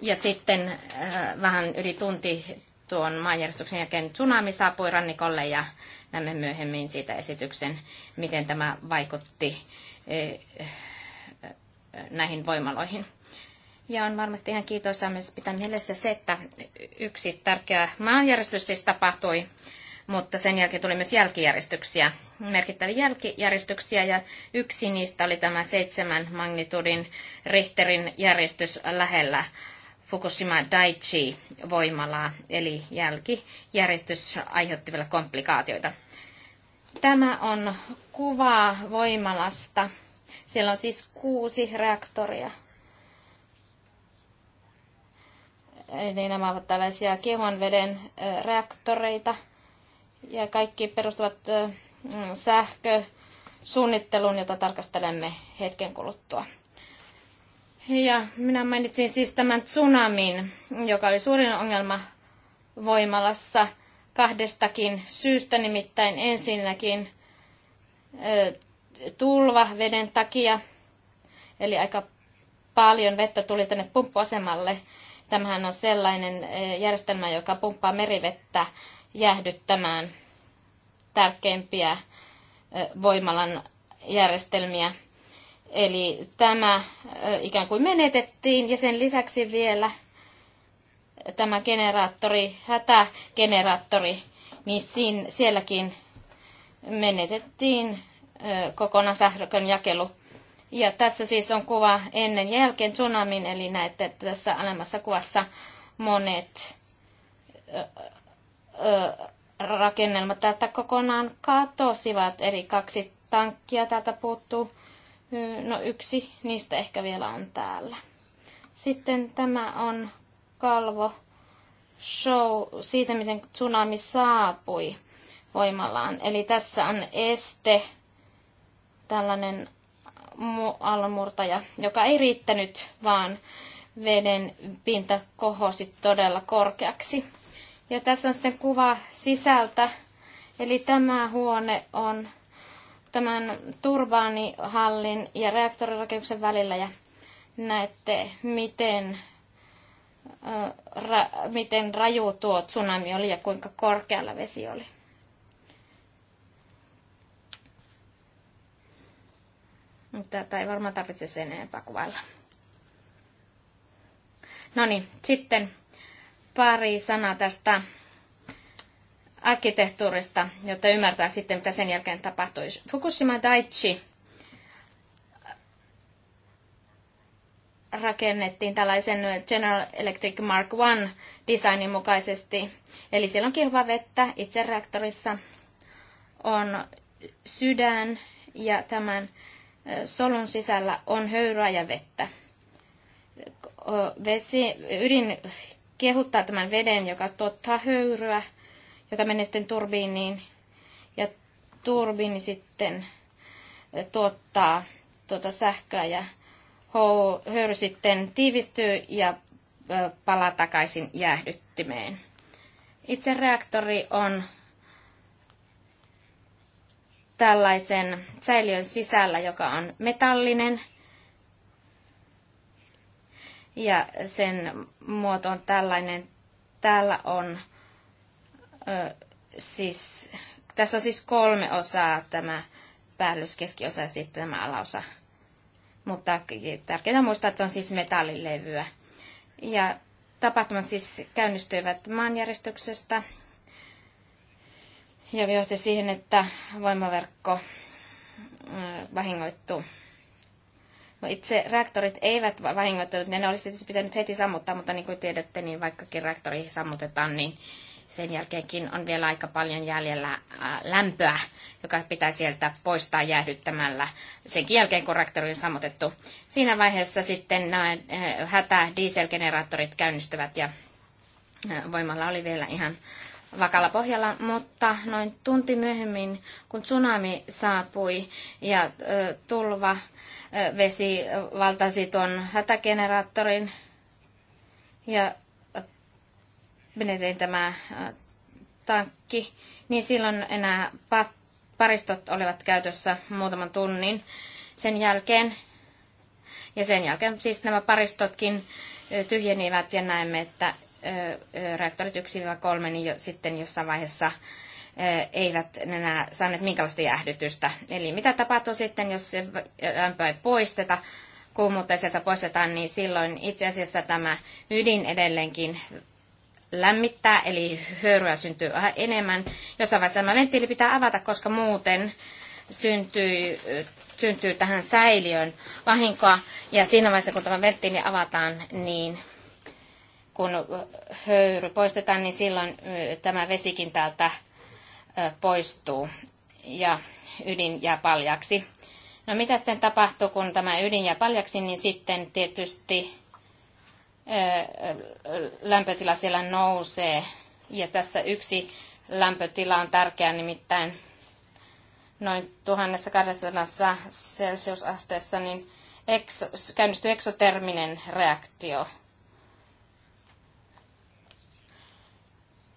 Ja sitten eh, vähän yli tunti tuon maanjärjestyksen jälkeen tsunami saapui rannikolle ja näemme myöhemmin siitä esityksen, miten tämä vaikutti eh, näihin voimaloihin. Ja on varmasti ihan kiitoisaa myös pitää mielessä se, että yksi tärkeä maanjärjestys siis tapahtui, mutta sen jälkeen tuli myös jälkijärjestyksiä, merkittäviä jälkijärjestyksiä, ja yksi niistä oli tämä seitsemän magnitudin Richterin järjestys lähellä Fukushima Daiichi-voimalaa, eli jälkijärjestys aiheutti vielä komplikaatioita. Tämä on kuva voimalasta, siellä on siis kuusi reaktoria. Eli nämä ovat tällaisia kehonveden reaktoreita ja kaikki perustuvat mm, sähkösuunnitteluun, jota tarkastelemme hetken kuluttua. Ja minä mainitsin siis tämän tsunamin, joka oli suurin ongelma voimalassa kahdestakin syystä, nimittäin ensinnäkin tulvaveden takia, eli aika paljon vettä tuli tänne pumppuasemalle. Tämähän on sellainen eh, järjestelmä, joka pumppaa merivettä jäähdyttämään tärkeimpiä eh, voimalan järjestelmiä. Eli tämä eh, ikään kuin menetettiin ja sen lisäksi vielä tämä generaattori, hätägeneraattori, niin siinä, sielläkin menetettiin kokonaan sähkön jakelu. Ja tässä siis on kuva ennen jälkeen tsunamin, eli näette, että tässä alemmassa kuvassa monet rakennelmat täältä kokonaan katosivat, eli kaksi tankkia täältä puuttuu. No yksi niistä ehkä vielä on täällä. Sitten tämä on kalvo show siitä, miten tsunami saapui voimallaan Eli tässä on este tällainen aallonmurtaja, joka ei riittänyt, vaan veden pinta kohosi todella korkeaksi. Ja tässä on sitten kuva sisältä. Eli tämä huone on tämän turbaanihallin ja reaktorirakennuksen välillä ja näette, miten, ra, miten raju tuo tsunami oli ja kuinka korkealla vesi oli. Tätä ei varmaan tarvitse sen enempää kuvailla. No niin, sitten pari sanaa tästä arkkitehtuurista, jotta ymmärtää sitten, mitä sen jälkeen tapahtuisi. Fukushima Daiichi rakennettiin tällaisen General Electric Mark I designin mukaisesti. Eli siellä on kihva vettä itse reaktorissa, on sydän ja tämän solun sisällä on höyryä ja vettä. Vesi, ydin kehuttaa tämän veden, joka tuottaa höyryä, joka menee sitten turbiiniin. Ja turbiini sitten tuottaa tuota sähköä ja höyry sitten tiivistyy ja palaa takaisin jäähdyttimeen. Itse reaktori on tällaisen säiliön sisällä, joka on metallinen. Ja sen muoto on tällainen. Täällä on ö, siis, tässä on siis kolme osaa tämä päällys, keskiosa ja sitten tämä alaosa. Mutta tärkeää muistaa, että on siis metallilevyä. Ja tapahtumat siis käynnistyivät maanjäristyksestä ja johti siihen, että voimaverkko äh, vahingoittuu. No itse reaktorit eivät vahingoittunut, ne olisi tietysti pitänyt heti sammuttaa, mutta niin kuin tiedätte, niin vaikkakin reaktori sammutetaan, niin sen jälkeenkin on vielä aika paljon jäljellä äh, lämpöä, joka pitää sieltä poistaa jäähdyttämällä sen jälkeen, kun reaktori on sammutettu. Siinä vaiheessa sitten nämä äh, hätä dieselgeneraattorit käynnistyvät ja voimalla oli vielä ihan vakalla pohjalla, mutta noin tunti myöhemmin, kun tsunami saapui ja tulva vesi valtasi tuon hätägeneraattorin ja menetin tämä tankki, niin silloin enää paristot olivat käytössä muutaman tunnin sen jälkeen. Ja sen jälkeen siis nämä paristotkin tyhjenivät ja näemme, että reaktorit 1-3, niin jo, sitten jossain vaiheessa eivät enää saaneet minkälaista jäähdytystä. Eli mitä tapahtuu sitten, jos lämpö ei poisteta, kuumuutta sieltä poistetaan, niin silloin itse asiassa tämä ydin edelleenkin lämmittää, eli höyryä syntyy vähän enemmän. Jossain vaiheessa tämä venttiili pitää avata, koska muuten syntyy, syntyy tähän säiliön vahinkoa. Ja siinä vaiheessa, kun tämä venttiili avataan, niin kun höyry poistetaan, niin silloin tämä vesikin täältä poistuu ja ydin jää paljaksi. No mitä sitten tapahtuu, kun tämä ydin jää paljaksi, niin sitten tietysti lämpötila siellä nousee. Ja tässä yksi lämpötila on tärkeä, nimittäin noin 1200 celsiusasteessa, niin käynnistyy eksoterminen reaktio –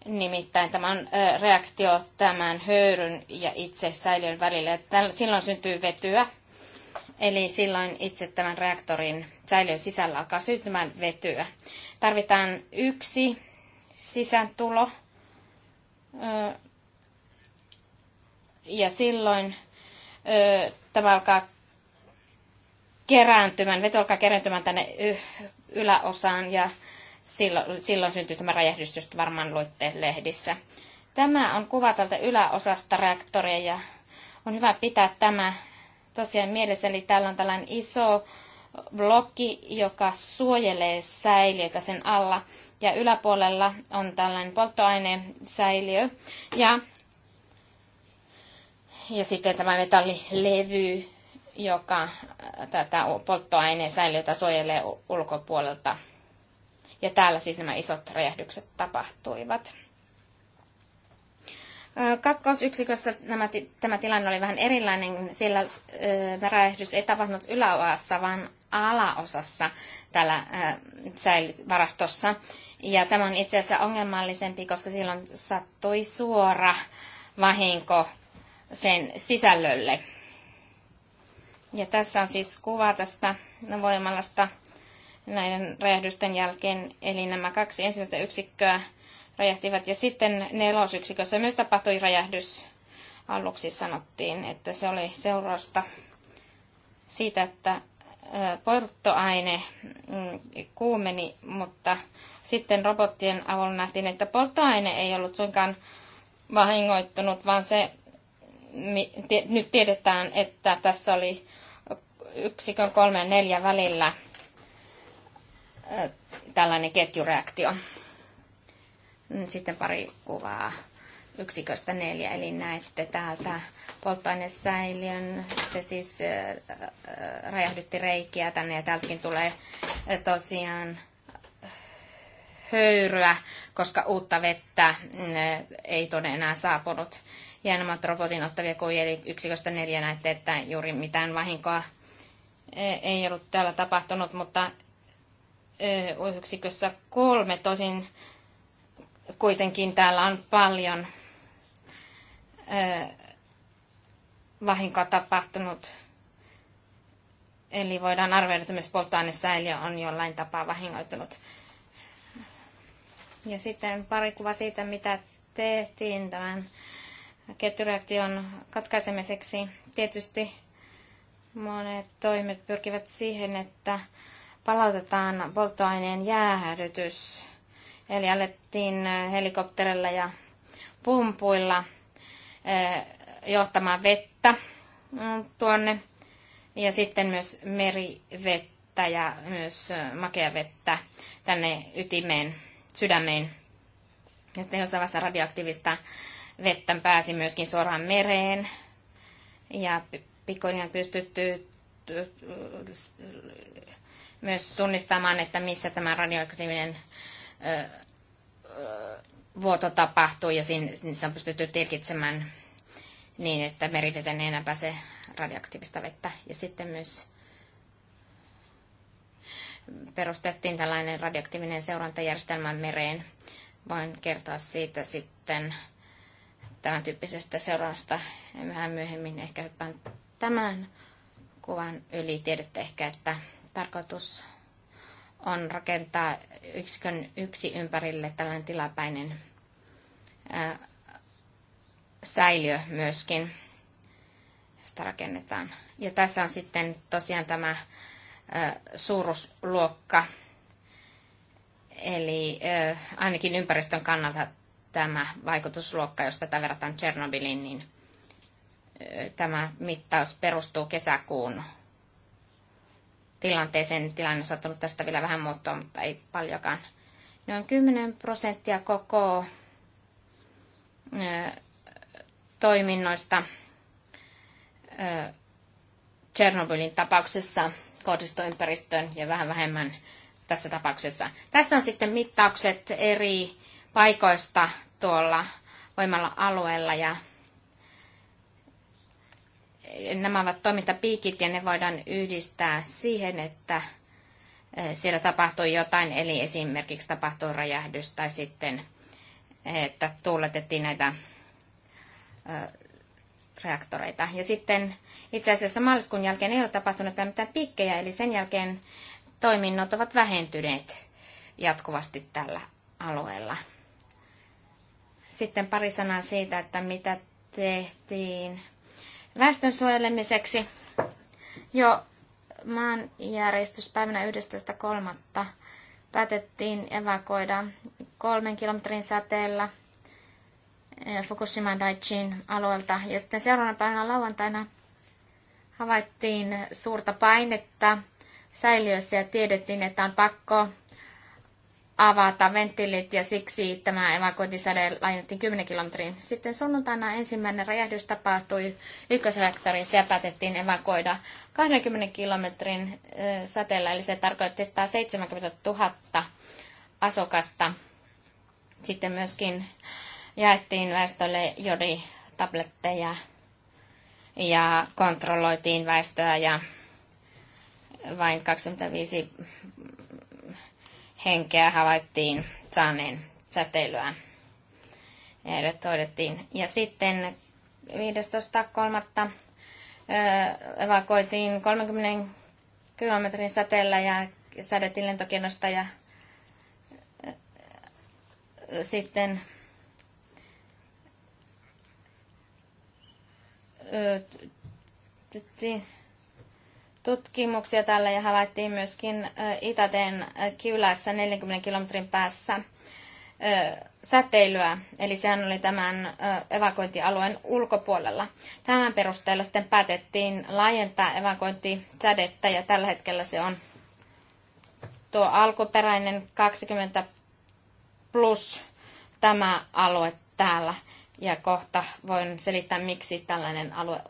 Nimittäin tämä on reaktio tämän höyryn ja itse säiliön välillä. Silloin syntyy vetyä, eli silloin itse tämän reaktorin säiliön sisällä alkaa syntymään vetyä. Tarvitaan yksi sisääntulo, ja silloin tämä alkaa kerääntymään, vety alkaa kerääntymään tänne yläosaan ja Silloin, silloin syntyi tämä räjähdys, josta varmaan luitte lehdissä. Tämä on kuva tältä yläosasta reaktoria ja on hyvä pitää tämä tosiaan mielessä. Eli täällä on tällainen iso blokki, joka suojelee säiliötä sen alla. Ja yläpuolella on tällainen polttoaineen säiliö. Ja, ja sitten tämä metallilevy, joka tätä polttoaineen säiliötä suojelee ulkopuolelta. Ja täällä siis nämä isot räjähdykset tapahtuivat. Kakkosyksikössä nämä, tämä tilanne oli vähän erilainen, sillä räjähdys ei tapahtunut yläosassa, vaan alaosassa tällä säilyvarastossa. Ja tämä on itse asiassa ongelmallisempi, koska silloin sattui suora vahinko sen sisällölle. Ja tässä on siis kuva tästä voimalasta näiden räjähdysten jälkeen. Eli nämä kaksi ensimmäistä yksikköä räjähtivät. Ja sitten nelosyksikössä myös tapahtui räjähdys. Aluksi sanottiin, että se oli seurausta siitä, että polttoaine mm, kuumeni, mutta sitten robottien avulla nähtiin, että polttoaine ei ollut suinkaan vahingoittunut, vaan se nyt tiedetään, että tässä oli yksikön kolme ja neljä välillä tällainen ketjureaktio. Mm, Sitten pari kuvaa yksiköstä neljä, eli näette täältä polttoainesäiliön, se siis räjähdytti reikiä tänne ja täältäkin tulee tosiaan höyryä, koska uutta vettä mm, ei todennäköisesti enää saapunut. Ja robotin ottavia kuvia, eli yksiköstä neljä näette, että juuri mitään vahinkoa e, ei ollut täällä tapahtunut, mutta yksikössä kolme, tosin kuitenkin täällä on paljon vahinkoa tapahtunut. Eli voidaan arvioida, että myös polttoainesäiliö on jollain tapaa vahingoittunut. Ja sitten pari kuva siitä, mitä tehtiin tämän ketjureaktion katkaisemiseksi. Tietysti monet toimet pyrkivät siihen, että palautetaan polttoaineen jäähdytys. Eli alettiin äh, helikopterilla ja pumpuilla äh, johtamaan vettä mm, tuonne ja sitten myös merivettä ja myös äh, vettä tänne ytimeen, sydämeen. Ja sitten jossain vaiheessa radioaktiivista vettä pääsi myöskin suoraan mereen ja pikkuhiljaa pystytty myös tunnistamaan, että missä tämä radioaktiivinen vuoto tapahtuu ja siinä on pystytty tilkitsemään niin, että meriveten ei enää pääse radioaktiivista vettä. Ja sitten myös perustettiin tällainen radioaktiivinen seurantajärjestelmä mereen. Voin kertoa siitä sitten tämän tyyppisestä seurannasta vähän myöhemmin. Ehkä hyppään tämän kuvan yli. Tiedätte ehkä, että tarkoitus on rakentaa yksikön yksi ympärille tällainen tilapäinen säiliö myöskin, josta rakennetaan. Ja tässä on sitten tosiaan tämä suuruusluokka, eli ainakin ympäristön kannalta tämä vaikutusluokka, jos tätä verrataan Tchernobyliin, niin tämä mittaus perustuu kesäkuun tilanteeseen. Tilanne on saattanut tästä vielä vähän muuttua, mutta ei paljonkaan. Noin 10 prosenttia koko toiminnoista Chernobylin tapauksessa kohdistui ympäristöön ja vähän vähemmän tässä tapauksessa. Tässä on sitten mittaukset eri paikoista tuolla voimalla alueella ja nämä ovat toimintapiikit ja ne voidaan yhdistää siihen, että eh, siellä tapahtuu jotain, eli esimerkiksi tapahtuu räjähdys tai sitten, eh, että tuuletettiin näitä eh, reaktoreita. Ja sitten itse asiassa maaliskuun jälkeen ei ole tapahtunut mitään piikkejä, eli sen jälkeen toiminnot ovat vähentyneet jatkuvasti tällä alueella. Sitten pari sanaa siitä, että mitä tehtiin väestön suojelemiseksi jo maanjärjestyspäivänä 11.3. päätettiin evakuoida kolmen kilometrin säteellä eh, Fukushima Daiichin alueelta. Ja sitten seuraavana päivänä lauantaina havaittiin suurta painetta säiliössä ja tiedettiin, että on pakko avata venttiilit ja siksi tämä evakuointisäde laajennettiin 10 kilometriin. Sitten sunnuntaina ensimmäinen räjähdys tapahtui ykkösreaktorissa ja päätettiin evakuoida 20 kilometrin eh, säteellä, eli se tarkoitti 170 000 asukasta. Sitten myöskin jaettiin väestölle joditabletteja ja kontrolloitiin väestöä ja vain 25 henkeä havaittiin saaneen säteilyä. Heidät todettiin. Ja sitten 15.3. evakoitiin 30 kilometrin säteellä ja säädettiin lentokennosta ja sitten tytti tutkimuksia tällä ja havaittiin myöskin Itäteen kylässä 40 kilometrin päässä säteilyä, eli sehän oli tämän evakointialueen ulkopuolella. Tämän perusteella sitten päätettiin laajentaa evakointisädettä ja tällä hetkellä se on tuo alkuperäinen 20 plus tämä alue täällä. Ja kohta voin selittää, miksi tällainen alue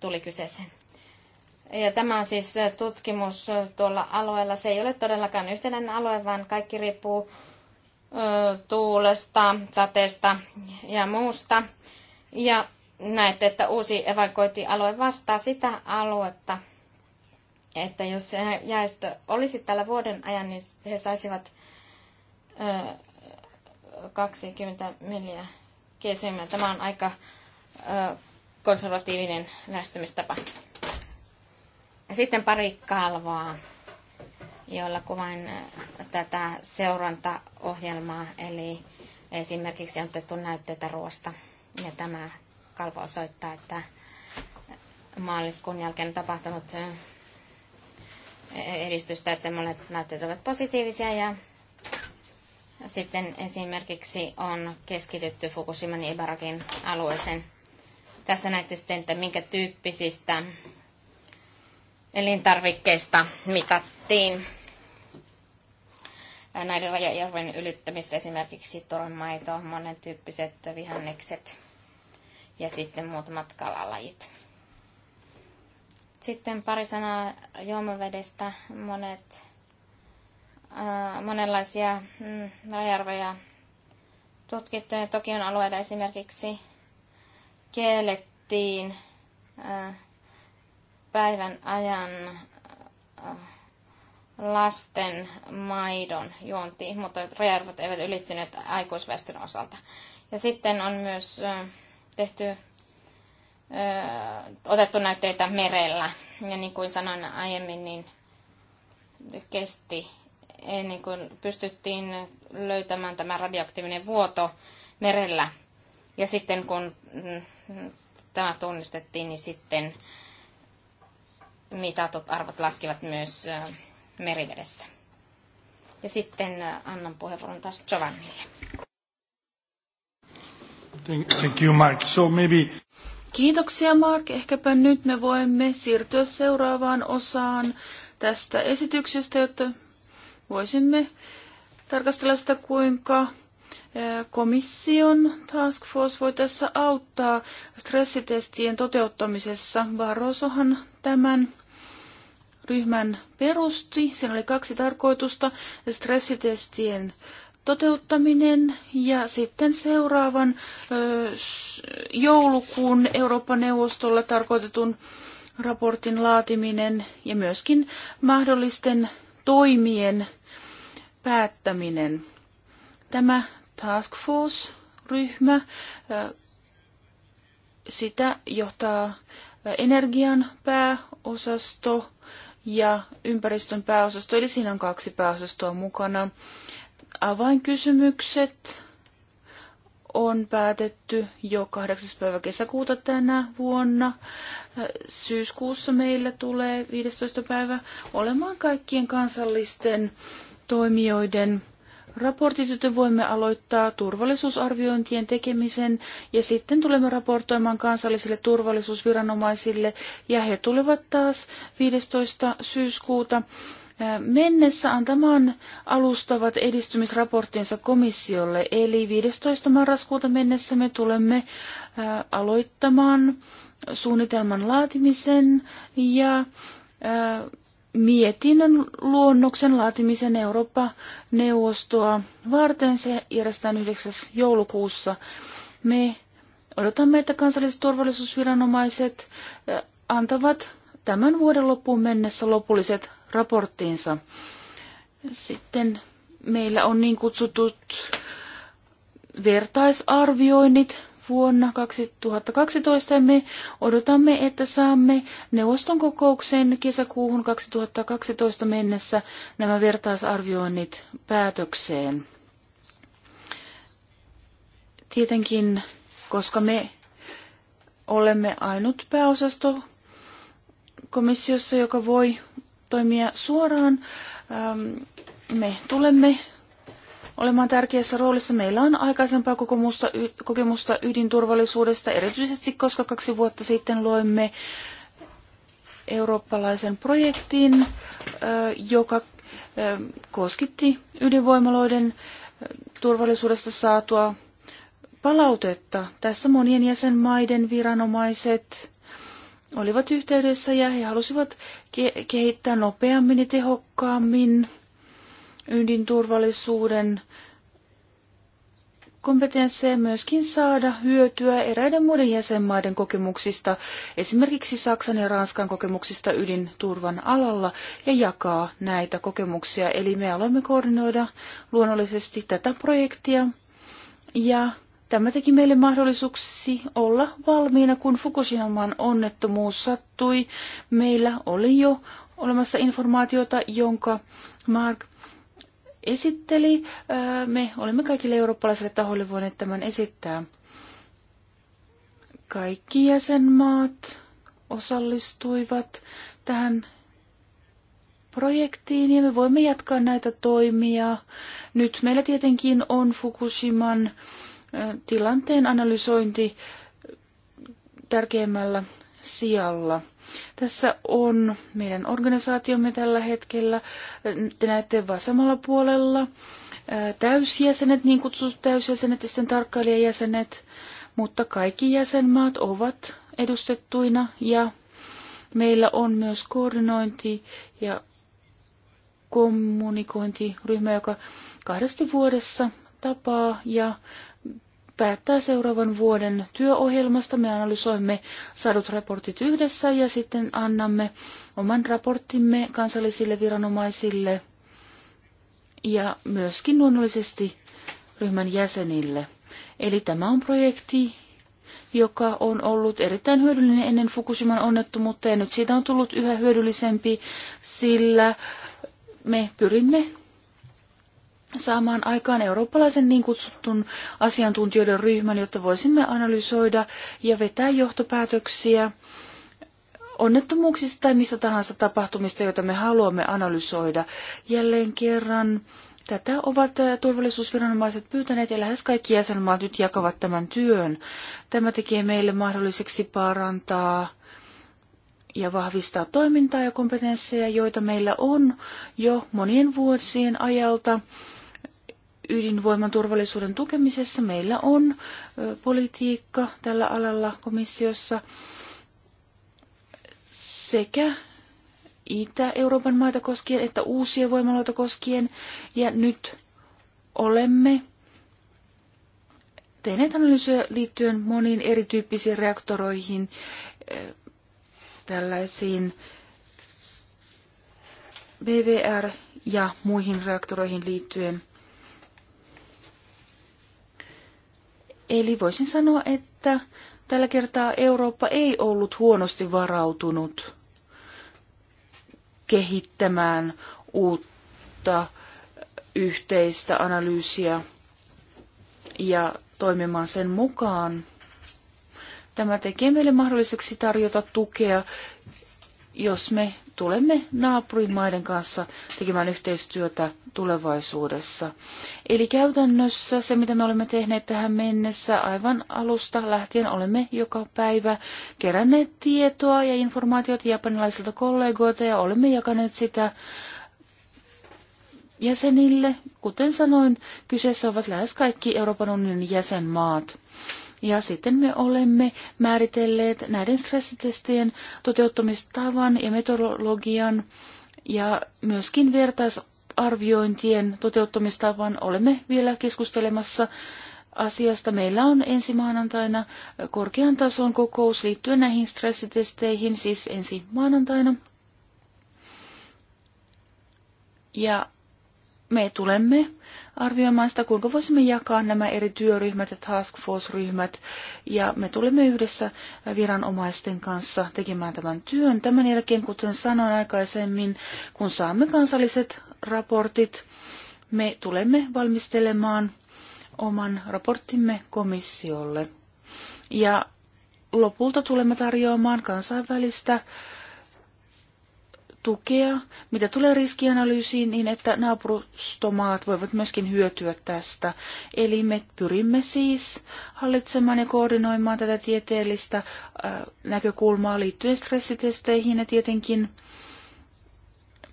tuli kyseeseen. Ja tämä on siis äh, tutkimus äh, tuolla alueella. Se ei ole todellakaan yhtenäinen alue, vaan kaikki riippuu äh, tuulesta, sateesta ja muusta. Ja näette, että uusi evakuointialue vastaa sitä aluetta, että jos jäästö olisi tällä vuoden ajan, niin he saisivat 20 miljoonaa kesimmin. Tämä on aika konservatiivinen lähestymistapa. Sitten pari kalvaa, joilla kuvain äh, tätä seurantaohjelmaa, eli esimerkiksi on otettu näytteitä ruoasta. Ja tämä kalvo osoittaa, että maaliskuun jälkeen on tapahtunut äh, edistystä, että monet näytteet ovat positiivisia ja sitten esimerkiksi on keskitytty Fukushiman Ibarakin alueeseen. Tässä näette sitten, että minkä tyyppisistä elintarvikkeista mitattiin näiden rajajärven ylittämistä, esimerkiksi toronmaito, monen tyyppiset vihannekset ja sitten muutamat kalalajit. Sitten pari sanaa juomavedestä. Monet, äh, monenlaisia mm, rajärvejä tutkittu. Ja Tokion alueella esimerkiksi kiellettiin päivän ajan äh, lasten maidon juonti, mutta rajarvot eivät ylittyneet aikuisväestön osalta. Ja sitten on myös äh, tehty äh, otettu näytteitä merellä. Ja niin kuin sanoin aiemmin, niin kesti ennen kuin pystyttiin löytämään tämä radioaktiivinen vuoto merellä. Ja sitten kun mm, mm, tämä tunnistettiin, niin sitten mitatut arvot laskivat myös merivedessä. Ja sitten annan puheenvuoron taas Giovannille.
Thank you, Mark. So maybe...
Kiitoksia, Mark. Ehkäpä nyt me voimme siirtyä seuraavaan osaan tästä esityksestä, jotta voisimme tarkastella sitä, kuinka komission task force voi tässä auttaa stressitestien toteuttamisessa. Barrosohan tämän ryhmän perusti. Siinä oli kaksi tarkoitusta, stressitestien toteuttaminen ja sitten seuraavan joulukuun Euroopan neuvostolle tarkoitetun raportin laatiminen ja myöskin mahdollisten toimien päättäminen. Tämä Task Force-ryhmä, sitä johtaa energian pääosasto ja ympäristön pääosasto, eli siinä on kaksi pääosastoa mukana. Avainkysymykset on päätetty jo 8. päivä kesäkuuta tänä vuonna. Syyskuussa meillä tulee 15. päivä olemaan kaikkien kansallisten toimijoiden raportit, joten voimme aloittaa turvallisuusarviointien tekemisen ja sitten tulemme raportoimaan kansallisille turvallisuusviranomaisille ja he tulevat taas 15. syyskuuta mennessä antamaan alustavat edistymisraporttinsa komissiolle. Eli 15. marraskuuta mennessä me tulemme aloittamaan suunnitelman laatimisen ja mietinnön luonnoksen laatimisen Eurooppa-neuvostoa varten. Se järjestetään 9. joulukuussa. Me odotamme, että kansalliset turvallisuusviranomaiset eh, antavat tämän vuoden loppuun mennessä lopulliset raporttiinsa. Sitten meillä on niin kutsutut vertaisarvioinnit vuonna 2012 me odotamme, että saamme neuvoston kokouksen kesäkuuhun 2012 mennessä nämä vertaisarvioinnit päätökseen. Tietenkin, koska me olemme ainut pääosasto komissiossa, joka voi toimia suoraan, me tulemme olemaan tärkeässä roolissa. Meillä on aikaisempaa kokemusta, ydinturvallisuudesta, erityisesti koska kaksi vuotta sitten loimme eurooppalaisen projektin, joka koskitti ydinvoimaloiden turvallisuudesta saatua palautetta. Tässä monien jäsenmaiden viranomaiset olivat yhteydessä ja he halusivat kehittää nopeammin ja tehokkaammin ydinturvallisuuden kompetensseja myöskin saada hyötyä eräiden muiden jäsenmaiden kokemuksista, esimerkiksi Saksan ja Ranskan kokemuksista ydinturvan alalla, ja jakaa näitä kokemuksia. Eli me aloimme koordinoida luonnollisesti tätä projektia, ja tämä teki meille mahdollisuuksi olla valmiina, kun Fukushiman onnettomuus sattui. Meillä oli jo olemassa informaatiota, jonka Mark esitteli. Me olemme kaikille eurooppalaisille tahoille voineet tämän esittää. Kaikki jäsenmaat osallistuivat tähän projektiin ja me voimme jatkaa näitä toimia. Nyt meillä tietenkin on Fukushiman tilanteen analysointi tärkeimmällä sijalla. Tässä on meidän organisaatiomme tällä hetkellä. Te näette vasemmalla puolella täysjäsenet, niin kutsutut täysjäsenet ja sitten tarkkailijajäsenet, mutta kaikki jäsenmaat ovat edustettuina ja meillä on myös koordinointi ja kommunikointiryhmä, joka kahdesti vuodessa tapaa ja päättää seuraavan vuoden työohjelmasta. Me analysoimme saadut raportit yhdessä ja sitten annamme oman raporttimme kansallisille viranomaisille ja myöskin luonnollisesti ryhmän jäsenille. Eli tämä on projekti, joka on ollut erittäin hyödyllinen ennen Fukushiman onnettomuutta ja nyt siitä on tullut yhä hyödyllisempi, sillä me pyrimme saamaan aikaan eurooppalaisen niin kutsutun asiantuntijoiden ryhmän, jotta voisimme analysoida ja vetää johtopäätöksiä onnettomuuksista tai mistä tahansa tapahtumista, joita me haluamme analysoida. Jälleen kerran tätä ovat äh, turvallisuusviranomaiset pyytäneet ja lähes kaikki jäsenmaat nyt jakavat tämän työn. Tämä tekee meille mahdolliseksi parantaa ja vahvistaa toimintaa ja kompetensseja, joita meillä on jo monien vuosien ajalta ydinvoiman turvallisuuden tukemisessa. Meillä on politiikka tällä alalla komissiossa sekä Itä-Euroopan maita koskien että uusia voimaloita koskien. Ja nyt olemme tehneet analyysiä liittyen moniin erityyppisiin reaktoroihin, tällaisiin BVR- ja muihin reaktoreihin liittyen – Eli voisin sanoa, että tällä kertaa Eurooppa ei ollut huonosti varautunut kehittämään uutta yhteistä analyysiä ja toimimaan sen mukaan. Tämä tekee meille mahdolliseksi tarjota tukea, jos me tulemme naapurimaiden kanssa tekemään yhteistyötä tulevaisuudessa. Eli käytännössä se, mitä me olemme tehneet tähän mennessä, aivan alusta lähtien olemme joka päivä keränneet tietoa ja informaatiota japanilaisilta kollegoilta ja olemme jakaneet sitä jäsenille. Kuten sanoin, kyseessä ovat lähes kaikki Euroopan unionin jäsenmaat. Ja sitten me olemme määritelleet näiden stressitestien toteuttamistavan ja metodologian ja myöskin vertais arviointien toteuttamista, vaan olemme vielä keskustelemassa asiasta. Meillä on ensi maanantaina korkean tason kokous liittyen näihin stressitesteihin, siis ensi maanantaina. Ja me tulemme arvioimaan sitä, kuinka voisimme jakaa nämä eri työryhmät ja task force-ryhmät. Ja me tulemme yhdessä viranomaisten kanssa tekemään tämän työn. Tämän jälkeen, kuten sanoin aikaisemmin, kun saamme kansalliset raportit, me tulemme valmistelemaan oman raporttimme komissiolle. Ja lopulta tulemme tarjoamaan kansainvälistä äh, tukea, mitä tulee riskianalyysiin, niin että naapurustomaat voivat myöskin hyötyä tästä. Eli me pyrimme siis hallitsemaan ja koordinoimaan tätä tieteellistä äh, näkökulmaa liittyen stressitesteihin ja tietenkin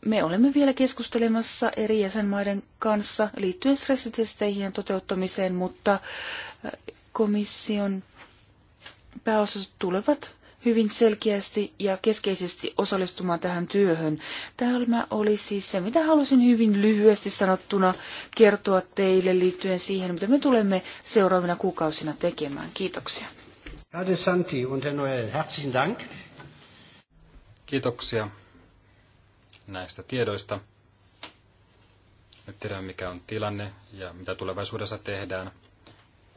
me olemme vielä keskustelemassa eri jäsenmaiden kanssa liittyen stressitesteihin ja toteuttamiseen, mutta äh, komission pääosassa tulevat hyvin selkeästi ja keskeisesti osallistumaan tähän työhön. Tämä oli siis se, mitä halusin hyvin lyhyesti sanottuna kertoa teille liittyen siihen, mitä me tulemme seuraavina kuukausina tekemään. Kiitoksia.
herzlichen Dank. Kiitoksia näistä
tiedoista. Nyt tiedämme, mikä on tilanne ja mitä tulevaisuudessa tehdään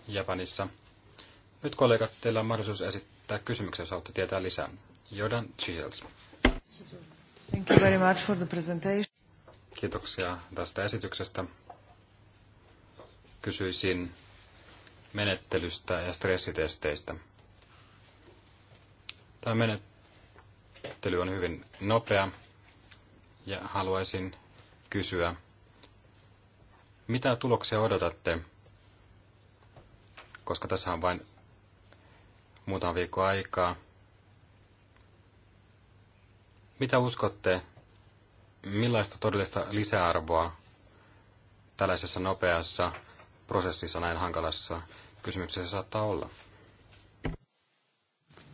Japanissa. Nyt kollegat, teillä on mahdollisuus esittää esittää kysymyksiä, jos haluatte tietää lisää. Jordan Chisels.
Thank you very much for the presentation.
Kiitoksia tästä esityksestä. Kysyisin menettelystä ja stressitesteistä. Tämä menettely on hyvin nopea ja haluaisin kysyä, mitä tuloksia odotatte, koska tässä on vain muutama viikko aikaa. Mitä uskotte, millaista todellista lisäarvoa tällaisessa nopeassa prosessissa näin hankalassa kysymyksessä saattaa olla?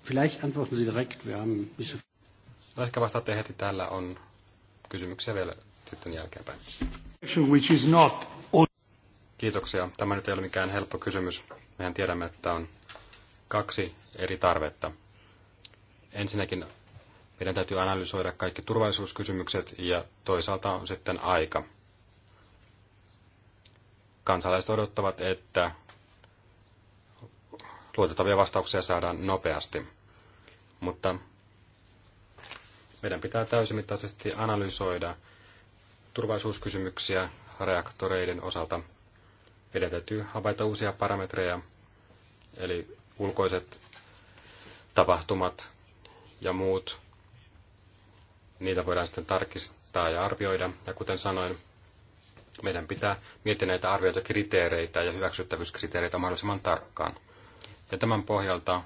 Vielleicht antworten Sie direkt, wir haben
No ehkä vastaatte heti, täällä on kysymyksiä vielä sitten jälkeenpäin. Kiitoksia. Tämä nyt ei ole mikään helppo kysymys. Mehän tiedämme, että on kaksi eri tarvetta. Ensinnäkin meidän täytyy analysoida kaikki turvallisuuskysymykset ja toisaalta on sitten aika. Kansalaiset odottavat, että luotettavia vastauksia saadaan nopeasti. Mutta meidän pitää täysimittaisesti analysoida turvallisuuskysymyksiä reaktoreiden osalta. Meidän täytyy havaita uusia parametreja, eli ulkoiset tapahtumat ja muut, niitä voidaan sitten tarkistaa ja arvioida. Ja kuten sanoin, meidän pitää miettiä näitä arvioita, kriteereitä ja hyväksyttävyyskriteereitä mahdollisimman tarkkaan. Ja tämän pohjalta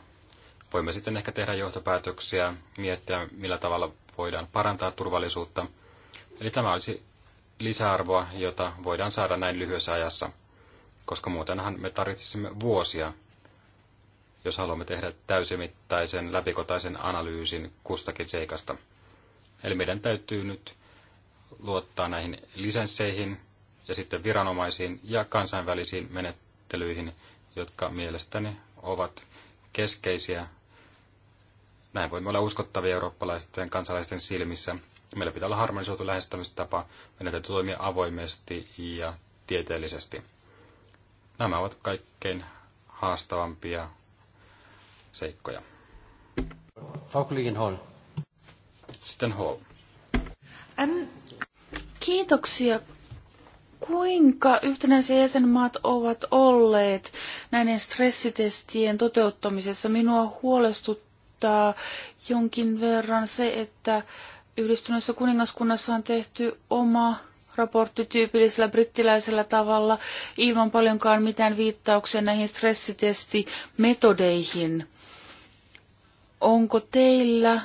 voimme sitten ehkä tehdä johtopäätöksiä, miettiä millä tavalla voidaan parantaa turvallisuutta. Eli tämä olisi lisäarvoa, jota voidaan saada näin lyhyessä ajassa, koska muutenhan me tarvitsisimme vuosia jos haluamme tehdä täysimittaisen läpikotaisen analyysin kustakin seikasta. Eli meidän täytyy nyt luottaa näihin lisensseihin ja sitten viranomaisiin ja kansainvälisiin menettelyihin, jotka mielestäni ovat keskeisiä. Näin voimme olla uskottavia eurooppalaisten kansalaisten silmissä. Meillä pitää olla harmonisoitu lähestymistapa, meidän täytyy toimia avoimesti ja tieteellisesti. Nämä ovat kaikkein haastavampia seikkoja. Hall. Sitten Hall.
Ähm,
kiitoksia. Kuinka yhtenäisiä jäsenmaat ovat olleet näiden stressitestien toteuttamisessa? Minua huolestuttaa jonkin verran se, että yhdistyneessä kuningaskunnassa on tehty oma raportti tyypillisellä brittiläisellä tavalla ilman paljonkaan mitään viittauksia näihin stressitestimetodeihin onko teillä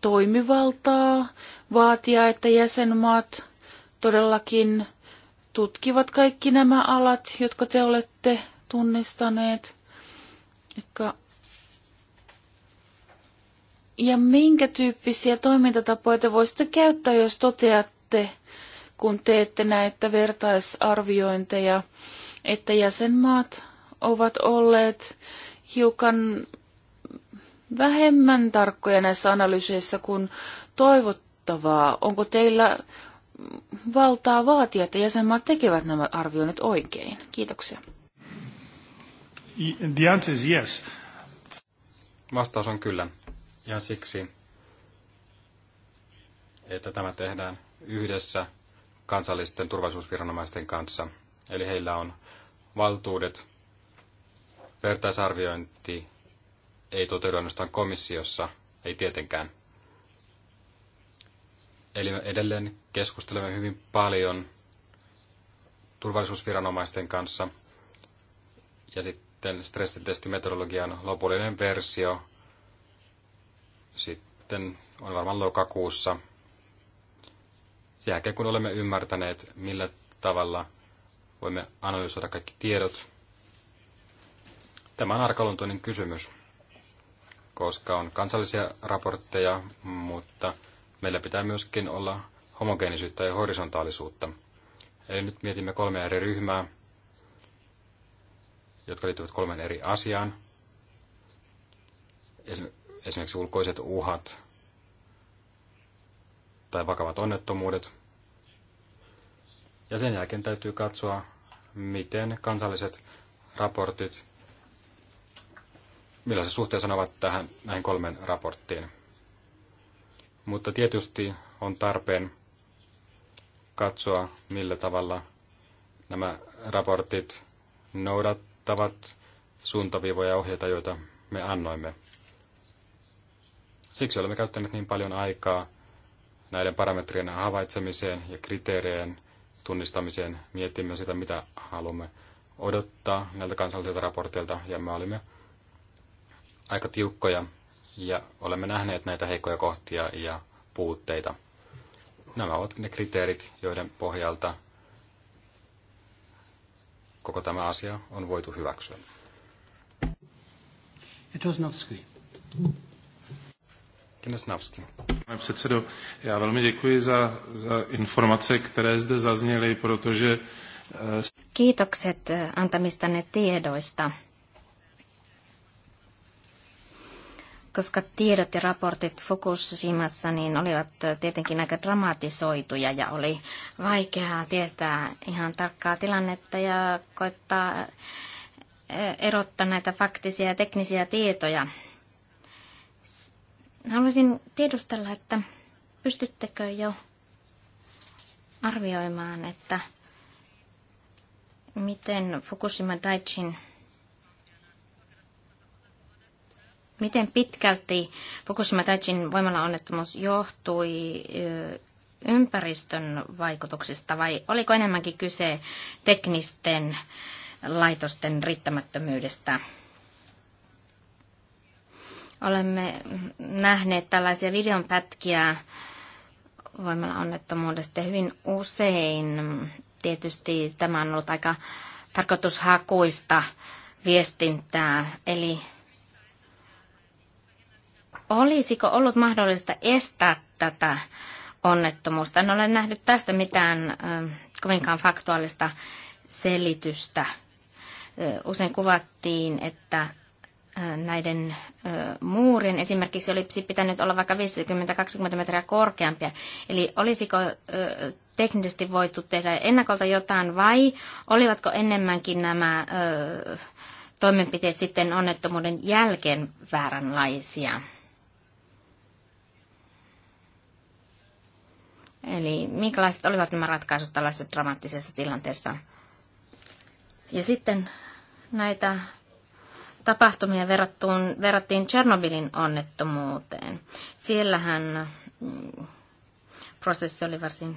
toimivaltaa vaatia, että jäsenmaat todellakin tutkivat kaikki nämä alat, jotka te olette tunnistaneet, jotka ja minkä tyyppisiä toimintatapoja te voisitte käyttää, jos toteatte, kun teette näitä vertaisarviointeja, että jäsenmaat ovat olleet hiukan vähemmän tarkkoja näissä analyyseissa kuin toivottavaa. Onko teillä valtaa vaatia, että jäsenmaat tekevät nämä arvioinnit oikein?
Kiitoksia. The answer is yes.
Vastaus on kyllä. Ja siksi, että tämä tehdään yhdessä kansallisten turvallisuusviranomaisten kanssa. Eli heillä on valtuudet vertaisarviointi ei toteudu ainoastaan komissiossa, ei tietenkään. Eli me edelleen keskustelemme hyvin paljon turvallisuusviranomaisten kanssa. Ja sitten stressitestimetodologian lopullinen versio sitten on varmaan lokakuussa. Sen jälkeen kun olemme ymmärtäneet, millä tavalla voimme analysoida kaikki tiedot. Tämä on arkaluontoinen kysymys koska on kansallisia raportteja, mutta meillä pitää myöskin olla homogeenisyyttä ja horisontaalisuutta. Eli nyt mietimme kolme eri ryhmää, jotka liittyvät kolmeen eri asiaan. Esimerkiksi ulkoiset uhat tai vakavat onnettomuudet. Ja sen jälkeen täytyy katsoa, miten kansalliset raportit millaisessa suhteessa sanovat tähän näihin kolmen raporttiin. Mutta tietysti on tarpeen katsoa, millä tavalla nämä raportit noudattavat suuntaviivoja ja ohjeita, joita me annoimme. Siksi olemme käyttäneet niin paljon aikaa näiden parametrien havaitsemiseen ja kriteerien tunnistamiseen. Mietimme sitä, mitä haluamme odottaa näiltä kansallisilta raporteilta, ja me olimme aika tiukkoja ja olemme nähneet näitä heikkoja kohtia ja puutteita. Nämä ovat ne kriteerit, joiden pohjalta koko tämä asia on voitu hyväksyä.
Tosnovský. Pane předsedo, já velmi děkuji za, za informace, které zde zazněly, protože... Eh,
Kiitokset eh, antamistanne tiedoista. koska tiedot ja raportit Fukushimassa niin olivat tietenkin aika dramatisoituja ja oli vaikeaa tietää ihan tarkkaa tilannetta ja koittaa eh, erottaa näitä faktisia ja teknisiä tietoja. Haluaisin tiedustella, että pystyttekö jo arvioimaan, että miten Fukushima Daichin Miten pitkälti Fukushima Daiichin voimalla onnettomuus johtui ympäristön vaikutuksista vai oliko enemmänkin kyse teknisten laitosten riittämättömyydestä? Olemme nähneet tällaisia videonpätkiä voimalla onnettomuudesta hyvin usein. Tietysti tämä on ollut aika tarkoitushakuista viestintää, eli Olisiko ollut mahdollista estää tätä onnettomuusta? En ole nähnyt tästä mitään kovinkaan faktuaalista selitystä. Usein kuvattiin, että näiden muurien esimerkiksi olisi pitänyt olla vaikka 50-20 metriä korkeampia. Eli olisiko teknisesti voitu tehdä ennakolta jotain vai olivatko enemmänkin nämä toimenpiteet sitten onnettomuuden jälkeen vääränlaisia? Eli minkälaiset olivat nämä ratkaisut tällaisessa dramaattisessa tilanteessa? Ja sitten näitä tapahtumia verrattuun, verrattiin Tchernobylin onnettomuuteen. Siellähän mm, prosessi oli varsin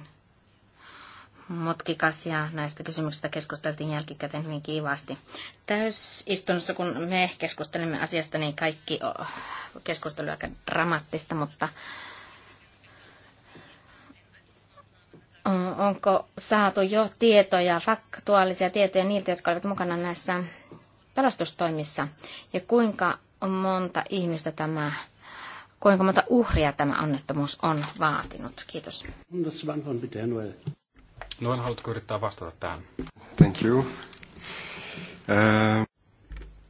mutkikas ja näistä kysymyksistä keskusteltiin jälkikäteen hyvin kiivaasti. Täysistunnossa, kun me keskustelimme asiasta, niin kaikki oh, keskustelu aika dramaattista, mutta onko saatu jo tietoja, faktuaalisia tietoja niiltä, jotka olivat mukana näissä pelastustoimissa, ja kuinka monta ihmistä tämä, kuinka monta uhria tämä onnettomuus on vaatinut. Kiitos.
Noel, haluatko yrittää vastata tähän?
Thank you. Uh...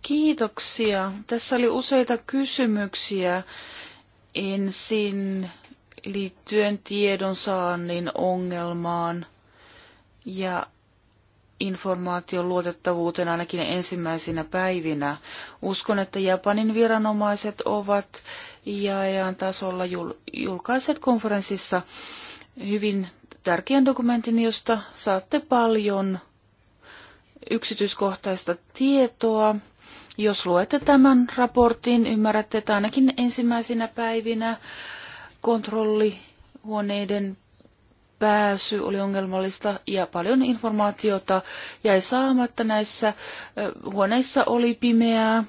Kiitoksia. Tässä oli useita kysymyksiä. Ensin liittyen tiedonsaannin ongelmaan ja informaation luotettavuuteen ainakin ensimmäisinä päivinä. Uskon, että Japanin viranomaiset ovat IAEAn tasolla jul- julkaiset konferenssissa hyvin tärkeän dokumentin, josta saatte paljon yksityiskohtaista tietoa. Jos luette tämän raportin, ymmärrätte, että ainakin ensimmäisinä päivinä kontrollihuoneiden pääsy oli ongelmallista ja paljon informaatiota jäi saamatta. Näissä huoneissa oli pimeää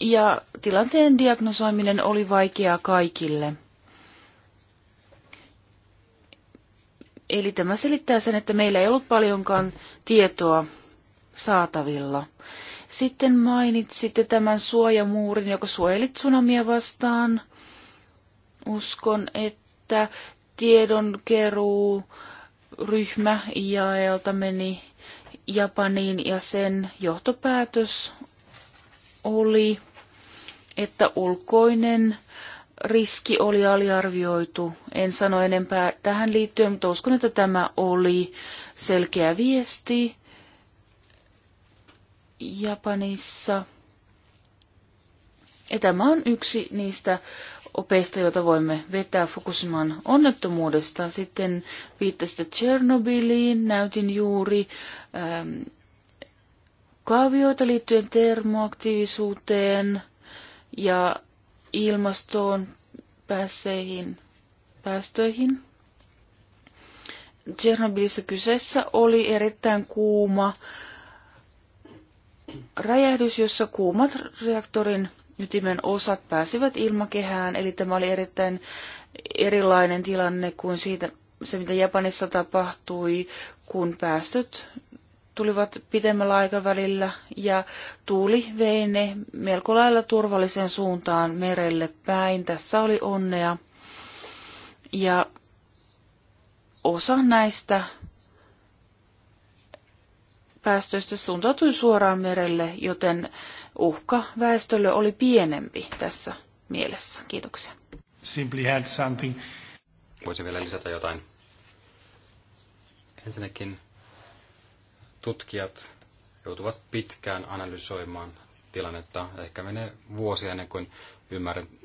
ja tilanteen diagnosoiminen oli vaikeaa kaikille. Eli tämä selittää sen, että meillä ei ollut paljonkaan tietoa saatavilla. Sitten mainitsitte tämän suojamuurin, joka suojeli tsunamia vastaan – Uskon, että tiedonkeruu ryhmä IAElta meni Japaniin ja sen johtopäätös oli, että ulkoinen riski oli aliarvioitu. En sano enempää tähän liittyen, mutta uskon, että tämä oli selkeä viesti Japanissa. Ja tämä on yksi niistä opeista, joita voimme vetää Fukushimaan onnettomuudesta. Sitten viittasitte Tchernobyliin, näytin juuri ähm, kaavioita liittyen termoaktiivisuuteen ja ilmastoon päässeihin, päästöihin. Tchernobylissa kyseessä oli erittäin kuuma räjähdys, jossa kuumat reaktorin ytimen osat pääsivät ilmakehään, eli tämä oli erittäin erilainen tilanne kuin siitä, se, mitä Japanissa tapahtui, kun päästöt tulivat pitemmällä aikavälillä ja tuuli vei ne melko lailla turvalliseen suuntaan merelle päin. Tässä oli onnea. Ja osa näistä päästöistä suuntautui suoraan merelle, joten uhka väestölle oli pienempi tässä mielessä. Kiitoksia.
Simply add something. Voisin
vielä lisätä jotain. Ensinnäkin tutkijat joutuvat pitkään analysoimaan tilannetta. Ehkä menee vuosia ennen kuin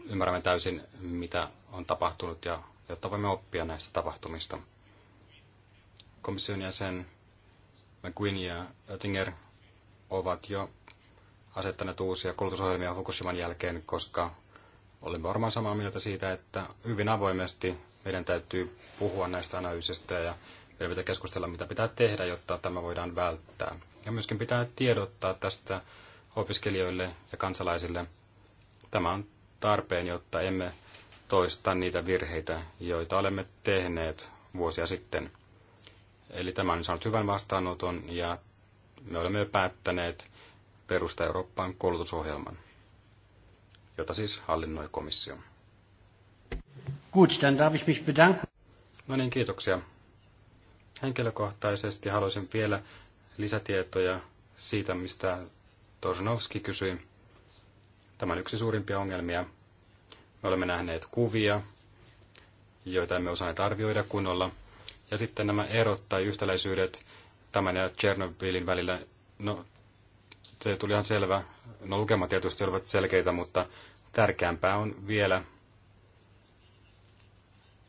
ymmärrämme täysin, mitä on tapahtunut ja jotta voimme oppia näistä tapahtumista. Komission jäsen McQueen ja Oettinger ovat jo asettaneet uusia kulutusohjelmia Fukushiman jälkeen, koska olen varmaan samaa mieltä siitä, että hyvin avoimesti meidän täytyy puhua näistä analyysistä ja meidän pitää keskustella, mitä pitää tehdä, jotta tämä voidaan välttää. Ja myöskin pitää tiedottaa tästä opiskelijoille ja kansalaisille. Tämä on tarpeen, jotta emme toista niitä virheitä, joita olemme tehneet vuosia sitten. Eli tämä on saanut hyvän vastaanoton ja me olemme jo päättäneet perusta Eurooppaan koulutusohjelman, jota siis hallinnoi komissio.
Gut, dann darf ich mich bedanken.
No niin, kiitoksia. Henkilökohtaisesti haluaisin vielä lisätietoja siitä, mistä Tornovski kysyi. Tämä on yksi suurimpia ongelmia. Me olemme nähneet kuvia, joita emme osanneet arvioida kunnolla. Ja sitten nämä erot tai yhtäläisyydet tämän ja Tchernobylin välillä, no se tuli ihan selvä. No lukemat tietysti olivat selkeitä, mutta tärkeämpää on vielä,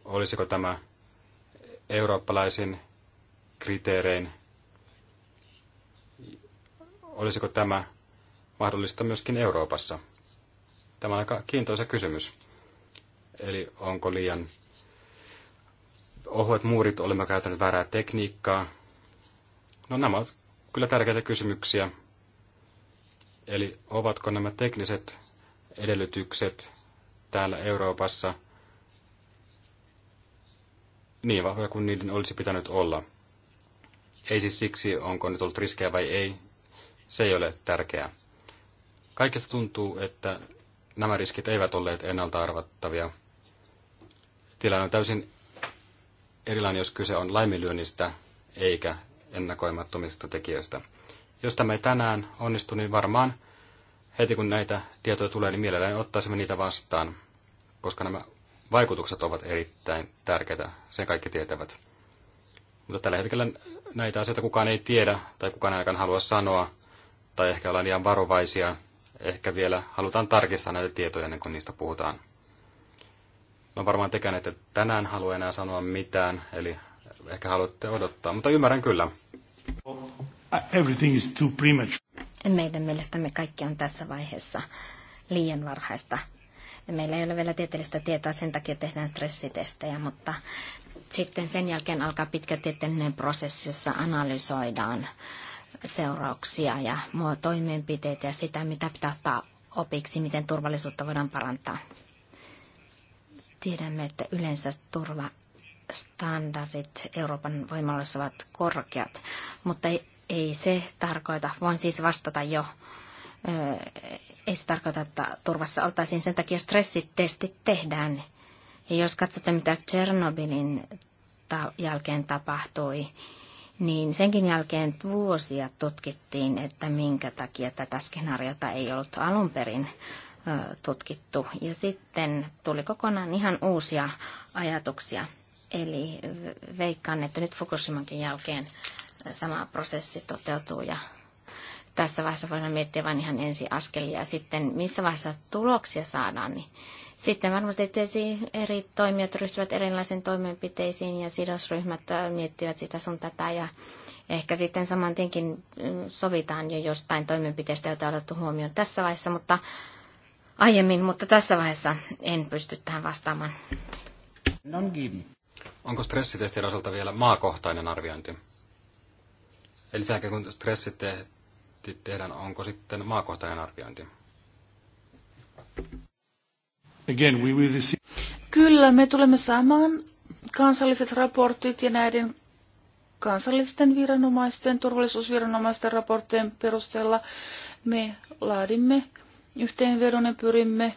olisiko tämä eurooppalaisin kriteerein, olisiko tämä mahdollista myöskin Euroopassa? Tämä on aika kiintoisa kysymys. Eli onko liian ohuet muurit, olemme käyttäneet väärää tekniikkaa? No nämä ovat kyllä tärkeitä kysymyksiä, Eli ovatko nämä tekniset edellytykset täällä Euroopassa niin vahvoja kuin niiden olisi pitänyt olla? Ei siis siksi, onko nyt ollut riskejä vai ei, se ei ole tärkeää. Kaikesta tuntuu, että nämä riskit eivät olleet ennalta arvattavia. Tilanne on täysin erilainen, jos kyse on laiminlyönnistä eikä ennakoimattomista tekijöistä. Jos tämä ei tänään onnistu, niin varmaan heti kun näitä tietoja tulee, niin mielellään ottaisimme niitä vastaan, koska nämä vaikutukset ovat erittäin tärkeitä, sen kaikki tietävät. Mutta tällä hetkellä näitä asioita kukaan ei tiedä tai kukaan ainakaan halua sanoa, tai ehkä ollaan liian varovaisia, ehkä vielä halutaan tarkistaa näitä tietoja ennen kuin niistä puhutaan. Mä no varmaan tekään, että tänään haluan enää sanoa mitään, eli ehkä haluatte odottaa, mutta ymmärrän kyllä.
Everything is too premature.
Meidän mielestämme kaikki on tässä vaiheessa liian varhaista. Meillä ei ole vielä tieteellistä tietoa, sen takia tehdään stressitestejä, mutta sitten sen jälkeen alkaa pitkä tieteellinen prosessi, jossa analysoidaan seurauksia ja toimenpiteitä ja sitä, mitä pitää ottaa opiksi, miten turvallisuutta voidaan parantaa. Tiedämme, että yleensä turva standardit Euroopan voimaloissa ovat korkeat, mutta ei ei se tarkoita, voin siis vastata jo, ei se tarkoita, että turvassa oltaisiin sen takia stressitestit tehdään. Ja jos katsotte, mitä Tchernobylin ta- jälkeen tapahtui, niin senkin jälkeen vuosia tutkittiin, että minkä takia tätä skenaariota ei ollut alun perin tutkittu. Ja sitten tuli kokonaan ihan uusia ajatuksia. Eli veikkaan, että nyt Fukushimankin jälkeen sama prosessi toteutuu ja tässä vaiheessa voidaan miettiä vain ihan ensi askelia ja sitten missä vaiheessa tuloksia saadaan, niin sitten varmasti eri toimijat ryhtyvät erilaisiin toimenpiteisiin ja sidosryhmät äh, miettivät sitä sun tätä ja ehkä sitten saman tienkin mm, sovitaan jo jostain toimenpiteestä, jota on otettu huomioon tässä vaiheessa, mutta aiemmin, mutta tässä vaiheessa en pysty tähän vastaamaan.
Onko stressitestien osalta vielä maakohtainen arviointi? Eli sen jälkeen kun stressit tehdään, onko sitten maakohtainen arviointi?
Again, we will see.
Kyllä, me tulemme saamaan kansalliset raportit ja näiden kansallisten viranomaisten, turvallisuusviranomaisten raporttien perusteella me laadimme yhteenvedon ja pyrimme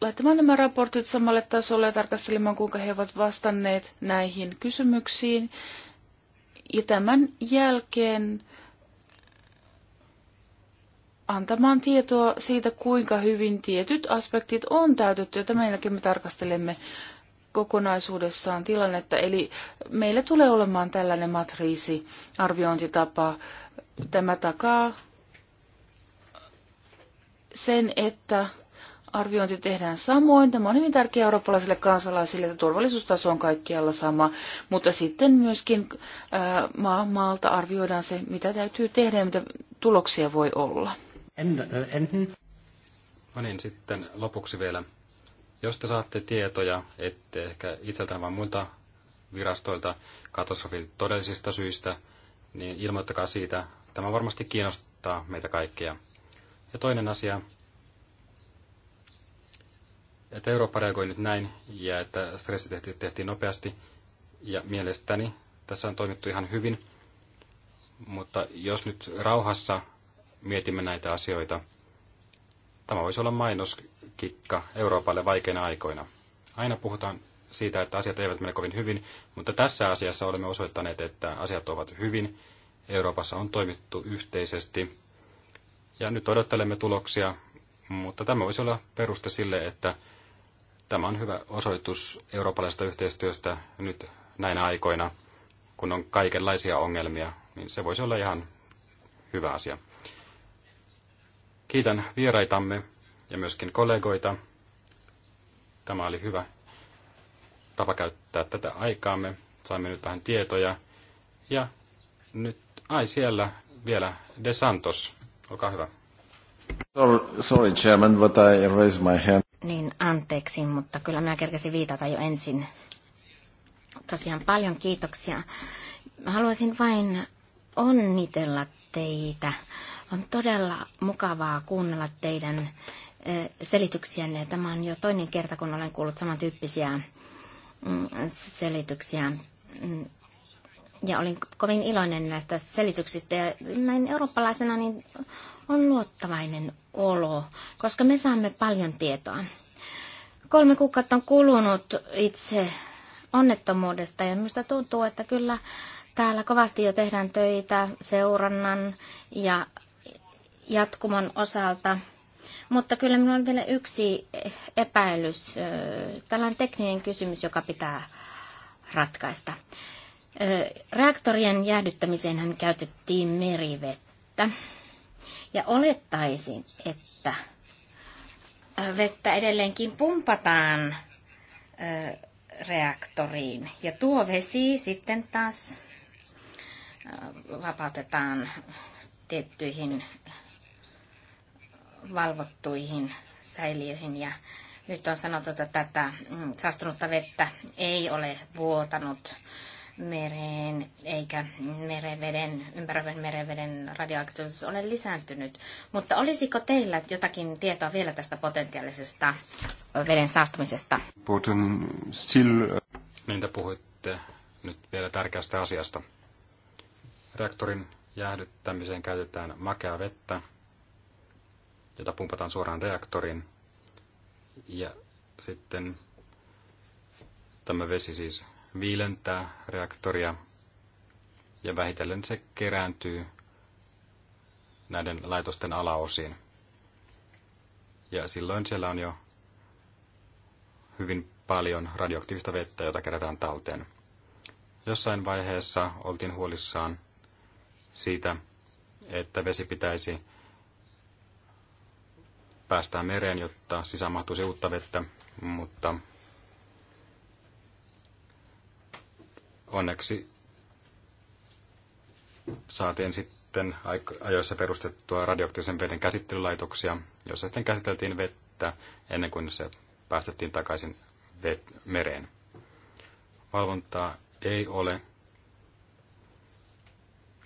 laittamaan nämä raportit samalle tasolle ja tarkastelemaan, kuinka he ovat vastanneet näihin kysymyksiin ja tämän jälkeen antamaan tietoa siitä, kuinka hyvin tietyt aspektit on täytetty, ja tämän jälkeen me tarkastelemme kokonaisuudessaan tilannetta. Eli meillä tulee olemaan tällainen matriisiarviointitapa. Tämä takaa sen, että arviointi tehdään samoin. Tämä on hyvin tärkeää eurooppalaisille kansalaisille, että turvallisuustaso on kaikkialla sama, mutta sitten myöskin ää, äh, maa, maalta arvioidaan se, mitä täytyy tehdä ja mitä tuloksia voi olla.
Äh,
no niin, sitten lopuksi vielä. Jos te saatte tietoja, ette ehkä itseltään vaan muilta virastoilta katastrofin todellisista syistä, niin ilmoittakaa siitä. Tämä varmasti kiinnostaa meitä kaikkia. Ja toinen asia, että Eurooppa reagoi nyt näin ja että stressitestit tehtiin nopeasti. Ja mielestäni tässä on toimittu ihan hyvin. Mutta jos nyt rauhassa mietimme näitä asioita, tämä voisi olla mainoskikka Euroopalle vaikeina aikoina. Aina puhutaan siitä, että asiat eivät mene kovin hyvin, mutta tässä asiassa olemme osoittaneet, että asiat ovat hyvin. Euroopassa on toimittu yhteisesti. Ja nyt odottelemme tuloksia, mutta tämä voisi olla peruste sille, että Tämä on hyvä osoitus eurooppalaisesta yhteistyöstä nyt näinä aikoina, kun on kaikenlaisia ongelmia, niin se voisi olla ihan hyvä asia. Kiitän vieraitamme ja myöskin kollegoita. Tämä oli hyvä tapa käyttää tätä aikaamme. Saimme nyt vähän tietoja. Ja nyt, ai siellä vielä De Santos, olkaa hyvä.
Sorry, Chairman, but I raised my hand
niin anteeksi, mutta kyllä minä kerkesin viitata jo ensin. Tosiaan paljon kiitoksia. Haluaisin vain onnitella teitä. On todella mukavaa kuunnella teidän selityksiänne. Tämä on jo toinen kerta, kun olen kuullut samantyyppisiä mm, selityksiä mm, ja olin kovin iloinen näistä selityksistä ja näin eurooppalaisena niin on luottavainen olo, koska me saamme paljon tietoa. Kolme kuukautta on kulunut itse onnettomuudesta ja minusta tuntuu, että kyllä täällä kovasti jo tehdään töitä seurannan ja jatkumon osalta. Mutta kyllä minulla on vielä yksi epäilys, tällainen tekninen kysymys, joka pitää ratkaista. Reaktorien jäähdyttämiseenhän käytettiin merivettä. Ja olettaisin, että vettä edelleenkin pumpataan reaktoriin. Ja tuo vesi sitten taas vapautetaan tiettyihin valvottuihin säiliöihin. Ja nyt on sanottu, että tätä mm, saastunutta vettä ei ole vuotanut mereen, eikä mereveden, ympäröivän mereveden radioaktiivisuus ole lisääntynyt. Mutta olisiko teillä jotakin tietoa vielä tästä potentiaalisesta veden saastumisesta?
Äh, niin te puhuitte nyt vielä tärkeästä asiasta. Reaktorin jäähdyttämiseen käytetään makeaa vettä, jota pumpataan suoraan reaktoriin. Ja sitten tämä vesi siis viilentää reaktoria ja vähitellen se kerääntyy näiden laitosten alaosiin. Ja silloin siellä on jo hyvin paljon radioaktiivista vettä, jota kerätään talteen. Jossain vaiheessa oltiin huolissaan siitä, että vesi pitäisi päästää mereen, jotta sisään mahtuisi uutta vettä, mutta onneksi saatiin sitten ajoissa perustettua radioaktiivisen veden käsittelylaitoksia, jossa sitten käsiteltiin vettä ennen kuin se päästettiin takaisin mereen. Valvontaa ei ole,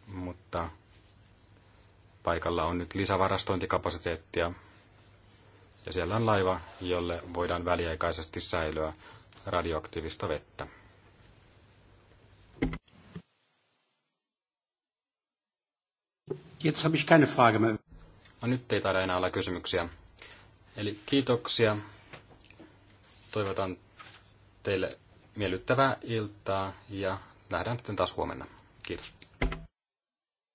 mutta paikalla on nyt lisävarastointikapasiteettia ja siellä on laiva, jolle voidaan väliaikaisesti säilyä radioaktiivista vettä. Jetzt habe ich keine Frage mehr. No nyt ei taida enää olla kysymyksiä. Eli kiitoksia. Toivotan teille
miellyttävää iltaa ja nähdään sitten taas huomenna. Kiitos.